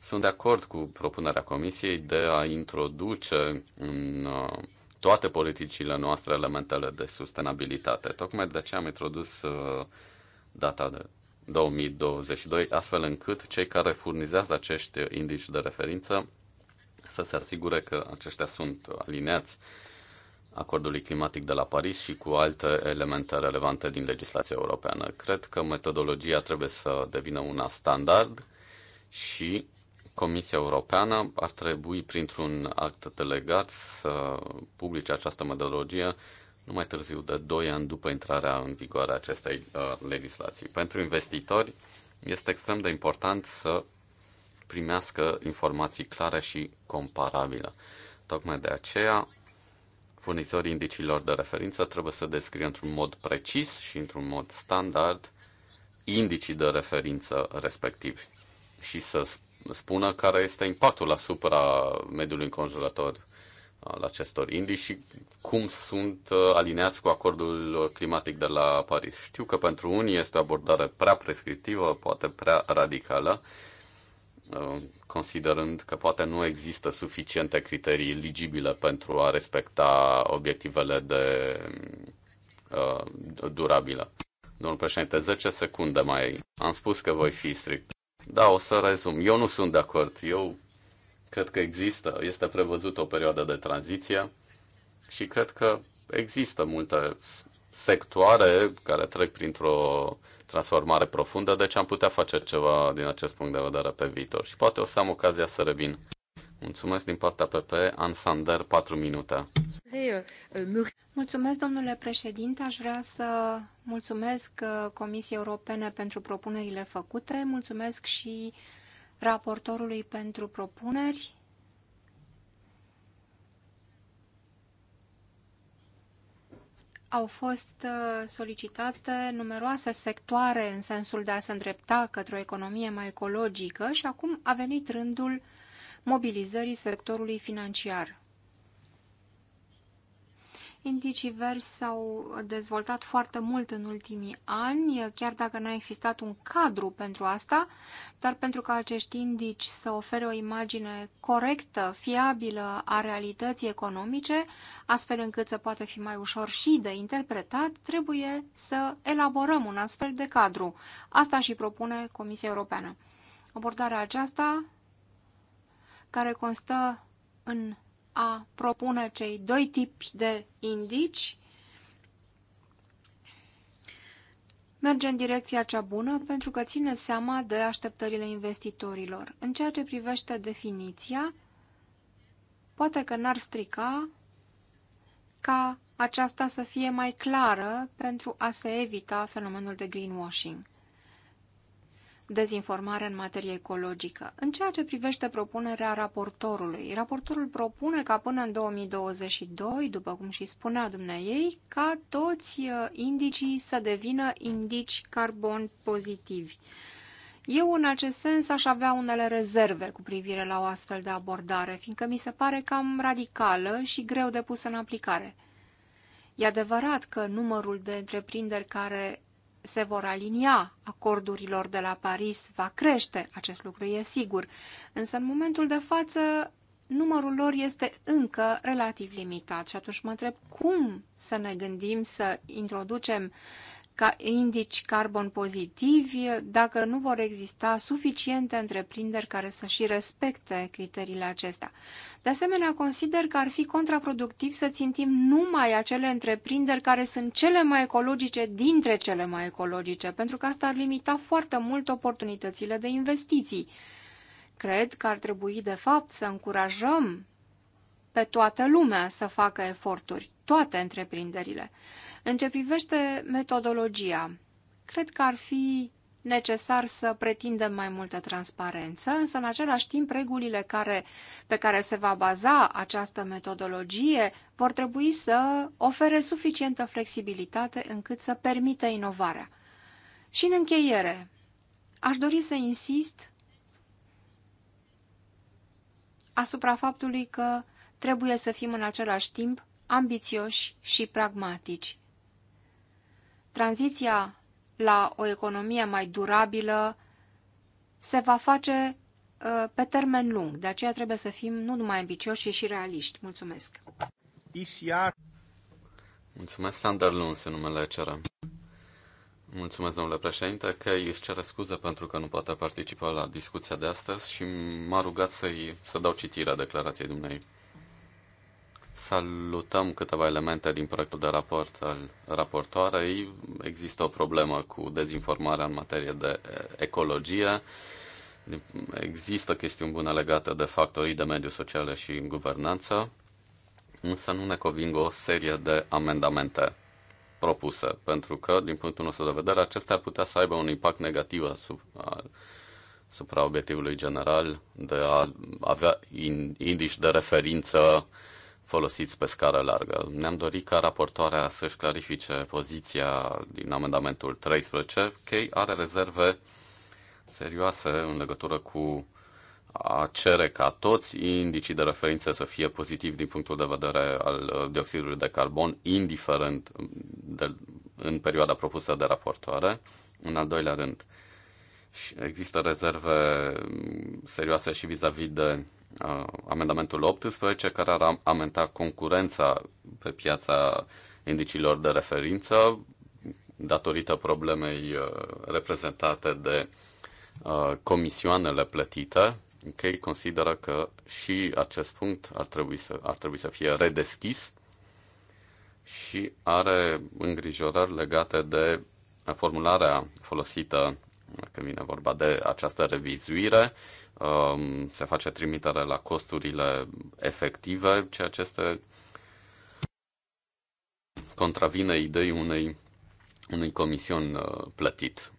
Sunt de acord cu propunerea Comisiei de a introduce în uh, toate politicile noastre elementele de sustenabilitate. Tocmai de aceea am introdus data de 2022, astfel încât cei care furnizează acești indici de referință să se asigure că aceștia sunt alineați acordului climatic de la Paris și cu alte elemente relevante din legislația europeană. Cred că metodologia trebuie să devină una standard și Comisia Europeană ar trebui printr-un act delegat să publice această metodologie nu mai târziu de 2 ani după intrarea în vigoare a acestei uh, legislații. Pentru investitori este extrem de important să primească informații clare și comparabile. Tocmai de aceea, furnizorii indicilor de referință trebuie să descrie într-un mod precis și într-un mod standard indicii de referință respectivi și să spună care este impactul asupra mediului înconjurător al acestor indici și cum sunt uh, alineați cu acordul climatic de la Paris. Știu că pentru unii este o abordare prea prescriptivă, poate prea radicală, Uh, considerând că poate nu există suficiente criterii eligibile pentru a respecta obiectivele de uh, durabilă. Domnul președinte, 10 secunde mai am spus că voi fi strict. Da, o să rezum. Eu nu sunt de acord. Eu cred că există, este prevăzută o perioadă de tranziție și cred că există multe sectoare care trec printr-o transformare profundă, deci am putea face ceva din acest punct de vedere pe viitor și poate o să am ocazia să revin. Mulțumesc din partea PP, Ansander, 4 minute. Mulțumesc, domnule președinte. Aș vrea să mulțumesc uh, Comisiei Europene pentru propunerile făcute, mulțumesc și raportorului pentru propuneri au fost uh, solicitate numeroase sectoare în sensul de a se îndrepta către o economie mai ecologică și acum a venit rândul mobilizării sectorului financiar. Indicii verzi s-au dezvoltat foarte mult în ultimii ani, chiar dacă n-a existat un cadru pentru asta, dar pentru ca acești indici să ofere o imagine corectă, fiabilă a realității economice, astfel încât să poată fi mai ușor și de interpretat, trebuie să elaborăm un astfel de cadru. Asta și propune Comisia Europeană. Abordarea aceasta, care constă în a propune cei doi tipi de indici merge în direcția cea bună pentru că ține seama de așteptările investitorilor. În ceea ce privește definiția, poate că n-ar strica ca aceasta să fie mai clară pentru a se evita fenomenul de greenwashing dezinformare în materie ecologică. În ceea ce privește propunerea raportorului, raportorul propune ca până în 2022, după cum și spunea dumneiei, ca toți uh, indicii să devină indici carbon pozitivi. Eu, în acest sens, aș avea unele rezerve cu privire la o astfel de abordare, fiindcă mi se pare cam radicală și greu de pus în aplicare. E adevărat că numărul de întreprinderi care se vor alinia acordurilor de la Paris va crește, acest lucru e sigur, însă în momentul de față numărul lor este încă relativ limitat și atunci mă întreb cum să ne gândim să introducem uh, ca indici carbon pozitivi dacă nu vor exista suficiente întreprinderi care să și respecte criteriile acestea. De asemenea, consider că ar fi contraproductiv să țintim numai acele întreprinderi care sunt cele mai ecologice dintre cele mai ecologice, pentru că asta ar limita foarte mult oportunitățile de investiții. Cred că ar trebui, de fapt, să încurajăm pe toată lumea să facă eforturi, toate întreprinderile. În ce privește metodologia, cred că ar fi necesar să pretindem mai multă transparență, însă în același timp regulile care, pe care se va baza această metodologie vor trebui să ofere suficientă flexibilitate încât să permită inovarea. Și în încheiere, aș dori să insist asupra faptului că trebuie să fim în același timp ambițioși și pragmatici tranziția la o economie mai durabilă se va face uh, pe termen lung. De aceea trebuie să fim nu numai ambicioși, ci și realiști. Mulțumesc! ECR. Mulțumesc, Sander Luns, în numele CRM. Mulțumesc, domnule președinte, că își cere scuze pentru că nu poate participa la discuția de astăzi și m-a rugat să-i, să dau citirea declarației dumneavoastră. Salutăm câteva elemente din proiectul de raport al raportoarei. Există o problemă cu dezinformarea în materie de ecologie. Există chestiuni bune legate de factorii de mediu sociale și guvernanță, însă nu ne conving o serie de amendamente propuse, pentru că, din punctul nostru de vedere, acestea ar putea să aibă un impact negativ asupra, asupra obiectivului general de a avea indici de referință folosiți pe scară largă. Ne-am dorit ca raportoarea să-și clarifice poziția din amendamentul 13. Chei are rezerve serioase în legătură cu a cere ca toți indicii de referință să fie pozitiv din punctul de vedere al dioxidului de carbon, indiferent de, în perioada propusă de raportoare. În al doilea rând, există rezerve serioase și vis-a-vis -vis de amendamentul 18, care ar amenta concurența pe piața indicilor de referință datorită problemei reprezentate de comisioanele plătite. Okay, consideră că și acest punct ar trebui să, ar trebui să fie redeschis și are îngrijorări legate de formularea folosită când vine vorba de această revizuire, um, se face trimitere la costurile efective, ceea ce este contravine ideii unei, unui comision uh, plătit.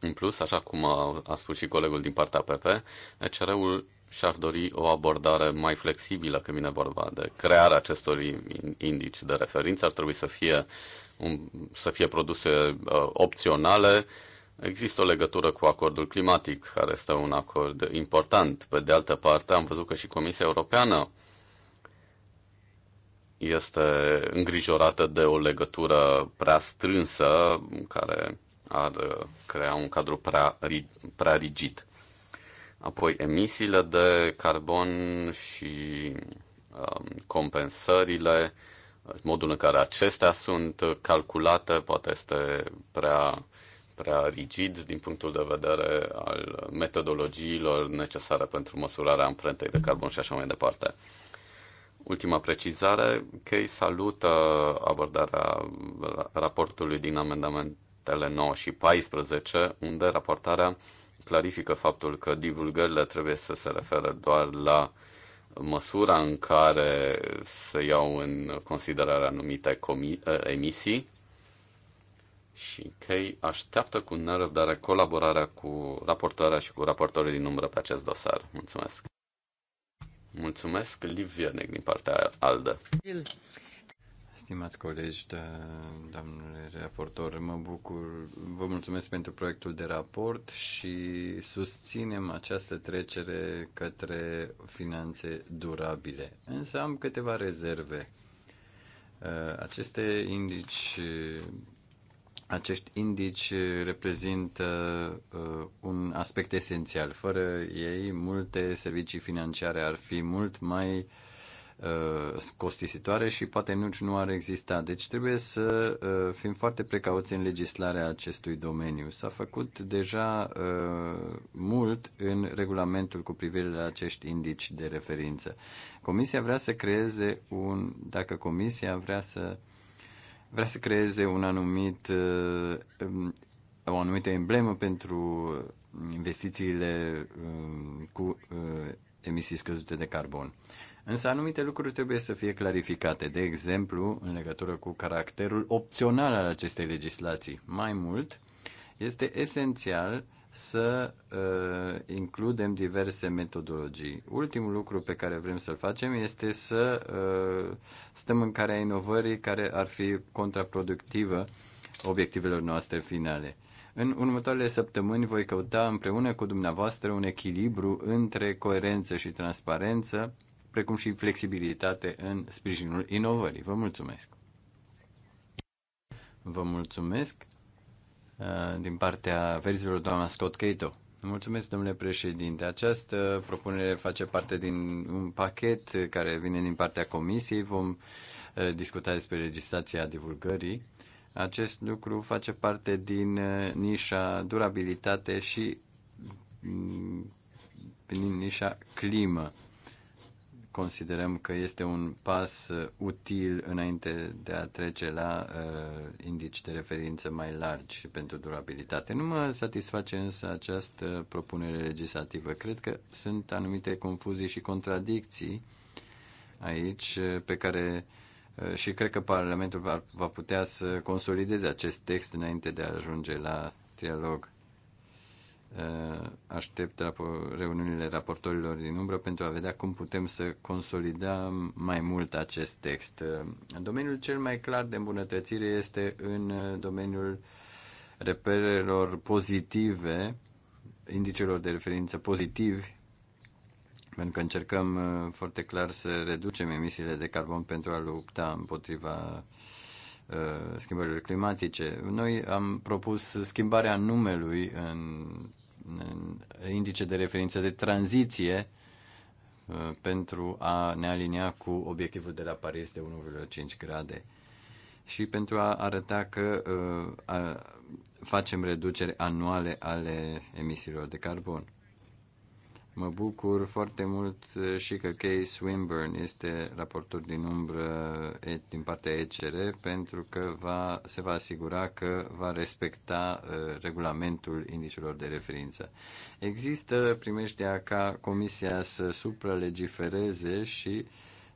În plus, așa cum a, a spus și colegul din partea PP, ECR-ul și-ar dori o abordare mai flexibilă când vine vorba de crearea acestor indici de referință. Ar trebui să fie, un, să fie produse uh, opționale, Există o legătură cu acordul climatic, care este un acord important. Pe de altă parte, am văzut că și Comisia Europeană este îngrijorată de o legătură prea strânsă care ar uh, crea un cadru prea, prea rigid. Apoi emisiile de carbon și um, compensările, modul în care acestea sunt calculate, poate este prea prea rigid din punctul de vedere al metodologiilor necesare pentru măsurarea amprentei de carbon și așa mai departe. Ultima precizare, Chei salută abordarea raportului din amendamentele 9 și 14, unde raportarea clarifică faptul că divulgările trebuie să se referă doar la măsura în care se iau în considerare anumite eh, emisii, și Kay așteaptă cu nerăbdare colaborarea cu raportoarea și cu raportorii din umbră pe acest dosar. Mulțumesc! Mulțumesc, Liv Viernic, din partea Aldă. Stimați colegi, da, domnule raportor, mă bucur, vă mulțumesc pentru proiectul de raport și susținem această trecere către finanțe durabile. Însă am câteva rezerve. Aceste indici acești indici reprezintă uh, un aspect esențial. Fără ei, multe servicii financiare ar fi mult mai uh, costisitoare și poate nici nu ar exista. Deci trebuie să uh, fim foarte precauți în legislarea acestui domeniu. S-a făcut deja uh, mult în regulamentul cu privire la acești indici de referință. Comisia vrea să creeze un, dacă comisia vrea să uh, vrea să creeze un anumit, uh, um, o anumită emblemă pentru investițiile um, cu uh, emisii scăzute de carbon. Însă anumite lucruri trebuie să fie clarificate, de exemplu, în legătură cu caracterul opțional al acestei legislații. Mai mult, este esențial uh, să uh, includem diverse metodologii. Ultimul lucru pe care vrem să-l facem este să uh, stăm în care inovării care ar fi contraproductivă obiectivelor noastre finale. În următoarele săptămâni voi căuta împreună cu dumneavoastră un echilibru între coerență și transparență, precum și flexibilitate în sprijinul inovării. Vă mulțumesc! Vă mulțumesc! Uh, din partea verzilor doamna Scott Cato. Mulțumesc, domnule președinte. Această propunere face parte din un pachet care vine din partea comisiei. Vom uh, discuta despre legislația divulgării. Acest lucru face parte din uh, nișa durabilitate și mm, din nișa climă considerăm că este un pas uh, util înainte de a trece la uh, indici de referință mai largi pentru durabilitate. Nu mă satisface însă această propunere legislativă. Cred că sunt anumite confuzii și contradicții aici uh, pe care uh, și cred că Parlamentul va, va putea să consolideze acest text înainte de a ajunge la trialog. Eh, aștept reuniunile raportorilor din umbră pentru a vedea cum putem să consolidăm mai mult acest text. Domeniul cel mai clar de îmbunătățire este în domeniul reperelor pozitive, indicelor de referință pozitivi, pentru că încercăm eh, foarte clar să reducem emisiile de carbon pentru a lupta împotriva eh, schimbărilor climatice. Noi am propus schimbarea numelui în indice de referință de tranziție uh, pentru a ne alinia cu obiectivul de la Paris de 1,5 grade și pentru a arăta că uh, facem reduceri anuale ale emisiilor de carbon. Mă bucur foarte mult uh, și că Kay Swinburne este raportor din umbră din partea ECR pentru că va, se va asigura că va respecta uh, regulamentul indicilor de referință. Există primeștea ca Comisia să supralegifereze și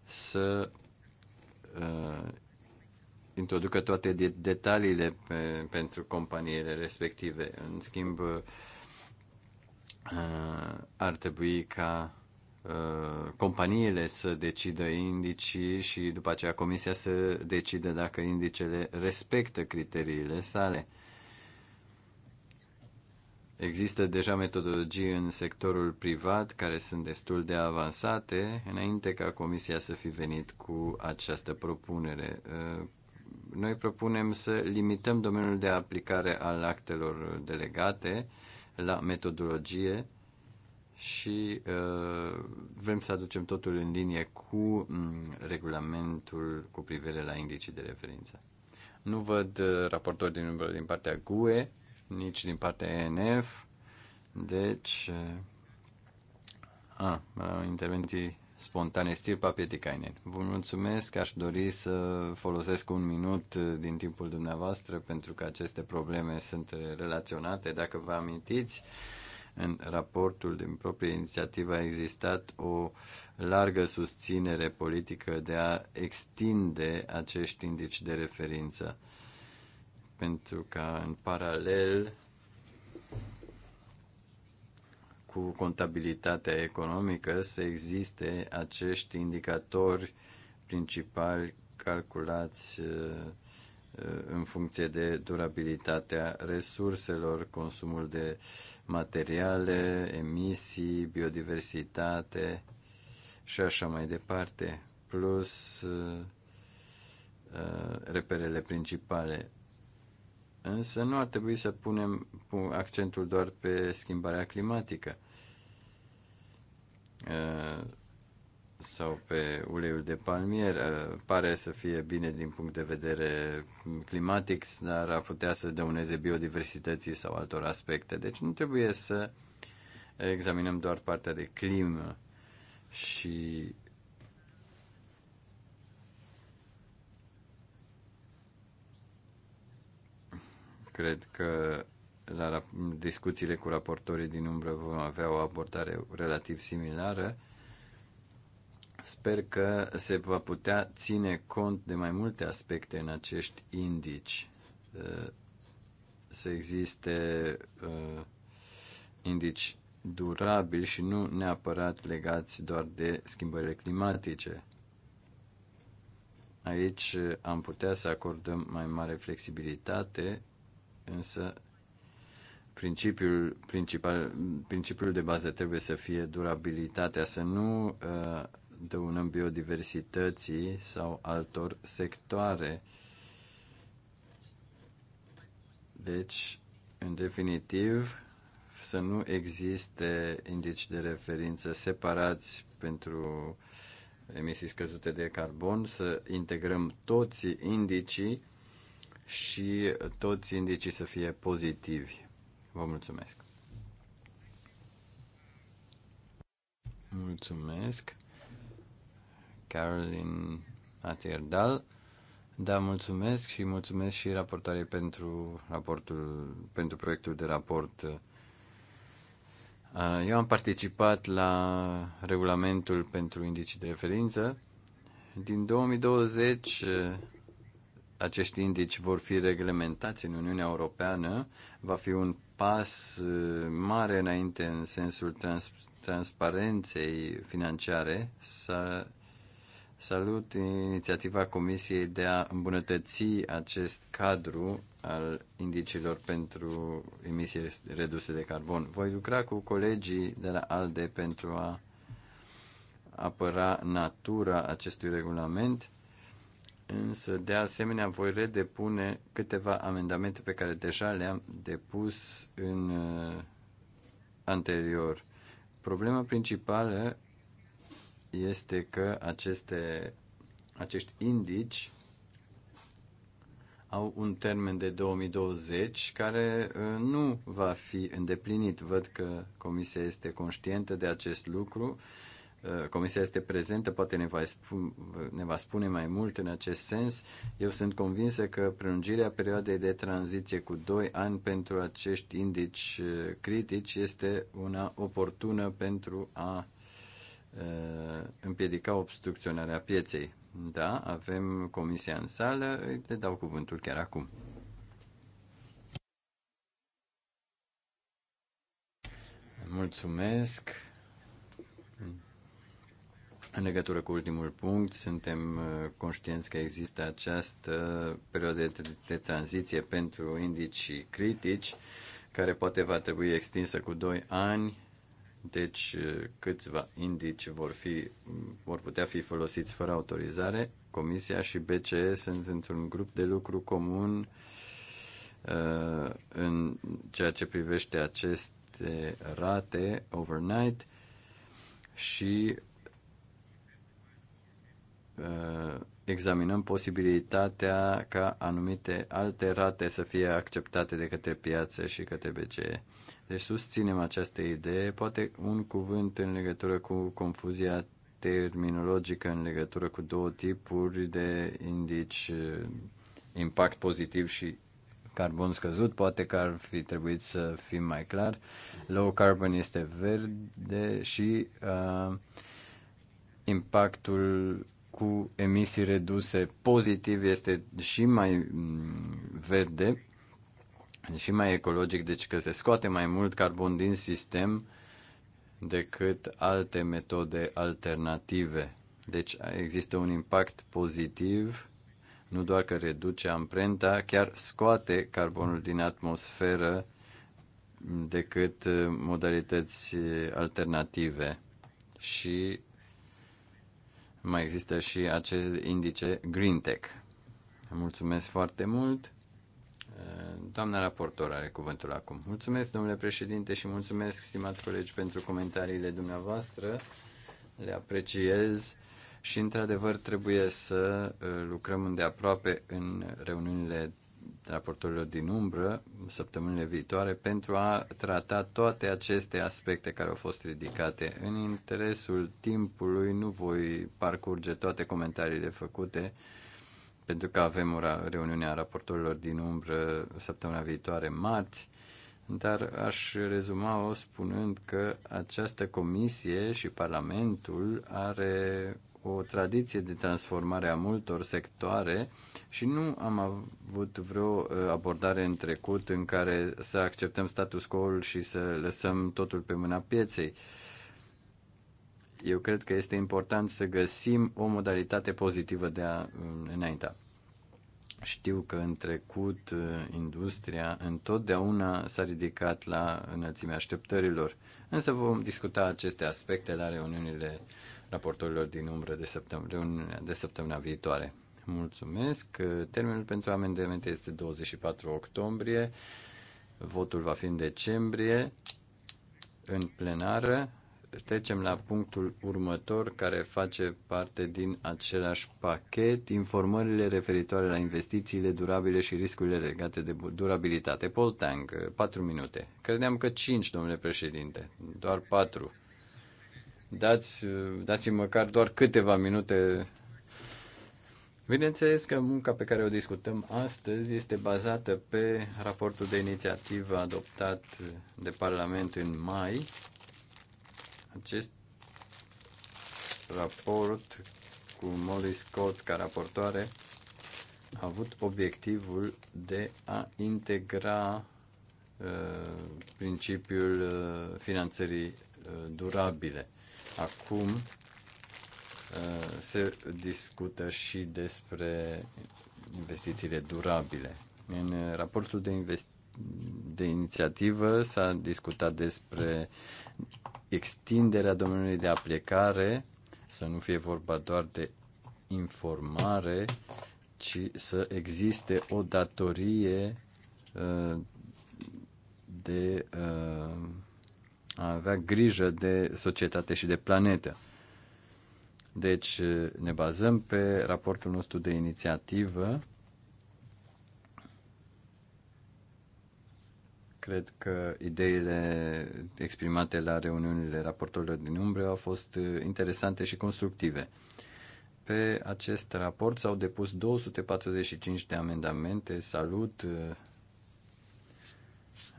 să uh, introducă toate detaliile pe, pentru companiile respective. În schimb, uh, Uh, ar trebui ca uh, companiile să decidă indicii și după aceea comisia să decide dacă indicele respectă criteriile sale. Există deja metodologii în sectorul privat care sunt destul de avansate înainte ca comisia să fi venit cu această propunere. Uh, noi propunem să limităm domeniul de aplicare al actelor delegate la metodologie și uh, vrem să aducem totul în linie cu m, mm, regulamentul cu privire la indicii de referință. Nu văd uh, raportori din, din partea GUE, nici din partea ENF, deci... Uh, a, uh, intervenții spontane Stirpa Pietikainen. Vă mulțumesc, aș dori să folosesc un minut din timpul dumneavoastră pentru că aceste probleme sunt relaționate. Dacă vă amintiți, în raportul din proprie inițiativă a existat o largă susținere politică de a extinde acești indici de referință pentru ca în paralel cu contabilitatea economică să existe acești indicatori principali calculați uh, uh, în funcție de durabilitatea resurselor, consumul de materiale, emisii, biodiversitate și așa mai departe, plus uh, reperele principale. Însă nu ar trebui să punem accentul doar pe schimbarea climatică. Eh, sau pe uleiul de palmier. Eh, pare să fie bine din punct de vedere climatic, dar ar putea să dăuneze biodiversității sau altor aspecte. Deci nu trebuie să examinăm doar partea de climă și cred că la discuțiile cu raportorii din umbră vom avea o abordare relativ similară. Sper că se va putea ține cont de mai multe aspecte în acești indici. Să existe uh, indici durabili și nu neapărat legați doar de schimbările climatice. Aici am putea să acordăm mai mare flexibilitate, însă principiul, principal, principiul de bază trebuie să fie durabilitatea, să nu uh, dăunăm biodiversității sau altor sectoare. Deci, în definitiv, să nu existe indici de referință separați pentru emisii scăzute de carbon, să integrăm toți indicii și toți indicii să fie pozitivi Vă mulțumesc. Mulțumesc. Carolyn Atierdal. Da, mulțumesc și mulțumesc și raportoarei pentru raportul, pentru proiectul de raport. Eu am participat la regulamentul pentru indicii de referință. Din 2020 acești indici vor fi reglementați în Uniunea Europeană. Va fi un pas uh, mare înainte în sensul trans- transparenței financiare. Să salut inițiativa Comisiei de a îmbunătăți acest cadru al indicilor pentru emisii reduse de carbon. Voi lucra cu colegii de la ALDE pentru a apăra natura acestui regulament însă de asemenea voi redepune câteva amendamente pe care deja le-am depus în uh, anterior. Problema principală este că aceste, acești indici au un termen de 2020 care uh, nu va fi îndeplinit. Văd că Comisia este conștientă de acest lucru Uh, comisia este prezentă, poate ne va, spune, ne va spune mai mult în acest sens. Eu sunt convinsă că prelungirea perioadei de tranziție cu 2 ani pentru acești indici uh, critici este una oportună pentru a uh, împiedica obstrucționarea pieței. Da, avem comisia în sală, le dau cuvântul chiar acum. Mulțumesc. În legătură cu ultimul punct, suntem uh, conștienți că există această perioadă de, de tranziție pentru indicii critici, care poate va trebui extinsă cu 2 ani, deci uh, câțiva indici vor, fi, vor putea fi folosiți fără autorizare. Comisia și BCE sunt într-un grup de lucru comun uh, în ceea ce privește aceste rate overnight și Uh, examinăm posibilitatea ca anumite alte rate să fie acceptate de către piață și către BCE. Deci susținem această idee. Poate un cuvânt în legătură cu confuzia terminologică în legătură cu două tipuri de indici uh, impact pozitiv și carbon scăzut, poate că ar fi trebuit să fim mai clar. Low carbon este verde și uh, impactul cu emisii reduse pozitiv este și mai mm, verde și mai ecologic, deci că se scoate mai mult carbon din sistem decât alte metode alternative. Deci există un impact pozitiv, nu doar că reduce amprenta, chiar scoate carbonul din atmosferă decât eh, modalități eh, alternative și mai există și acel indice Green Tech. Mulțumesc foarte mult. Doamna raportor are cuvântul acum. Mulțumesc, domnule președinte, și mulțumesc, stimați colegi, pentru comentariile dumneavoastră. Le apreciez și, într-adevăr, trebuie să uh, lucrăm îndeaproape în reuniunile raportorilor din umbră săptămânile viitoare pentru a trata toate aceste aspecte care au fost ridicate. În interesul timpului nu voi parcurge toate comentariile făcute pentru că avem o reuniune a raportorilor din umbră săptămâna viitoare, marți, dar aș rezuma-o spunând că această comisie și Parlamentul are o tradiție de transformare a multor sectoare și nu am avut vreo uh, abordare în trecut în care să acceptăm status quo-ul și să lăsăm totul pe mâna pieței. Eu cred că este important să găsim o modalitate pozitivă de a um, înainta. Știu că în trecut uh, industria întotdeauna s-a ridicat la înălțimea așteptărilor, însă vom discuta aceste aspecte la reuniunile raportorilor din umbră de, săptămâna, de săptămâna viitoare. Mulțumesc. Termenul pentru amendamente este 24 octombrie. Votul va fi în decembrie în plenară. Trecem la punctul următor care face parte din același pachet, informările referitoare la investițiile durabile și riscurile legate de durabilitate. Paul Tang, 4 minute. Credeam că 5, domnule președinte, doar 4. Dați, dați măcar doar câteva minute Bineînțeles că munca pe care o discutăm astăzi este bazată pe raportul de inițiativă adoptat de Parlament în mai. Acest raport cu Molly Scott ca raportoare a avut obiectivul de a integra uh, principiul uh, finanțării uh, durabile. Acum, Uh, se discută și despre investițiile durabile. În raportul de, de inițiativă s-a discutat despre extinderea domeniului de aplicare, să nu fie vorba doar de informare, ci să existe o datorie uh, de uh, a avea grijă de societate și de planetă. Deci ne bazăm pe raportul nostru de inițiativă. Cred că ideile exprimate la reuniunile raportorilor din umbre au fost interesante și constructive. Pe acest raport s-au depus 245 de amendamente. Salut eh,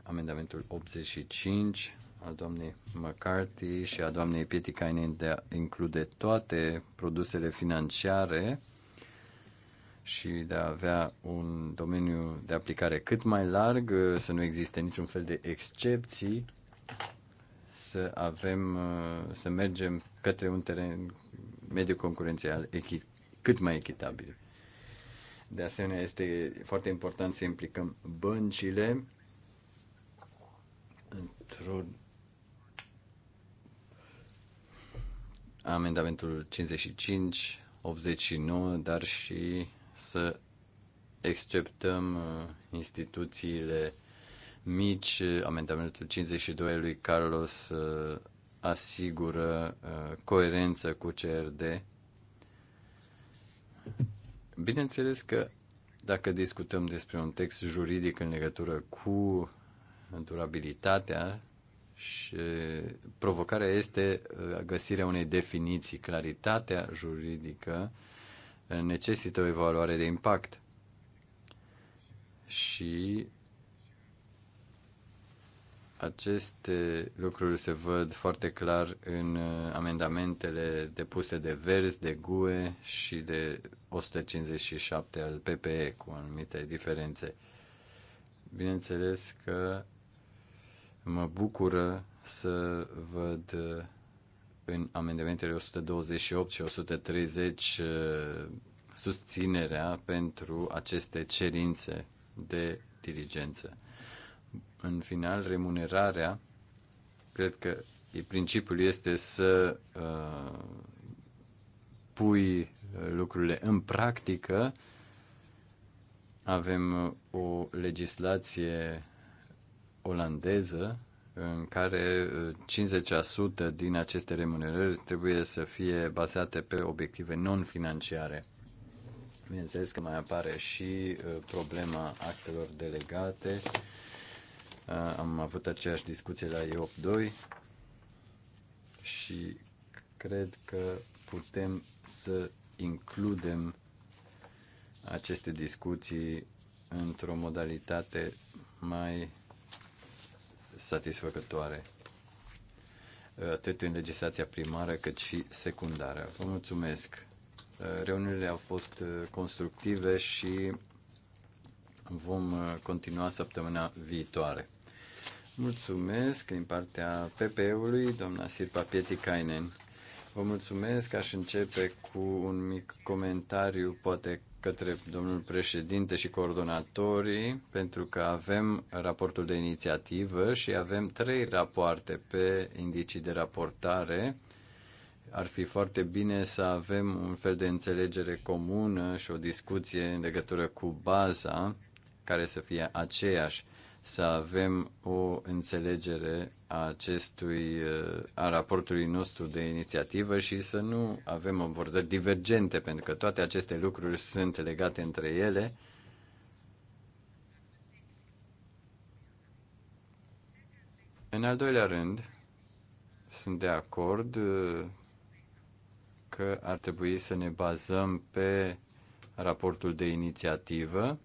amendamentul 85 al doamnei McCarthy și a doamnei Pietikainen de a include toate produsele financiare și de a avea un domeniu de aplicare cât mai larg, să nu existe niciun fel de excepții, să avem, să mergem către un teren mediu concurențial cât mai echitabil. De asemenea, este foarte important să implicăm băncile într-o amendamentul 55, 89, dar și să exceptăm uh, instituțiile mici. Amendamentul 52 lui Carlos uh, asigură uh, coerență cu CRD. Bineînțeles că dacă discutăm despre un text juridic în legătură cu durabilitatea, și provocarea este uh, găsirea unei definiții. Claritatea juridică uh, necesită o evaluare de impact. Și aceste lucruri se văd foarte clar în uh, amendamentele depuse de Verzi, de GUE și de 157 al PPE, cu anumite diferențe. Bineînțeles că Mă bucură să văd uh, în amendamentele 128 și 130 uh, susținerea pentru aceste cerințe de diligență. În final, remunerarea, cred că principiul este să uh, pui lucrurile în practică. Avem o legislație olandeză în care 50% eh, din aceste remunerări trebuie să fie bazate pe obiective non-financiare. Bineînțeles că mai apare și eh, problema actelor delegate. Eh, am avut aceeași discuție la IOP2 și cred că putem să includem aceste discuții într-o modalitate mai satisfăcătoare, atât în legislația primară cât și secundară. Vă mulțumesc! Reuniunile au fost uh, constructive și vom uh, continua săptămâna viitoare. Mulțumesc din partea PP-ului, doamna Sirpa Pietikainen. Vă mulțumesc. Aș începe cu un mic comentariu, poate către domnul președinte și coordonatorii, pentru că avem raportul de inițiativă și avem trei rapoarte pe indicii de raportare. Ar fi foarte bine să avem un fel de înțelegere comună și o discuție în legătură cu baza care să fie aceeași să avem o înțelegere a acestui, a raportului nostru de inițiativă și să nu avem abordări divergente, pentru că toate aceste lucruri sunt legate între ele. În al doilea rând, sunt de acord că ar trebui să ne bazăm pe raportul de inițiativă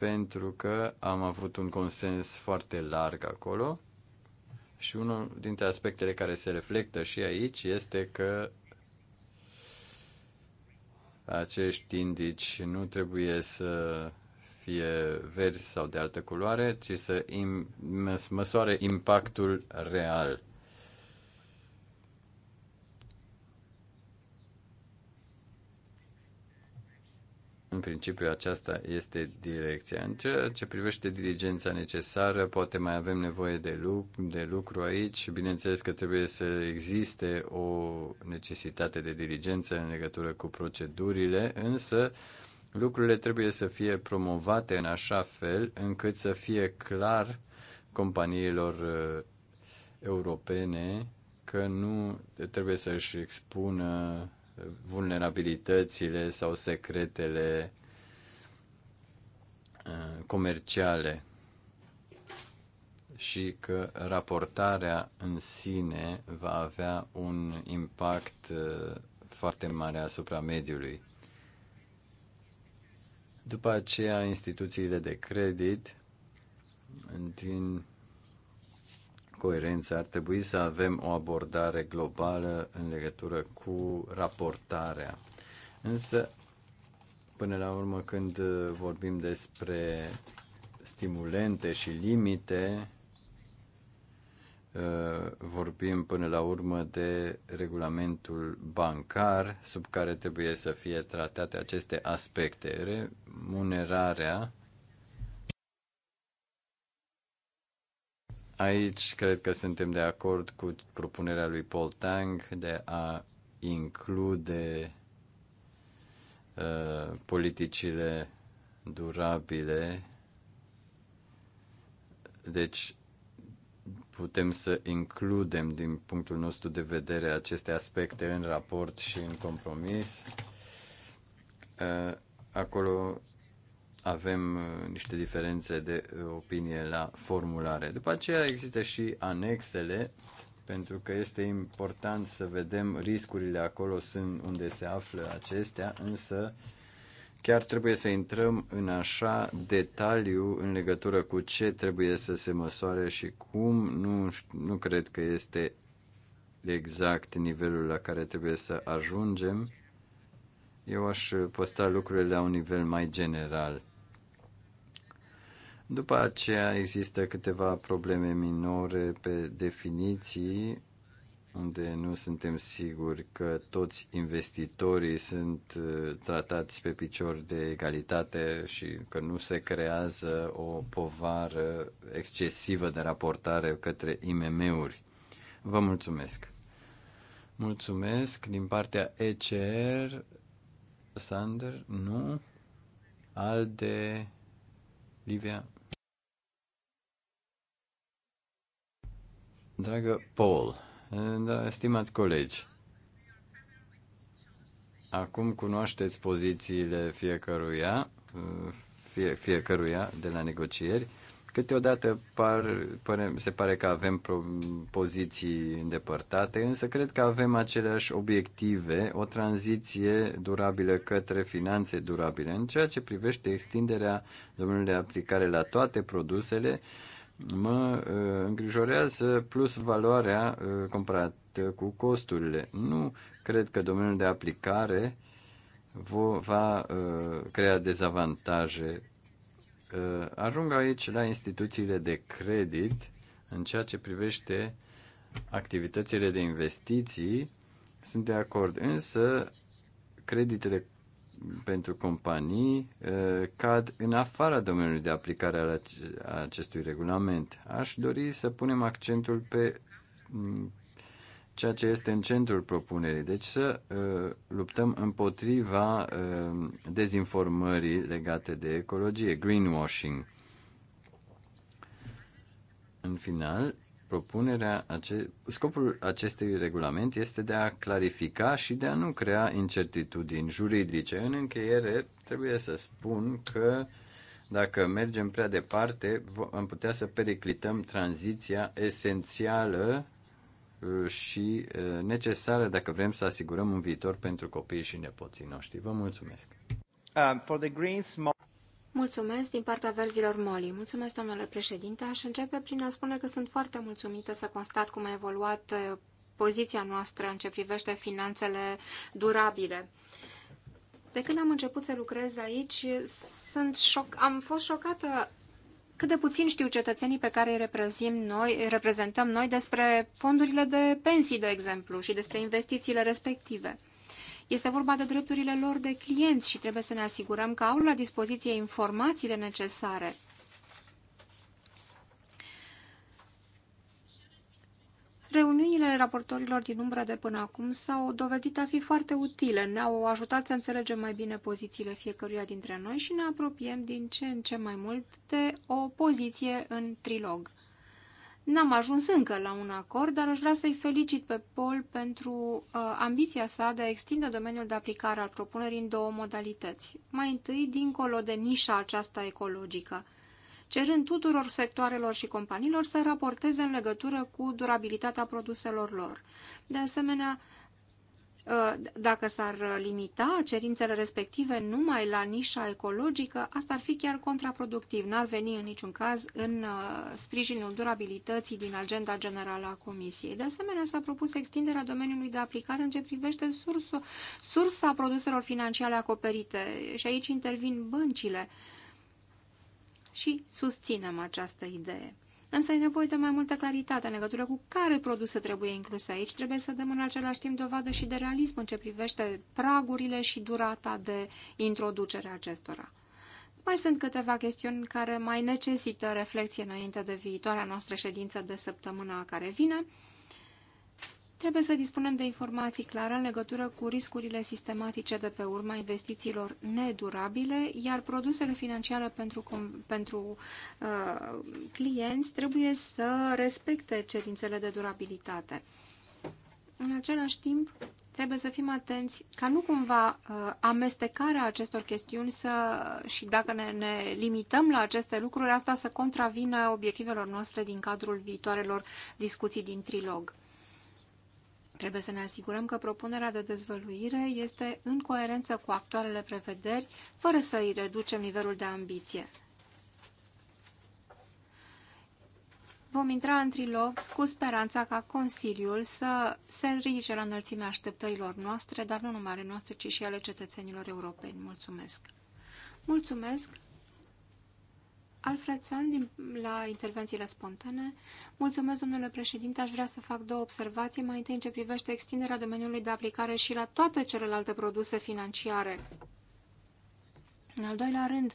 pentru că am avut un consens foarte larg acolo și unul dintre aspectele care se reflectă și aici este că acești indici nu trebuie să fie verzi sau de altă culoare, ci să im- măsoare impactul real. În principiu, aceasta este direcția. În ceea ce privește diligența necesară, poate mai avem nevoie de, lucru, de lucru aici. Bineînțeles că trebuie să existe o necesitate de diligență în legătură cu procedurile, însă lucrurile trebuie să fie promovate în așa fel încât să fie clar companiilor uh, europene că nu trebuie să își expună vulnerabilitățile sau secretele uh, comerciale și că raportarea în sine va avea un impact uh, foarte mare asupra mediului. După aceea, instituțiile de credit din coerență. Ar trebui să avem o abordare globală în legătură cu raportarea. Însă, până la urmă, când vorbim despre stimulente și limite, uh, vorbim până la urmă de regulamentul bancar sub care trebuie să fie tratate aceste aspecte. Remunerarea Aici cred că suntem de acord cu propunerea lui Paul Tang de a include uh, politicile durabile. Deci putem să includem din punctul nostru de vedere aceste aspecte în raport și în compromis. Uh, acolo avem uh, niște diferențe de uh, opinie la formulare. După aceea există și anexele, pentru că este important să vedem riscurile acolo sunt unde se află acestea, însă chiar trebuie să intrăm în așa detaliu în legătură cu ce trebuie să se măsoare și cum, nu, nu cred că este exact nivelul la care trebuie să ajungem. Eu aș păstra lucrurile la un nivel mai general. După aceea există câteva probleme minore pe definiții, unde nu suntem siguri că toți investitorii sunt uh, tratați pe picior de egalitate și că nu se creează o povară excesivă de raportare către IMM-uri. Vă mulțumesc! Mulțumesc din partea ECR, Sander, nu, al de Livia Dragă Paul, da, stimați colegi, acum cunoașteți pozițiile fiecăruia, fie, fiecăruia de la negocieri. Câteodată par, pare, se pare că avem pro, poziții îndepărtate, însă cred că avem aceleași obiective, o tranziție durabilă către finanțe durabile. În ceea ce privește extinderea domeniului de aplicare la toate produsele, uh, mă îngrijorează plus valoarea comparată cu costurile. Nu cred că domeniul de aplicare va crea dezavantaje. Ajung aici la instituțiile de credit în ceea ce privește activitățile de investiții. Sunt de acord, însă creditele pentru companii cad în afara domeniului de aplicare al acestui regulament. Aș dori să punem accentul pe ceea ce este în centrul propunerii. Deci să luptăm împotriva dezinformării legate de ecologie, greenwashing. În final, Propunerea, ace- scopul acestui regulament este de a clarifica și de a nu crea incertitudini juridice. În încheiere, trebuie să spun că dacă mergem prea departe, am putea să periclităm tranziția esențială uh, și uh, necesară dacă vrem să asigurăm un viitor pentru copiii și nepoții noștri. Vă mulțumesc! Um, for the Greens, Mulțumesc din partea verzilor Moli. Mulțumesc, domnule președinte. Aș începe prin a spune că sunt foarte mulțumită să constat cum a evoluat eh, poziția noastră în ce privește finanțele durabile. De când am început să lucrez aici, sunt șoc... am fost șocată cât de puțin știu cetățenii pe care îi reprezim noi, reprezentăm noi despre fondurile de pensii, de exemplu, și despre investițiile respective. Este vorba de drepturile lor de clienți și trebuie să ne asigurăm că au la dispoziție informațiile necesare. Reuniunile raportorilor din umbră de până acum s-au dovedit a fi foarte utile, ne-au ajutat să înțelegem mai bine pozițiile fiecăruia dintre noi și ne apropiem din ce în ce mai mult de o poziție în trilog. N-am ajuns încă la un acord, dar aș vrea să-i felicit pe Paul pentru uh, ambiția sa de a extinde domeniul de aplicare al propunerii în două modalități. Mai întâi, dincolo de nișa aceasta ecologică, cerând tuturor sectoarelor și companiilor să raporteze în legătură cu durabilitatea produselor lor. De asemenea, Uh, dacă s-ar limita cerințele respective numai la nișa ecologică, asta ar fi chiar contraproductiv. N-ar veni în niciun caz în uh, sprijinul durabilității din agenda generală a Comisiei. De asemenea, s-a propus extinderea domeniului de aplicare în ce privește sursul, sursa produselor financiare acoperite și aici intervin băncile și susținem această idee însă e nevoie de mai multă claritate în legătură cu care produse trebuie incluse aici. Trebuie să dăm în același timp dovadă și de realism în ce privește pragurile și durata de introducere a acestora. Mai sunt câteva chestiuni care mai necesită reflexie înainte de viitoarea noastră ședință de săptămâna care vine, Trebuie să dispunem de informații clare în legătură cu riscurile sistematice de pe urma investițiilor nedurabile, iar produsele financiare pentru, pentru uh, clienți trebuie să respecte cerințele de durabilitate. În același timp, trebuie să fim atenți ca nu cumva uh, amestecarea acestor chestiuni să, și dacă ne, ne limităm la aceste lucruri, asta să contravină obiectivelor noastre din cadrul viitoarelor discuții din trilog. Trebuie să ne asigurăm că propunerea de dezvăluire este în coerență cu actualele prevederi, fără să îi reducem nivelul de ambiție. Vom intra în trilog cu speranța ca Consiliul să se ridice la înălțimea așteptărilor noastre, dar nu numai ale noastre, ci și ale cetățenilor europeni. Mulțumesc! Mulțumesc! Alfred Sand, din, la intervențiile spontane. Mulțumesc, domnule președinte. Aș vrea să fac două observații. Mai întâi, în ce privește extinderea domeniului de aplicare și la toate celelalte produse financiare. În al doilea rând,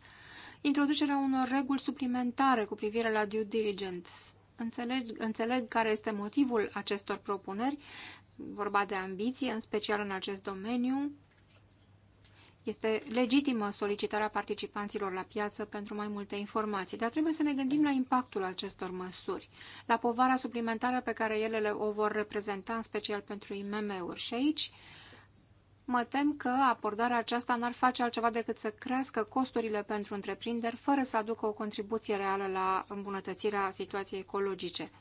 introducerea unor reguli suplimentare cu privire la due diligence. Înțeleg, înțeleg care este motivul acestor propuneri, vorba de ambiție, în special în acest domeniu, este legitimă solicitarea participanților la piață pentru mai multe informații, dar trebuie să ne gândim la impactul acestor măsuri, la povara suplimentară pe care ele o vor reprezenta, în special pentru IMM-uri. Și aici mă tem că abordarea aceasta n-ar face altceva decât să crească costurile pentru întreprinderi, fără să aducă o contribuție reală la îmbunătățirea situației ecologice.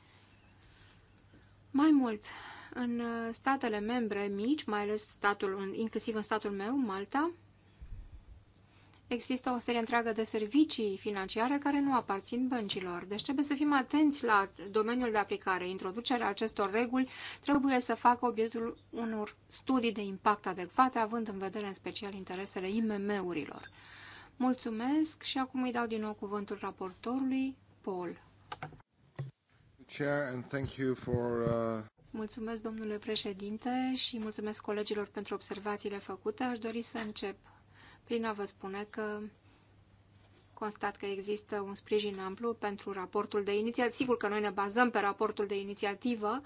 Mai mult, în statele membre mici, mai ales statul, inclusiv în statul meu, Malta, există o serie întreagă de servicii financiare care nu aparțin băncilor. Deci trebuie să fim atenți la domeniul de aplicare. Introducerea acestor reguli trebuie să facă obiectul unor studii de impact adecvate, având în vedere în special interesele IMM-urilor. Mulțumesc și acum îi dau din nou cuvântul raportorului, Paul. Chair, and thank you for, uh... Mulțumesc, domnule președinte, și mulțumesc colegilor pentru observațiile făcute. Aș dori să încep Plina vă spune că constat că există un sprijin amplu pentru raportul de inițiativă. Sigur că noi ne bazăm pe raportul de inițiativă,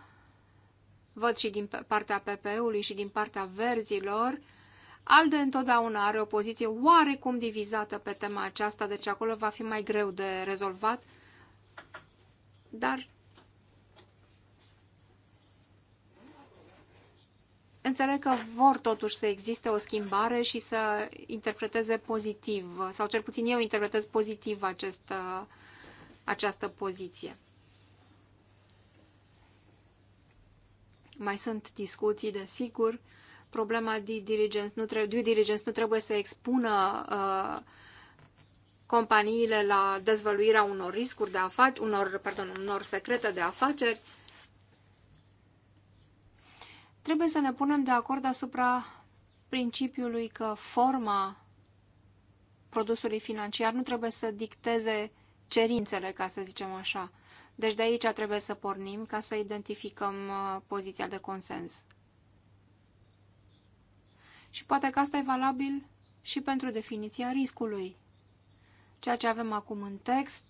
văd și din partea PP-ului și din partea verzilor, ALDE întotdeauna are o poziție oarecum divizată pe tema aceasta, deci acolo va fi mai greu de rezolvat, dar Înțeleg că vor totuși să existe o schimbare și să interpreteze pozitiv, sau cel puțin eu interpretez pozitiv acest, această poziție. Mai sunt discuții, desigur. Problema de diligence nu trebuie, due diligence nu trebuie să expună uh, companiile la dezvăluirea unor riscuri de afaceri, unor, pardon, unor secrete de afaceri. Trebuie să ne punem de acord asupra principiului că forma produsului financiar nu trebuie să dicteze cerințele, ca să zicem așa. Deci de aici trebuie să pornim ca să identificăm uh, poziția de consens. Și poate că asta e valabil și pentru definiția riscului. Ceea ce avem acum în text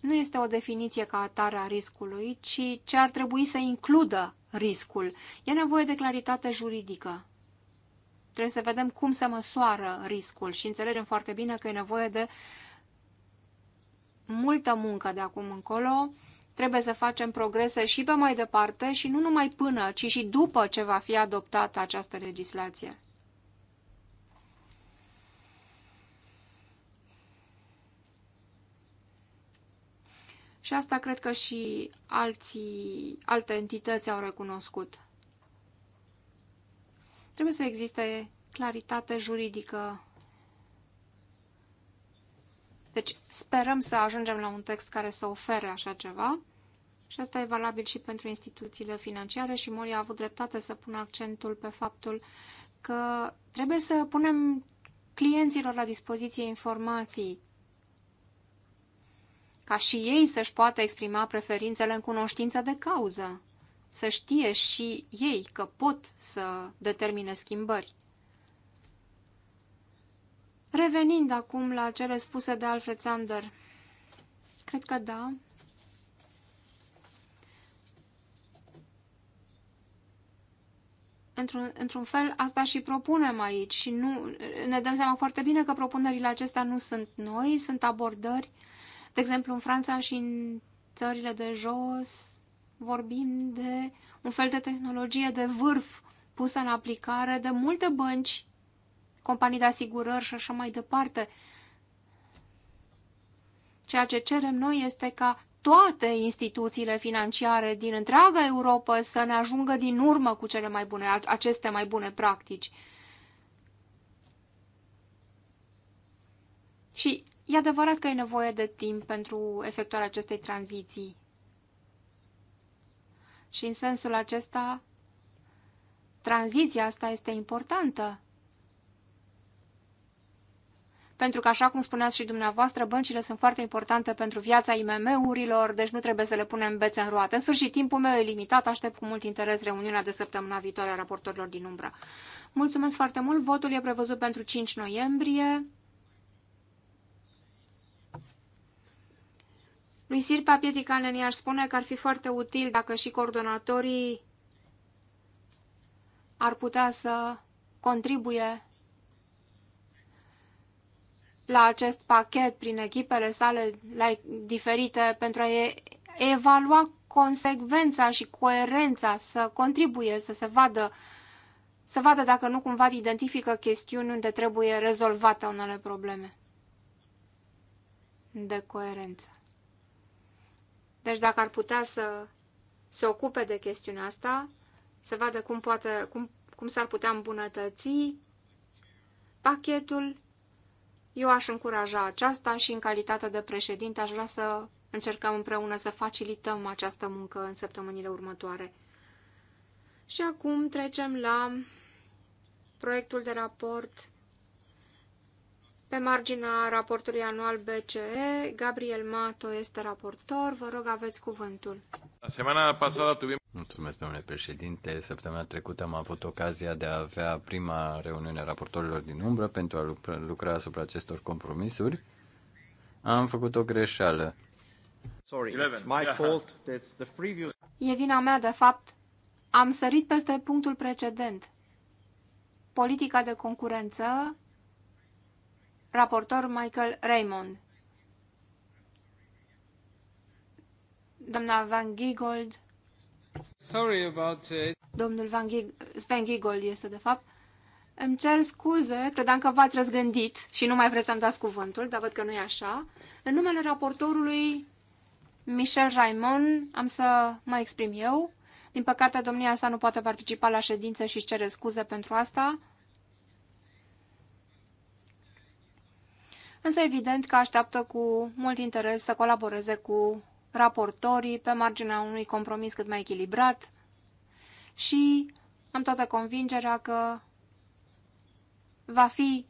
nu este o definiție ca atare a riscului, ci ce ar trebui să includă riscul. E nevoie de claritate juridică. Trebuie să vedem cum se măsoară riscul și înțelegem foarte bine că e nevoie de multă muncă de acum încolo. Trebuie să facem progrese și pe mai departe și nu numai până, ci și după ce va fi adoptată această legislație. Și asta cred că și alții, alte entități au recunoscut. Trebuie să existe claritate juridică. Deci sperăm să ajungem la un text care să ofere așa ceva. Și asta e valabil și pentru instituțiile financiare și Mori a avut dreptate să pună accentul pe faptul că trebuie să punem clienților la dispoziție informații ca și ei să-și poată exprima preferințele în cunoștință de cauză, să știe și ei că pot să determine schimbări. Revenind acum la cele spuse de Alfred Sander, cred că da. Într-un, într fel, asta și propunem aici și nu, ne dăm seama foarte bine că propunerile acestea nu sunt noi, sunt abordări uh, de exemplu, în Franța și în țările de jos vorbim de un fel de tehnologie de vârf pusă în aplicare de multe bănci, companii de asigurări și așa mai departe. Ceea ce cerem noi este ca toate instituțiile financiare din întreaga Europa să ne ajungă din urmă cu cele mai bune, aceste mai bune practici. Și E adevărat că ai nevoie de timp pentru efectuarea acestei tranziții. Și în sensul acesta, tranziția asta este importantă. Pentru că, așa cum spuneați și dumneavoastră, băncile sunt foarte importante pentru viața IMM-urilor, deci nu trebuie să le punem bețe în roate. În sfârșit, timpul meu e limitat, aștept cu mult interes reuniunea de săptămâna viitoare a raportorilor din umbră. Mulțumesc foarte mult, votul e prevăzut pentru 5 noiembrie. Lui Sirpa Pieticanen i-aș spune că ar fi foarte util dacă și coordonatorii ar putea să contribuie la acest pachet prin echipele sale la diferite pentru a evalua consecvența și coerența, să contribuie, să se vadă, să vadă dacă nu cumva identifică chestiuni unde trebuie rezolvate unele probleme de coerență. Deci dacă ar putea să se ocupe de chestiunea asta, să vadă cum, poate, cum, cum s-ar putea îmbunătăți pachetul, eu aș încuraja aceasta și în calitate de președinte aș vrea să încercăm împreună să facilităm această muncă în săptămânile următoare. Și acum trecem la proiectul de raport pe marginea raportului anual BCE, Gabriel Mato este raportor. Vă rog, aveți cuvântul. Semana pasada tuvim... Mulțumesc, domnule președinte. Săptămâna trecută am avut ocazia de a avea prima reuniune a raportorilor din umbră pentru a lucra asupra acestor compromisuri. Am făcut o greșeală. Sorry, it's my fault. That's the previous... E vina mea, de fapt. Am sărit peste punctul precedent. Politica de concurență raportor Michael Raymond. Doamna Van Giegold. Sorry about it. Domnul Van Gig Sven Giegold este de fapt. Îmi cer scuze, credeam că v-ați răzgândit și nu mai vreți să-mi dați cuvântul, dar văd că nu e așa. În numele raportorului Michel Raymond, am să mă exprim eu. Din păcate, domnia sa nu poate participa la ședință și își cere scuze pentru asta. însă evident că așteaptă cu mult interes să colaboreze cu raportorii pe marginea unui compromis cât mai echilibrat și am toată convingerea că va fi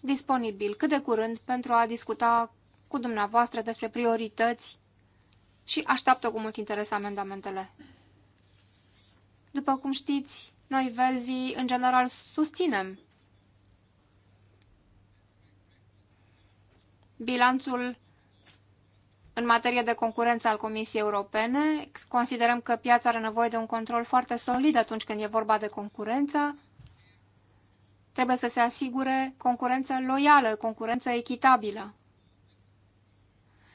disponibil cât de curând pentru a discuta cu dumneavoastră despre priorități și așteaptă cu mult interes amendamentele. După cum știți, noi verzii în general susținem bilanțul în materie de concurență al Comisiei Europene. Considerăm că piața are nevoie de un control foarte solid atunci când e vorba de concurență. Trebuie să se asigure concurență loială, concurență echitabilă.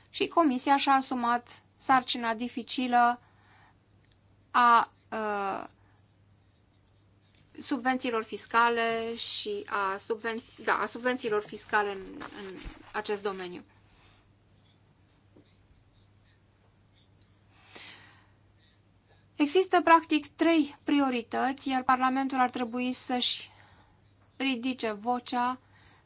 Și Comisia și-a asumat sarcina dificilă a uh, subvențiilor fiscale și a, subven da, a subvențiilor fiscale în, în acest domeniu. Există practic trei priorități, iar Parlamentul ar trebui să-și ridice vocea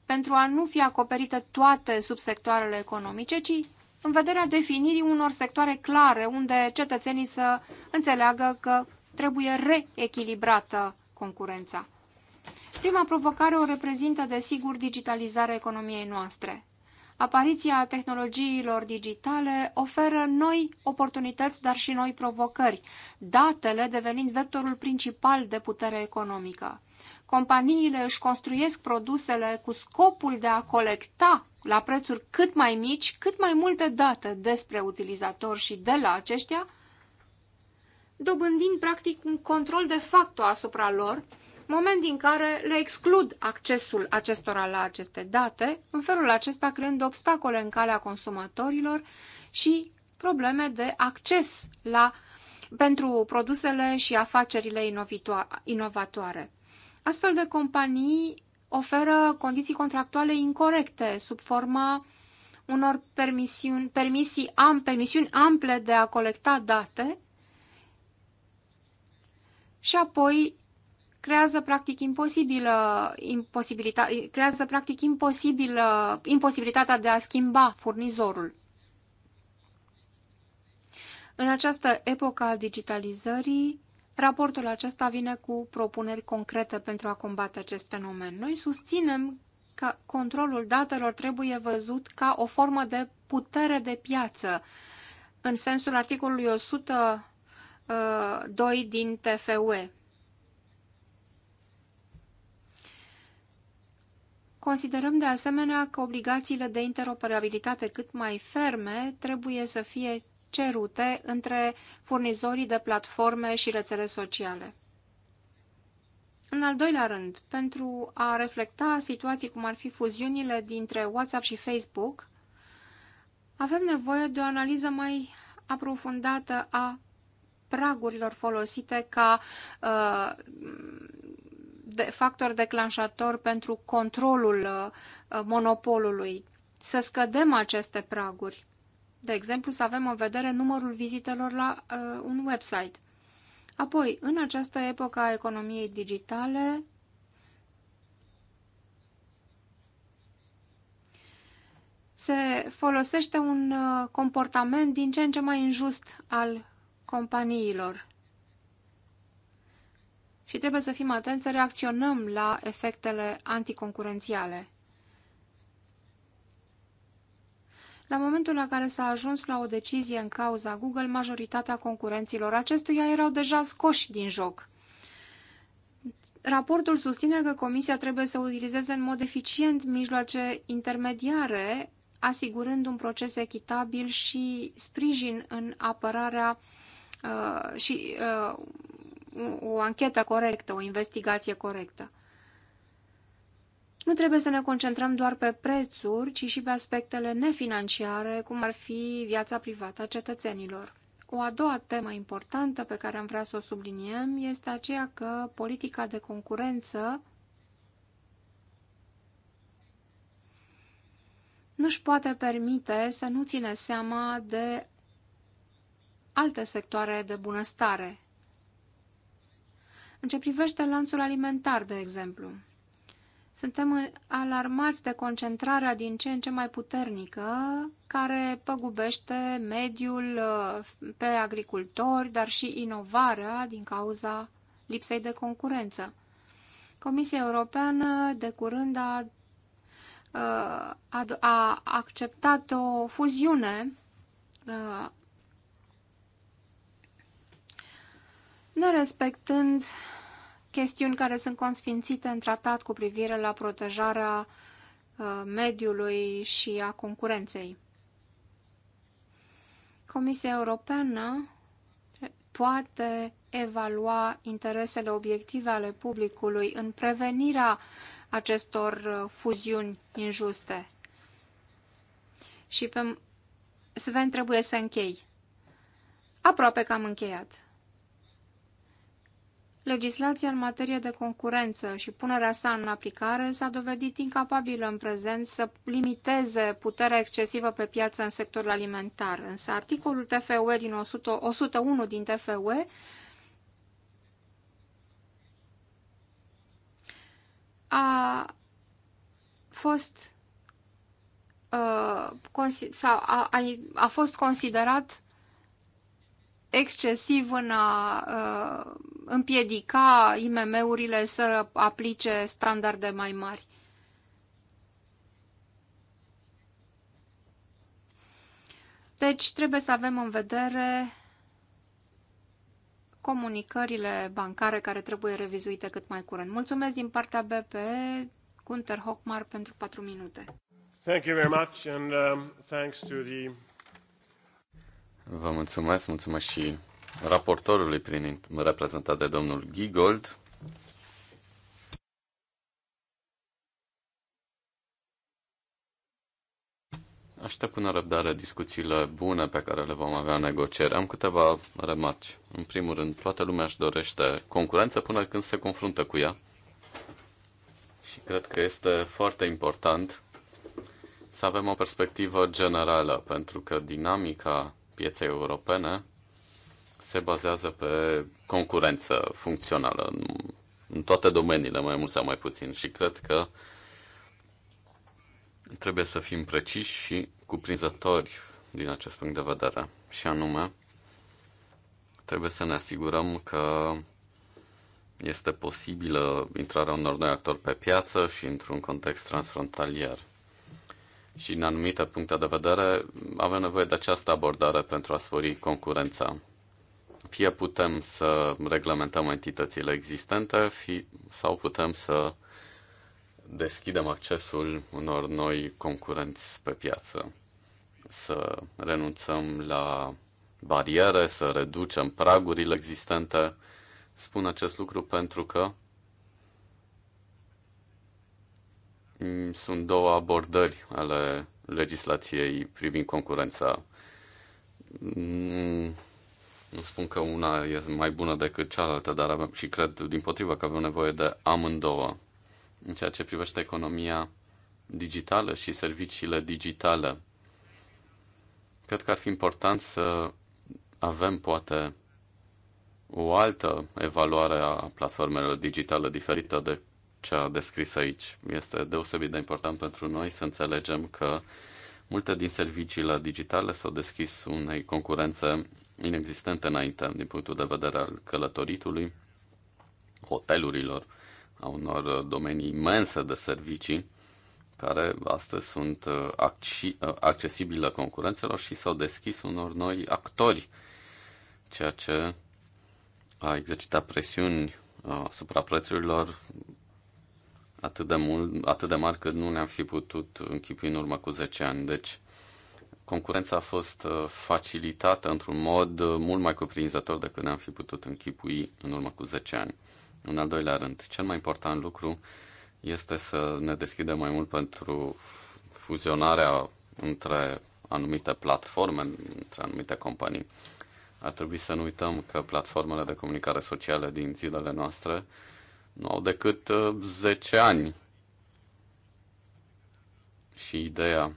pentru a nu fi acoperită toate subsectoarele economice, ci în vederea definirii unor sectoare clare unde cetățenii să înțeleagă că trebuie reechilibrată concurența. Prima provocare o reprezintă, desigur, digitalizarea economiei noastre. Apariția tehnologiilor digitale oferă noi oportunități, dar și noi provocări, datele devenind vectorul principal de putere economică. Companiile își construiesc produsele cu scopul de a colecta la prețuri cât mai mici, cât mai multe date despre utilizatori și de la aceștia, dobândind practic un control de facto asupra lor, moment din care le exclud accesul acestora la aceste date, în felul acesta creând obstacole în calea consumatorilor și probleme de acces la, pentru produsele și afacerile inovatoare. Astfel de companii oferă condiții contractuale incorrecte sub forma unor permisiuni, permisii am, permisiuni ample de a colecta date și apoi creează practic imposibilă, imposibilita, creează practic imposibilă, imposibilitatea de a schimba furnizorul. În această epocă a digitalizării, raportul acesta vine cu propuneri concrete pentru a combate acest fenomen. Noi susținem că controlul datelor trebuie văzut ca o formă de putere de piață, în sensul articolului 100 Uh, doi 2 din TFUE. Considerăm de asemenea că obligațiile de interoperabilitate cât mai ferme trebuie să fie cerute între furnizorii de platforme și rețele sociale. În al doilea rând, pentru a reflecta situații cum ar fi fuziunile dintre WhatsApp și Facebook, avem nevoie de o analiză mai aprofundată a pragurilor folosite ca uh, de factor declanșator pentru controlul uh, monopolului. Să scădem aceste praguri. De exemplu, să avem în vedere numărul vizitelor la uh, un website. Apoi, în această epocă a economiei digitale, se folosește un uh, comportament din ce în ce mai injust al companiilor. Și trebuie să fim atenți să reacționăm la efectele anticoncurențiale. La momentul la care s-a ajuns la o decizie în cauza Google, majoritatea concurenților acestuia erau deja scoși din joc. Raportul susține că Comisia trebuie să utilizeze în mod eficient mijloace intermediare, asigurând un proces echitabil și sprijin în apărarea Uh, și uh, o anchetă corectă, o investigație corectă. Nu trebuie să ne concentrăm doar pe prețuri, ci și pe aspectele nefinanciare, cum ar fi viața privată a cetățenilor. O a doua temă importantă pe care am vrea să o subliniem este aceea că politica de concurență nu-și poate permite să nu ține seama de alte sectoare de bunăstare. În ce privește lanțul alimentar, de exemplu, suntem alarmați de concentrarea din ce în ce mai puternică care păgubește mediul uh, pe agricultori, dar și inovarea din cauza lipsei de concurență. Comisia Europeană de curând a, uh, a, a acceptat o fuziune uh, nerespectând chestiuni care sunt consfințite în tratat cu privire la protejarea uh, mediului și a concurenței. Comisia Europeană poate evalua interesele obiective ale publicului în prevenirea acestor uh, fuziuni injuste. Și pe Sven trebuie să închei. Aproape că am încheiat. Legislația în materie de concurență și punerea sa în aplicare s-a dovedit incapabilă în prezent să limiteze puterea excesivă pe piață în sectorul alimentar, însă articolul TFUE din 100, 101 din TFUE a fost, uh, a, a, a fost considerat excesiv în a uh, împiedica IMM-urile să aplice standarde mai mari. Deci trebuie să avem în vedere comunicările bancare care trebuie revizuite cât mai curând. Mulțumesc din partea BP, Gunter Hochmar, pentru 4 minute. Thank you very much and um, thanks to the Vă mulțumesc, mulțumesc și raportorului prin reprezentat de domnul Gigold. Aștept cu nerăbdare discuțiile bune pe care le vom avea în negocieri. Am câteva remarci. În primul rând, toată lumea își dorește concurență până când se confruntă cu ea. Și cred că este foarte important să avem o perspectivă generală, pentru că dinamica pieței europene se bazează pe concurență funcțională în, în toate domeniile, mai mult sau mai puțin. Și cred că trebuie să fim preciși și cuprinzători din acest punct de vedere. Și anume, trebuie să ne asigurăm că este posibilă intrarea unor noi actori pe piață și într-un context transfrontalier și în anumite puncte de vedere avem nevoie de această abordare pentru a sfori concurența. Fie putem să reglementăm entitățile existente, fie, sau putem să deschidem accesul unor noi concurenți pe piață, să renunțăm la bariere, să reducem pragurile existente. Spun acest lucru pentru că Mm, sunt două abordări ale legislației privind concurența. Mm, nu spun că una e mai bună decât cealaltă, dar avem și cred din potrivă că avem nevoie de amândouă. În ceea ce privește economia digitală și serviciile digitale, cred că ar fi important să avem poate o altă evaluare a platformelor digitale diferită de a descris aici. Este deosebit de important pentru noi să înțelegem că multe din serviciile digitale s-au deschis unei concurențe inexistente înainte din punctul de vedere al călătoritului, hotelurilor, a unor domenii imense de servicii care astăzi sunt uh, uh, accesibile concurențelor și s-au deschis unor noi actori, ceea ce a exercitat presiuni uh, asupra prețurilor atât de, mult, atât de mari cât nu ne-am fi putut închipui în urmă cu 10 ani. Deci, concurența a fost uh, facilitată într-un mod uh, mult mai cuprinzător decât ne-am fi putut închipui în urmă cu 10 ani. În al doilea rând, cel mai important lucru este să ne deschidem mai mult pentru fuzionarea între anumite platforme, între anumite companii. Ar trebui să nu uităm că platformele de comunicare socială din zilele noastre uh, nu au decât 10 uh, ani. Și ideea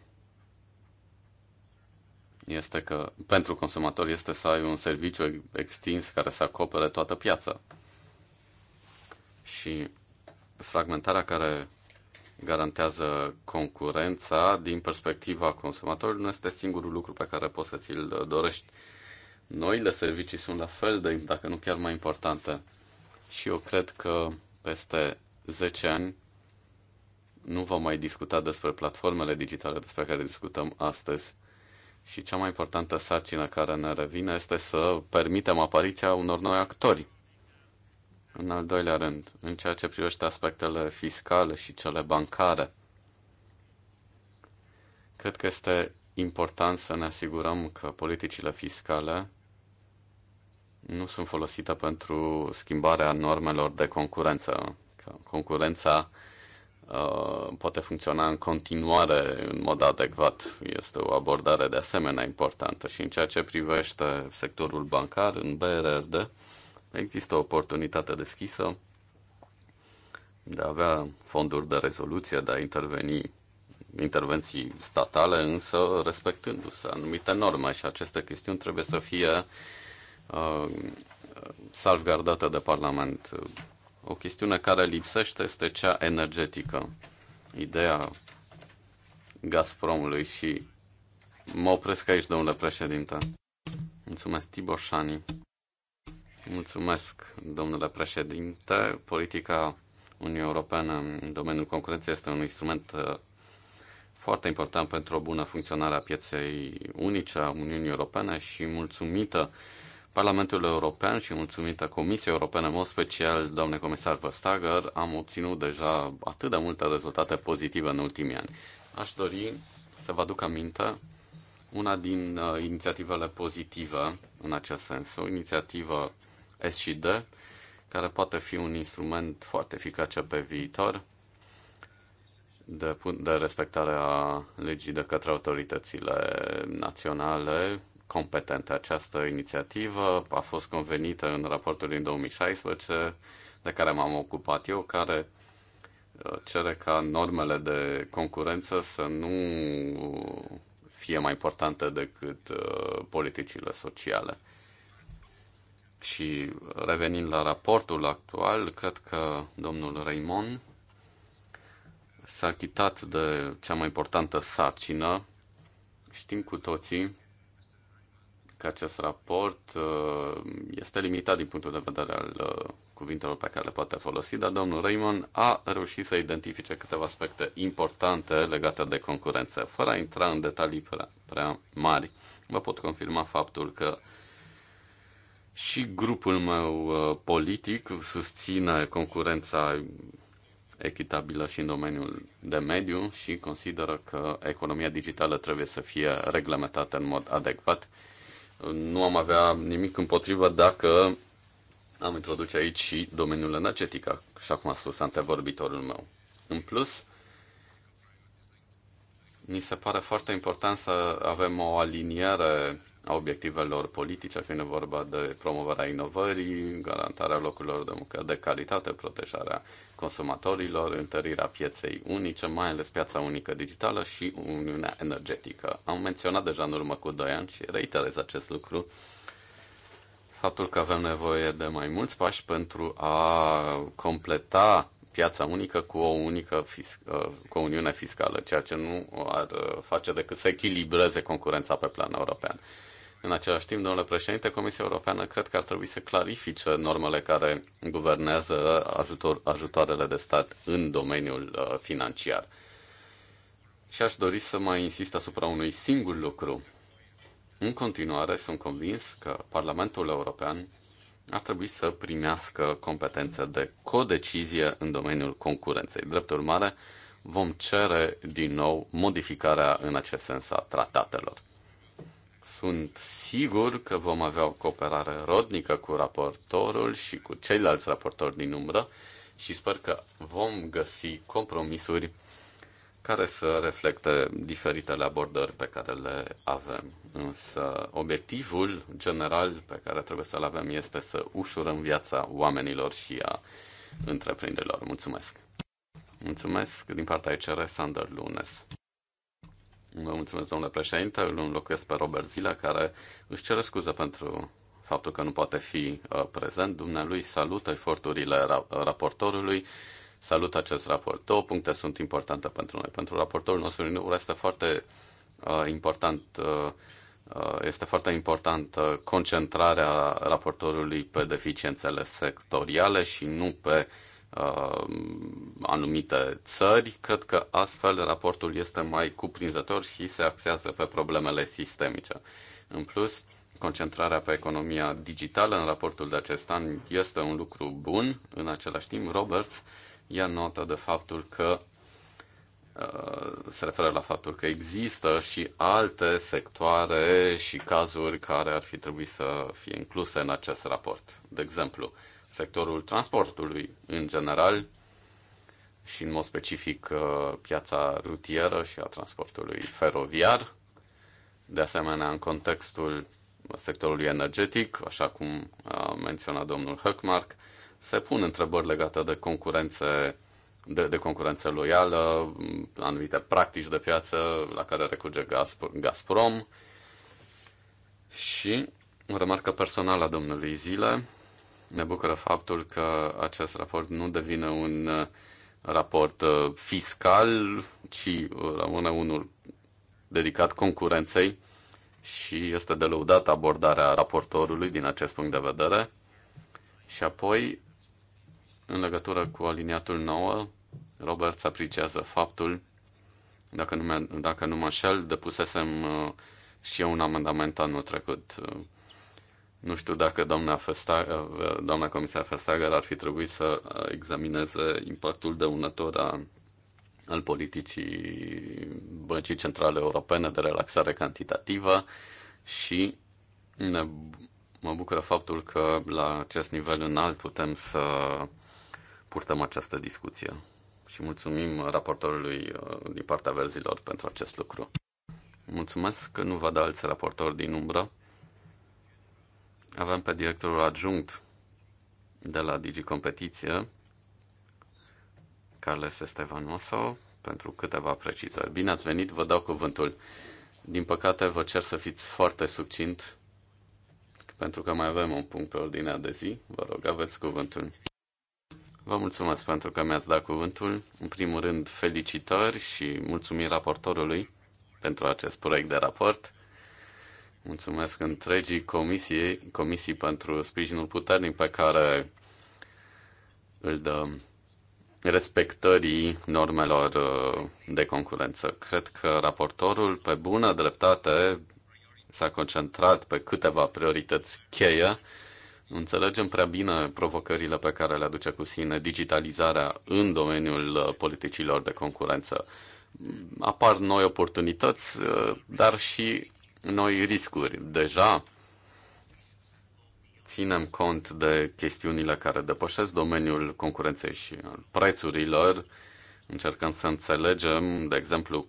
este că pentru consumator este să ai un serviciu extins care să acopere toată piața. Și fragmentarea care garantează concurența din perspectiva consumatorului nu este singurul lucru pe care poți să ți-l dorești. Noile servicii sunt la fel de, dacă nu chiar mai importante. Și eu cred că peste 10 ani nu vom mai discuta despre platformele digitale despre care discutăm astăzi. Și cea mai importantă sarcină care ne revine este să permitem apariția unor noi actori. În al doilea rând, în ceea ce privește aspectele fiscale și cele bancare, cred că este important să ne asigurăm că politicile fiscale nu sunt folosite pentru schimbarea normelor de concurență. Concurența uh, poate funcționa în continuare în mod adecvat. Este o abordare de asemenea importantă și în ceea ce privește sectorul bancar, în BRRD, există o oportunitate deschisă de a avea fonduri de rezoluție, de a interveni intervenții statale, însă respectându-se anumite norme și aceste chestiuni trebuie să fie uh, Uh, salvgardată de Parlament. O chestiune care lipsește este cea energetică. Ideea Gazpromului și mă opresc aici, domnule președinte. Mulțumesc, Tibor Șani. Mulțumesc, domnule președinte. Politica Uniunii Europene în domeniul concurenței este un instrument uh, foarte important pentru o bună funcționare a pieței unice a Uniunii Europene și mulțumită uh, Parlamentul European și mulțumită Comisiei Europene, în mod special, doamne comisar Vestager, am obținut deja atât de multe rezultate pozitive în ultimii ani. Aș dori să vă aduc aminte una din uh, inițiativele pozitive în acest sens, o inițiativă S&D, care poate fi un instrument foarte eficace pe viitor de, de respectarea legii de către autoritățile naționale competente. Această inițiativă a fost convenită în raportul din 2016 de care m-am ocupat eu, care uh, cere ca normele de concurență să nu fie mai importante decât uh, politicile sociale. Și uh, revenind la raportul actual, cred că domnul Raymond s-a chitat de cea mai importantă sarcină. Știm cu toții că acest raport uh, este limitat din punctul de vedere al uh, cuvintelor pe care le poate folosi, dar domnul Raymond a reușit să identifice câteva aspecte importante legate de concurență. Fără a intra în detalii prea, prea mari, vă pot confirma faptul că și grupul meu uh, politic susține concurența echitabilă și în domeniul de mediu și consideră că economia digitală trebuie să fie reglementată în mod adecvat nu am avea nimic împotrivă dacă am introduce aici și domeniul energetic, așa cum a spus antevorbitorul meu. În plus, mi se pare foarte important să avem o aliniere a obiectivelor politice, fiind vorba de promovarea inovării, garantarea locurilor de muncă de calitate, protejarea consumatorilor, întărirea pieței unice, mai ales piața unică digitală și Uniunea Energetică. Am menționat deja în urmă cu 2 ani și reiterez acest lucru, faptul că avem nevoie de mai mulți pași pentru a completa piața unică cu o unică fisc- uh, cu o uniune fiscală, ceea ce nu ar uh, face decât să echilibreze concurența pe plan european. În același timp, domnule președinte, Comisia Europeană cred că ar trebui să clarifice normele care guvernează ajutor, ajutoarele de stat în domeniul uh, financiar. Și aș dori să mai insist asupra unui singur lucru. În continuare, sunt convins că Parlamentul European ar trebui să primească competențe de codecizie în domeniul concurenței. Drept urmare, vom cere din nou modificarea în acest sens a tratatelor. Sunt sigur că vom avea o cooperare rodnică cu raportorul și cu ceilalți raportori din umbră și sper că vom găsi compromisuri care să reflecte diferitele abordări pe care le avem. Însă obiectivul general pe care trebuie să-l avem este să ușurăm viața oamenilor și a întreprinderilor. Mulțumesc! Mulțumesc din partea ECR Sander Lunes. Vă mulțumesc, domnule președinte. Îl înlocuiesc pe Robert Zila, care își cere scuze pentru faptul că nu poate fi uh, prezent. Dumnealui salută eforturile uh, raportorului, salută acest raport. Două puncte sunt importante pentru noi. Pentru raportorul nostru, este foarte uh, important. este foarte important concentrarea raportorului pe deficiențele sectoriale și nu pe Uh, anumite țări. Cred că astfel raportul este mai cuprinzător și se axează pe problemele sistemice. În plus, concentrarea pe economia digitală în raportul de acest an este un lucru bun. În același timp, Roberts ia notă de faptul că uh, se referă la faptul că există și alte sectoare și cazuri care ar fi trebuit să fie incluse în acest raport. De exemplu, sectorul transportului în general și în mod specific uh, piața rutieră și a transportului feroviar. De asemenea, în contextul sectorului energetic, așa cum a menționat domnul Höckmark, se pun întrebări legate de concurențe de, de concurență loială, anumite practici de piață la care recurge Gazprom și o remarcă personală a domnului Zile ne bucură faptul că acest raport nu devine un uh, raport uh, fiscal, ci uh, rămâne unul dedicat concurenței și este de lăudat abordarea raportorului din acest punct de vedere. Și apoi, în legătură cu aliniatul 9, Robert apreciază faptul, dacă nu, dacă nu mă șel, depusesem și eu un amendament anul trecut nu știu dacă doamna, Festa, doamna comisar Festager ar fi trebuit să examineze impactul dăunător a, al politicii Băncii Centrale Europene de relaxare cantitativă și ne, mă bucură faptul că la acest nivel înalt putem să purtăm această discuție. Și mulțumim raportorului uh, din partea verzilor pentru acest lucru. Mulțumesc că nu văd alți raportori din umbră. Avem pe directorul adjunct de la Digi Competiție, Carles Estevan Moso, pentru câteva precizări. Bine ați venit, vă dau cuvântul. Din păcate, vă cer să fiți foarte succint, pentru că mai avem un punct pe ordinea de zi. Vă rog, aveți cuvântul. Vă mulțumesc pentru că mi-ați dat cuvântul. În primul rând, felicitări și mulțumiri raportorului pentru acest proiect de raport. Mulțumesc întregii comisii, comisii pentru sprijinul puternic pe care îl dă respectării normelor uh, de concurență. Cred că raportorul, pe bună dreptate, s-a concentrat pe câteva priorități cheie. Înțelegem prea bine provocările pe care le aduce cu sine digitalizarea în domeniul uh, politicilor de concurență. Apar noi oportunități, uh, dar și noi riscuri. Deja ținem cont de chestiunile care depășesc domeniul concurenței și al prețurilor. Încercăm să înțelegem, de exemplu,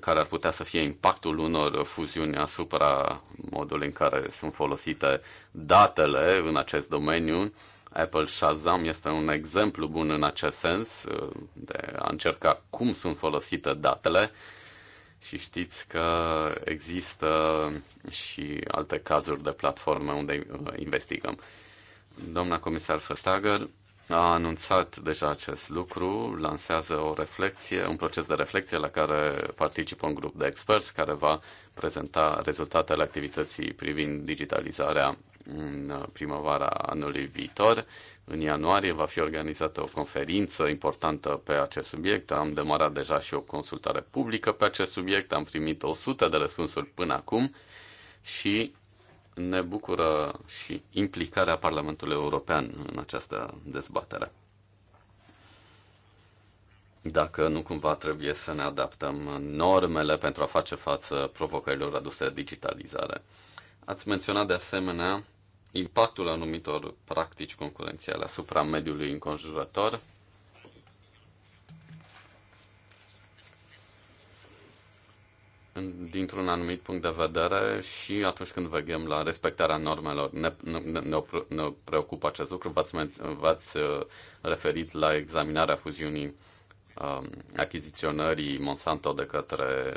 care ar putea să fie impactul unor fuziuni asupra modului în care sunt folosite datele în acest domeniu. Apple Shazam este un exemplu bun în acest sens de a încerca cum sunt folosite datele și știți că există și alte cazuri de platforme unde uh, investigăm. Doamna comisar Făstagăr a anunțat deja acest lucru, lansează o reflexie, un proces de reflexie la care participă un grup de experți care va prezenta rezultatele activității privind digitalizarea în uh, primăvara anului viitor. În ianuarie va fi organizată o conferință importantă pe acest subiect. Am demarat deja și o consultare publică pe acest subiect. Am primit 100 de răspunsuri până acum și ne bucură și implicarea Parlamentului European în această dezbatere. Dacă nu cumva trebuie să ne adaptăm normele pentru a face față provocărilor aduse de digitalizare. Ați menționat de asemenea impactul anumitor practici concurențiale asupra mediului înconjurător. dintr-un anumit punct de vedere și atunci când vegem la respectarea normelor. Ne, ne, ne, ne preocupă acest lucru. V-ați, v-ați uh, referit la examinarea fuziunii um, achiziționării Monsanto de către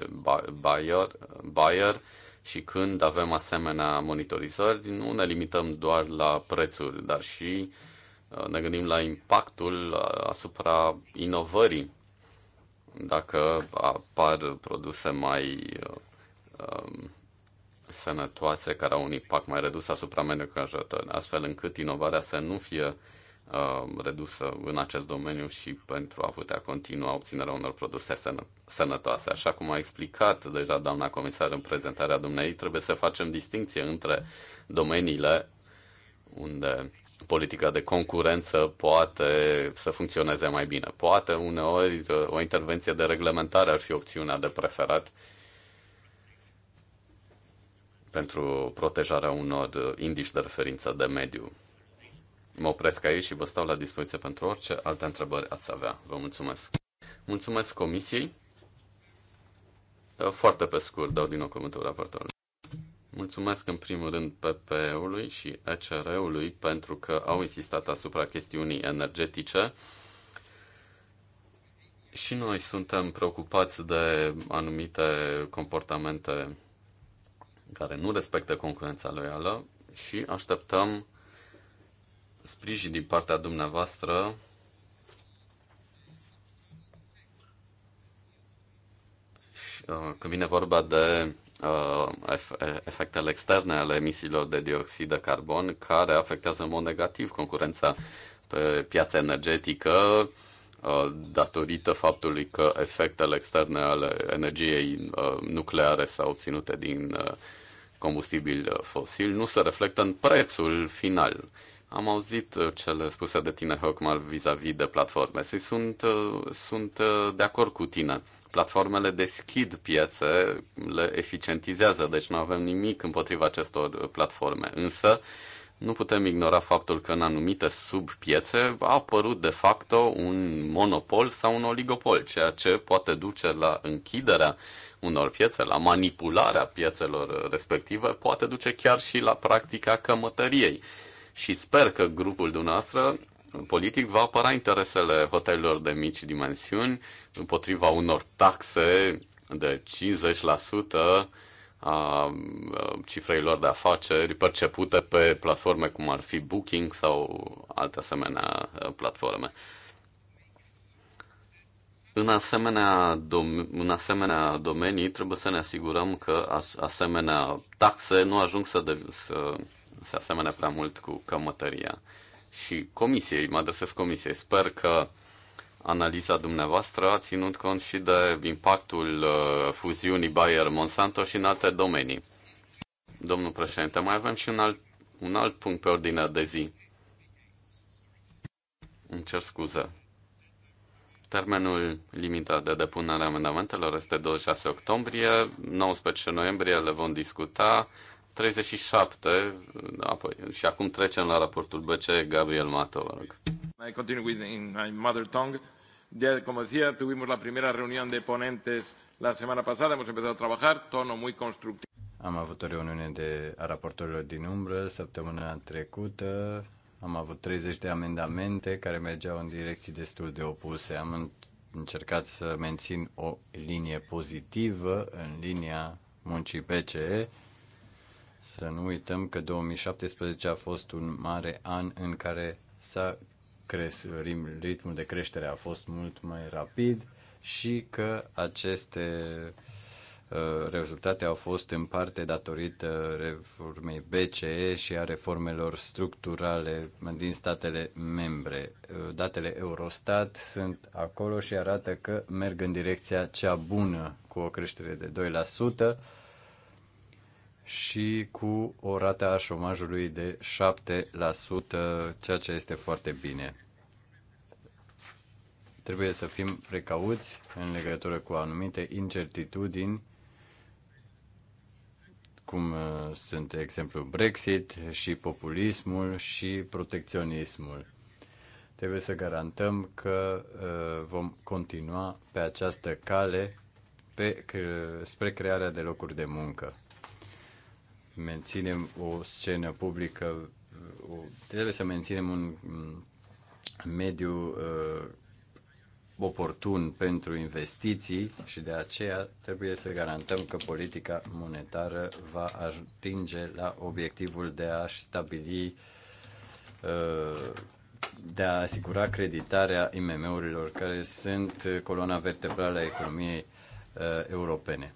Bayer, Bayer și când avem asemenea monitorizări, nu ne limităm doar la prețuri, dar și uh, ne gândim la impactul uh, asupra inovării. Dacă apar produse mai uh, um, sănătoase care au un impact mai redus asupra mediului conjurător, astfel încât inovarea să nu fie Uh, redusă în acest domeniu și pentru a putea continua obținerea unor produse sănă, sănătoase. Așa cum a explicat deja doamna comisar în prezentarea dumnei, trebuie să facem distinție între domeniile unde politica de concurență poate să funcționeze mai bine. Poate uneori uh, o intervenție de reglementare ar fi opțiunea de preferat pentru protejarea unor uh, indici de referință de mediu mă opresc aici și vă stau la dispoziție pentru orice alte întrebări ați avea. Vă mulțumesc! Mulțumesc Comisiei! Foarte pe scurt dau din nou cuvântul raportorului. Mulțumesc în primul rând PPE-ului și ECR-ului pentru că au insistat asupra chestiunii energetice. Și noi suntem preocupați de anumite comportamente care nu respectă concurența loială și așteptăm sprijin din partea dumneavoastră uh, când vine vorba de uh, efectele externe ale emisiilor de dioxid de carbon care afectează în mod negativ concurența pe piața energetică uh, datorită faptului că efectele externe ale energiei nucleare sau obținute din combustibil fosil nu se reflectă în prețul final. Am auzit uh, cele spuse de tine, Hockmar, vis-a-vis de platforme și sunt, uh, sunt uh, de acord cu tine. Platformele deschid piețe, le eficientizează, deci nu avem nimic împotriva acestor platforme. Însă, nu putem ignora faptul că în anumite subpiețe a apărut de facto un monopol sau un oligopol, ceea ce poate duce la închiderea unor piețe, la manipularea piețelor respective, poate duce chiar și la practica cămătăriei și sper că grupul dumneavoastră politic va apăra interesele hotelurilor de mici dimensiuni împotriva unor taxe de 50% a cifrelor de afaceri percepute pe platforme cum ar fi Booking sau alte asemenea platforme. În asemenea, dom- în asemenea domenii trebuie să ne asigurăm că asemenea taxe nu ajung să, de- să se asemene prea mult cu cămătăria. Și comisiei, mă adresez comisiei, sper că analiza dumneavoastră a ținut cont și de impactul uh, fuziunii Bayer-Monsanto și în alte domenii. Domnul președinte, mai avem și un alt, un alt punct pe ordinea de zi. Îmi cer scuze. Termenul limitat de depunere a amendamentelor este 26 octombrie, 19 noiembrie le vom discuta, 37, apoi, și acum trecem la raportul BC, Gabriel Mato, vă rog. I continue with in my mother tongue. Ya, como decía, tuvimos la primera reunión de ponentes la semana pasada, hemos empezado a trabajar, tono muy constructivo. Am avut o reuniune de a raportorilor din umbră săptămâna trecută. Am avut 30 de amendamente care mergeau în direcții destul de opuse. Am încercat să mențin o linie pozitivă în linia muncii PCE să nu uităm că 2017 a fost un mare an în care s-a cres, ritmul de creștere a fost mult mai rapid și că aceste uh, rezultate au fost în parte datorită reformei BCE și a reformelor structurale din statele membre. Uh, datele Eurostat sunt acolo și arată că merg în direcția cea bună cu o creștere de 2%, și cu o rată a șomajului de 7%, ceea ce este foarte bine. Trebuie să fim precauți în legătură cu anumite incertitudini, cum uh, sunt, de exemplu, Brexit și populismul și protecționismul. Trebuie să garantăm că uh, vom continua pe această cale pe, spre crearea de locuri de muncă menținem o scenă publică, o, trebuie să menținem un mediu uh, oportun pentru investiții și de aceea trebuie să garantăm că politica monetară va atinge la obiectivul de a stabili, uh, de a asigura creditarea IMM-urilor care sunt coloana vertebrală a economiei uh, europene.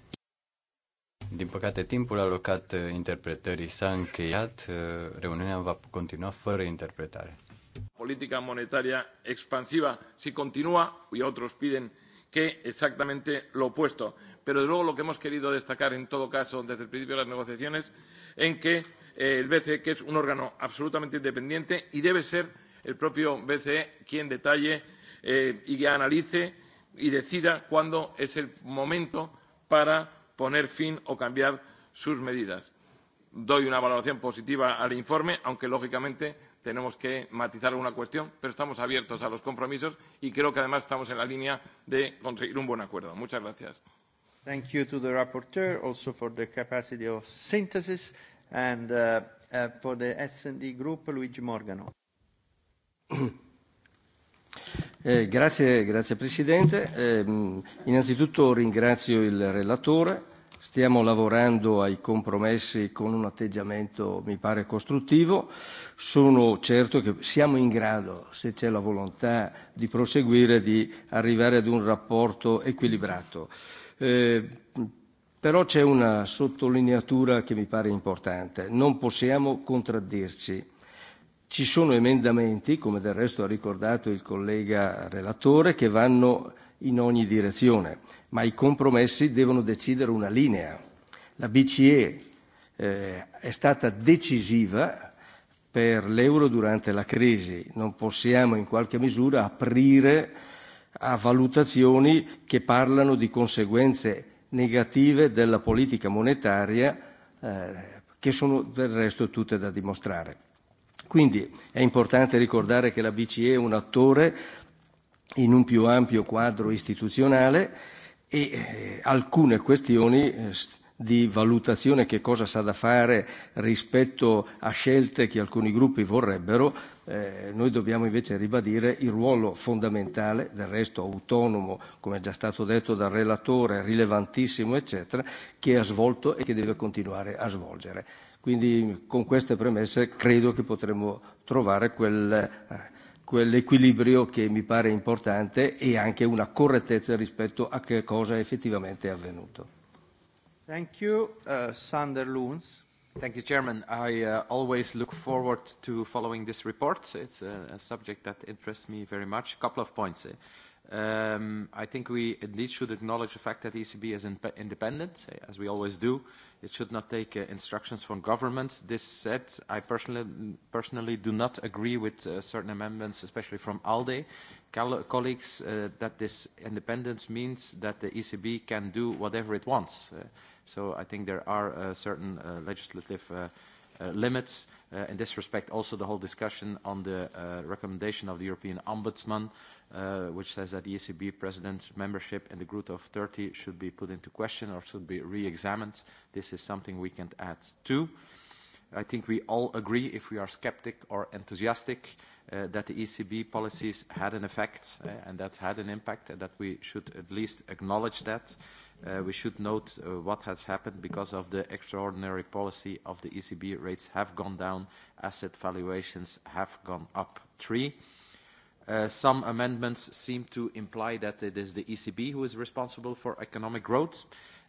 Din păcate, timpul alocat uh, interpretării s-a încheiat. Uh, reuniunea va continua fără interpretare. Politica monetară expansivă, si continuă. și otros piden que exactamente lo opuesto. Pero, de luego, lo que hemos querido destacar, en todo caso, desde el principio de las negociaciones, en que eh, el BCE, que es un órgano absolutamente independiente, y debe ser el propio BCE quien detalle eh, y analice y decida cuándo es el momento para poner fin o cambiar sus medidas. Doy una valoración positiva al informe, aunque lógicamente tenemos que matizar alguna cuestión, pero estamos abiertos a los compromisos y creo que además estamos en la línea de conseguir un buen acuerdo. Muchas gracias. Thank you to the rapporteur also for the capacity of synthesis and uh, uh, for the S&D group, Luigi Morgano. [clears throat] Eh, grazie, grazie Presidente. Eh, innanzitutto ringrazio il relatore. Stiamo lavorando ai compromessi con un atteggiamento, mi pare, costruttivo. Sono certo che siamo in grado, se c'è la volontà di proseguire, di arrivare ad un rapporto equilibrato. Eh, però c'è una sottolineatura che mi pare importante. Non possiamo contraddirci ci sono emendamenti, come del resto ha ricordato il collega relatore, che vanno in ogni direzione, ma i compromessi devono decidere una linea. La BCE eh, è stata decisiva per l'euro durante la crisi. Non possiamo in qualche misura aprire a valutazioni che parlano di conseguenze negative della politica monetaria, eh, che sono del resto tutte da dimostrare. Quindi è importante ricordare che la BCE è un attore in un più ampio quadro istituzionale e eh, alcune questioni eh, di valutazione che cosa sa da fare rispetto a scelte che alcuni gruppi vorrebbero, eh, noi dobbiamo invece ribadire il ruolo fondamentale, del resto autonomo, come è già stato detto dal relatore, rilevantissimo, eccetera, che ha svolto e che deve continuare a svolgere. Quindi con queste premesse credo che potremo trovare quel, eh, quell'equilibrio che mi pare importante e anche una correttezza rispetto a che cosa è effettivamente è avvenuto. Thank you, uh, Sander Loons. Thank you, Chairman. I uh, always look forward to following this report. It's a, a subject that interests me very much. A couple of points. Eh? Um, I think we at least should acknowledge the fact that ECB is in independent, eh, as we always do. It should not take uh, instructions from governments. This said, I personally, personally do not agree with uh, certain amendments, especially from ALDE colleagues, uh, that this independence means that the ECB can do whatever it wants. Uh, so I think there are uh, certain uh, legislative uh, Uh, limits. Uh, in this respect, also the whole discussion on the uh, recommendation of the European Ombudsman uh, which says that the ECB president's membership in the group of 30 should be put into question or should be re-examined. This is something we can add to. I think we all agree, if we are skeptic or enthusiastic, uh, that the ECB policies had an effect uh, and that had an impact, and that we should at least acknowledge that. Uh, we should note uh, what has happened because of the extraordinary policy of the ECB. Rates have gone down, asset valuations have gone up. Three, uh, Uh, some amendments seem to imply that it is the ECB who is responsible for economic growth.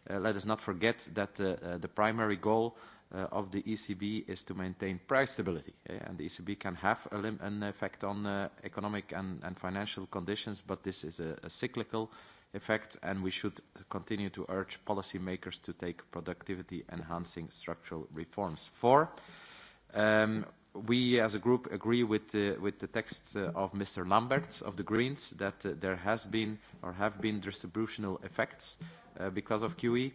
Uh, let us not forget that uh, uh the primary goal uh, of the ECB is to maintain price stability. Eh, and the ECB can have a lim an effect on economic and, and, financial conditions, but this is a, a, cyclical effect, and we should continue to urge policymakers to take productivity-enhancing structural reforms. Four, um, we as a group agree with, uh, with the text uh, of Mr. Lambert of the Greens that uh, there has been or have been distributional effects uh, because of QE,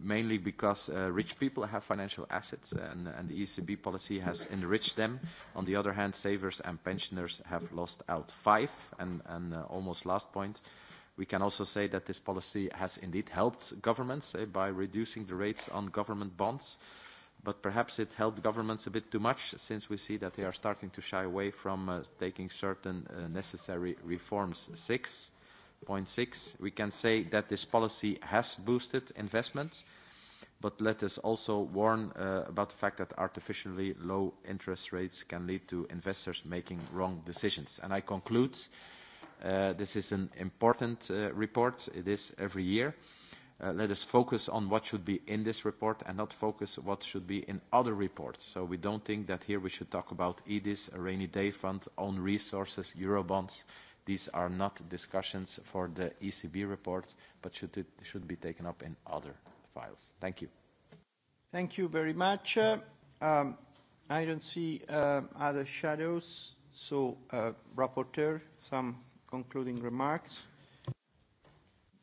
mainly because uh, rich people have financial assets and, and the ECB policy has enriched them. On the other hand, savers and pensioners have lost out. Five, and, and uh, almost last point, We can also say that this policy has indeed helped governments uh, by reducing the rates on government bonds. Uh, but perhaps it helped governments a bit too much since we see that they are starting to shy away from uh, taking certain uh, necessary reforms. 6.6, we can say that this policy has boosted investment, but let us also warn uh, about the fact that artificially low interest rates can lead to investors making wrong decisions. And I conclude, uh, this is an important uh, report. It is every year. Uh, Uh, let us focus on what should be in this report and not focus what should be in other reports. So we don't think that here we should talk about EDIS, a rainy day fund, own resources, Eurobonds. These are not discussions for the ECB reports, but should, it, should be taken up in other files. Thank you. Thank you very much. Uh, um, I don't see uh, other shadows, so uh, rapporteur, some concluding remarks.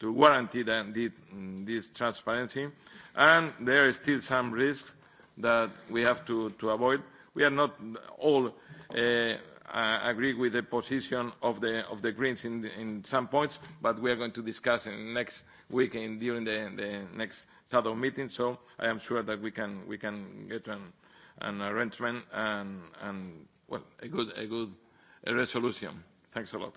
to guarantee that the, this transparency. And there are still some risks that we have to, to avoid. We are not all uh, uh, agree with the position of the, of the Greens in, in some points, but we are going to discuss in next week and during the, the next shadow meeting. So I am sure that we can, we can get an, an arrangement and, and well, a good, a good a resolution. Thanks a lot.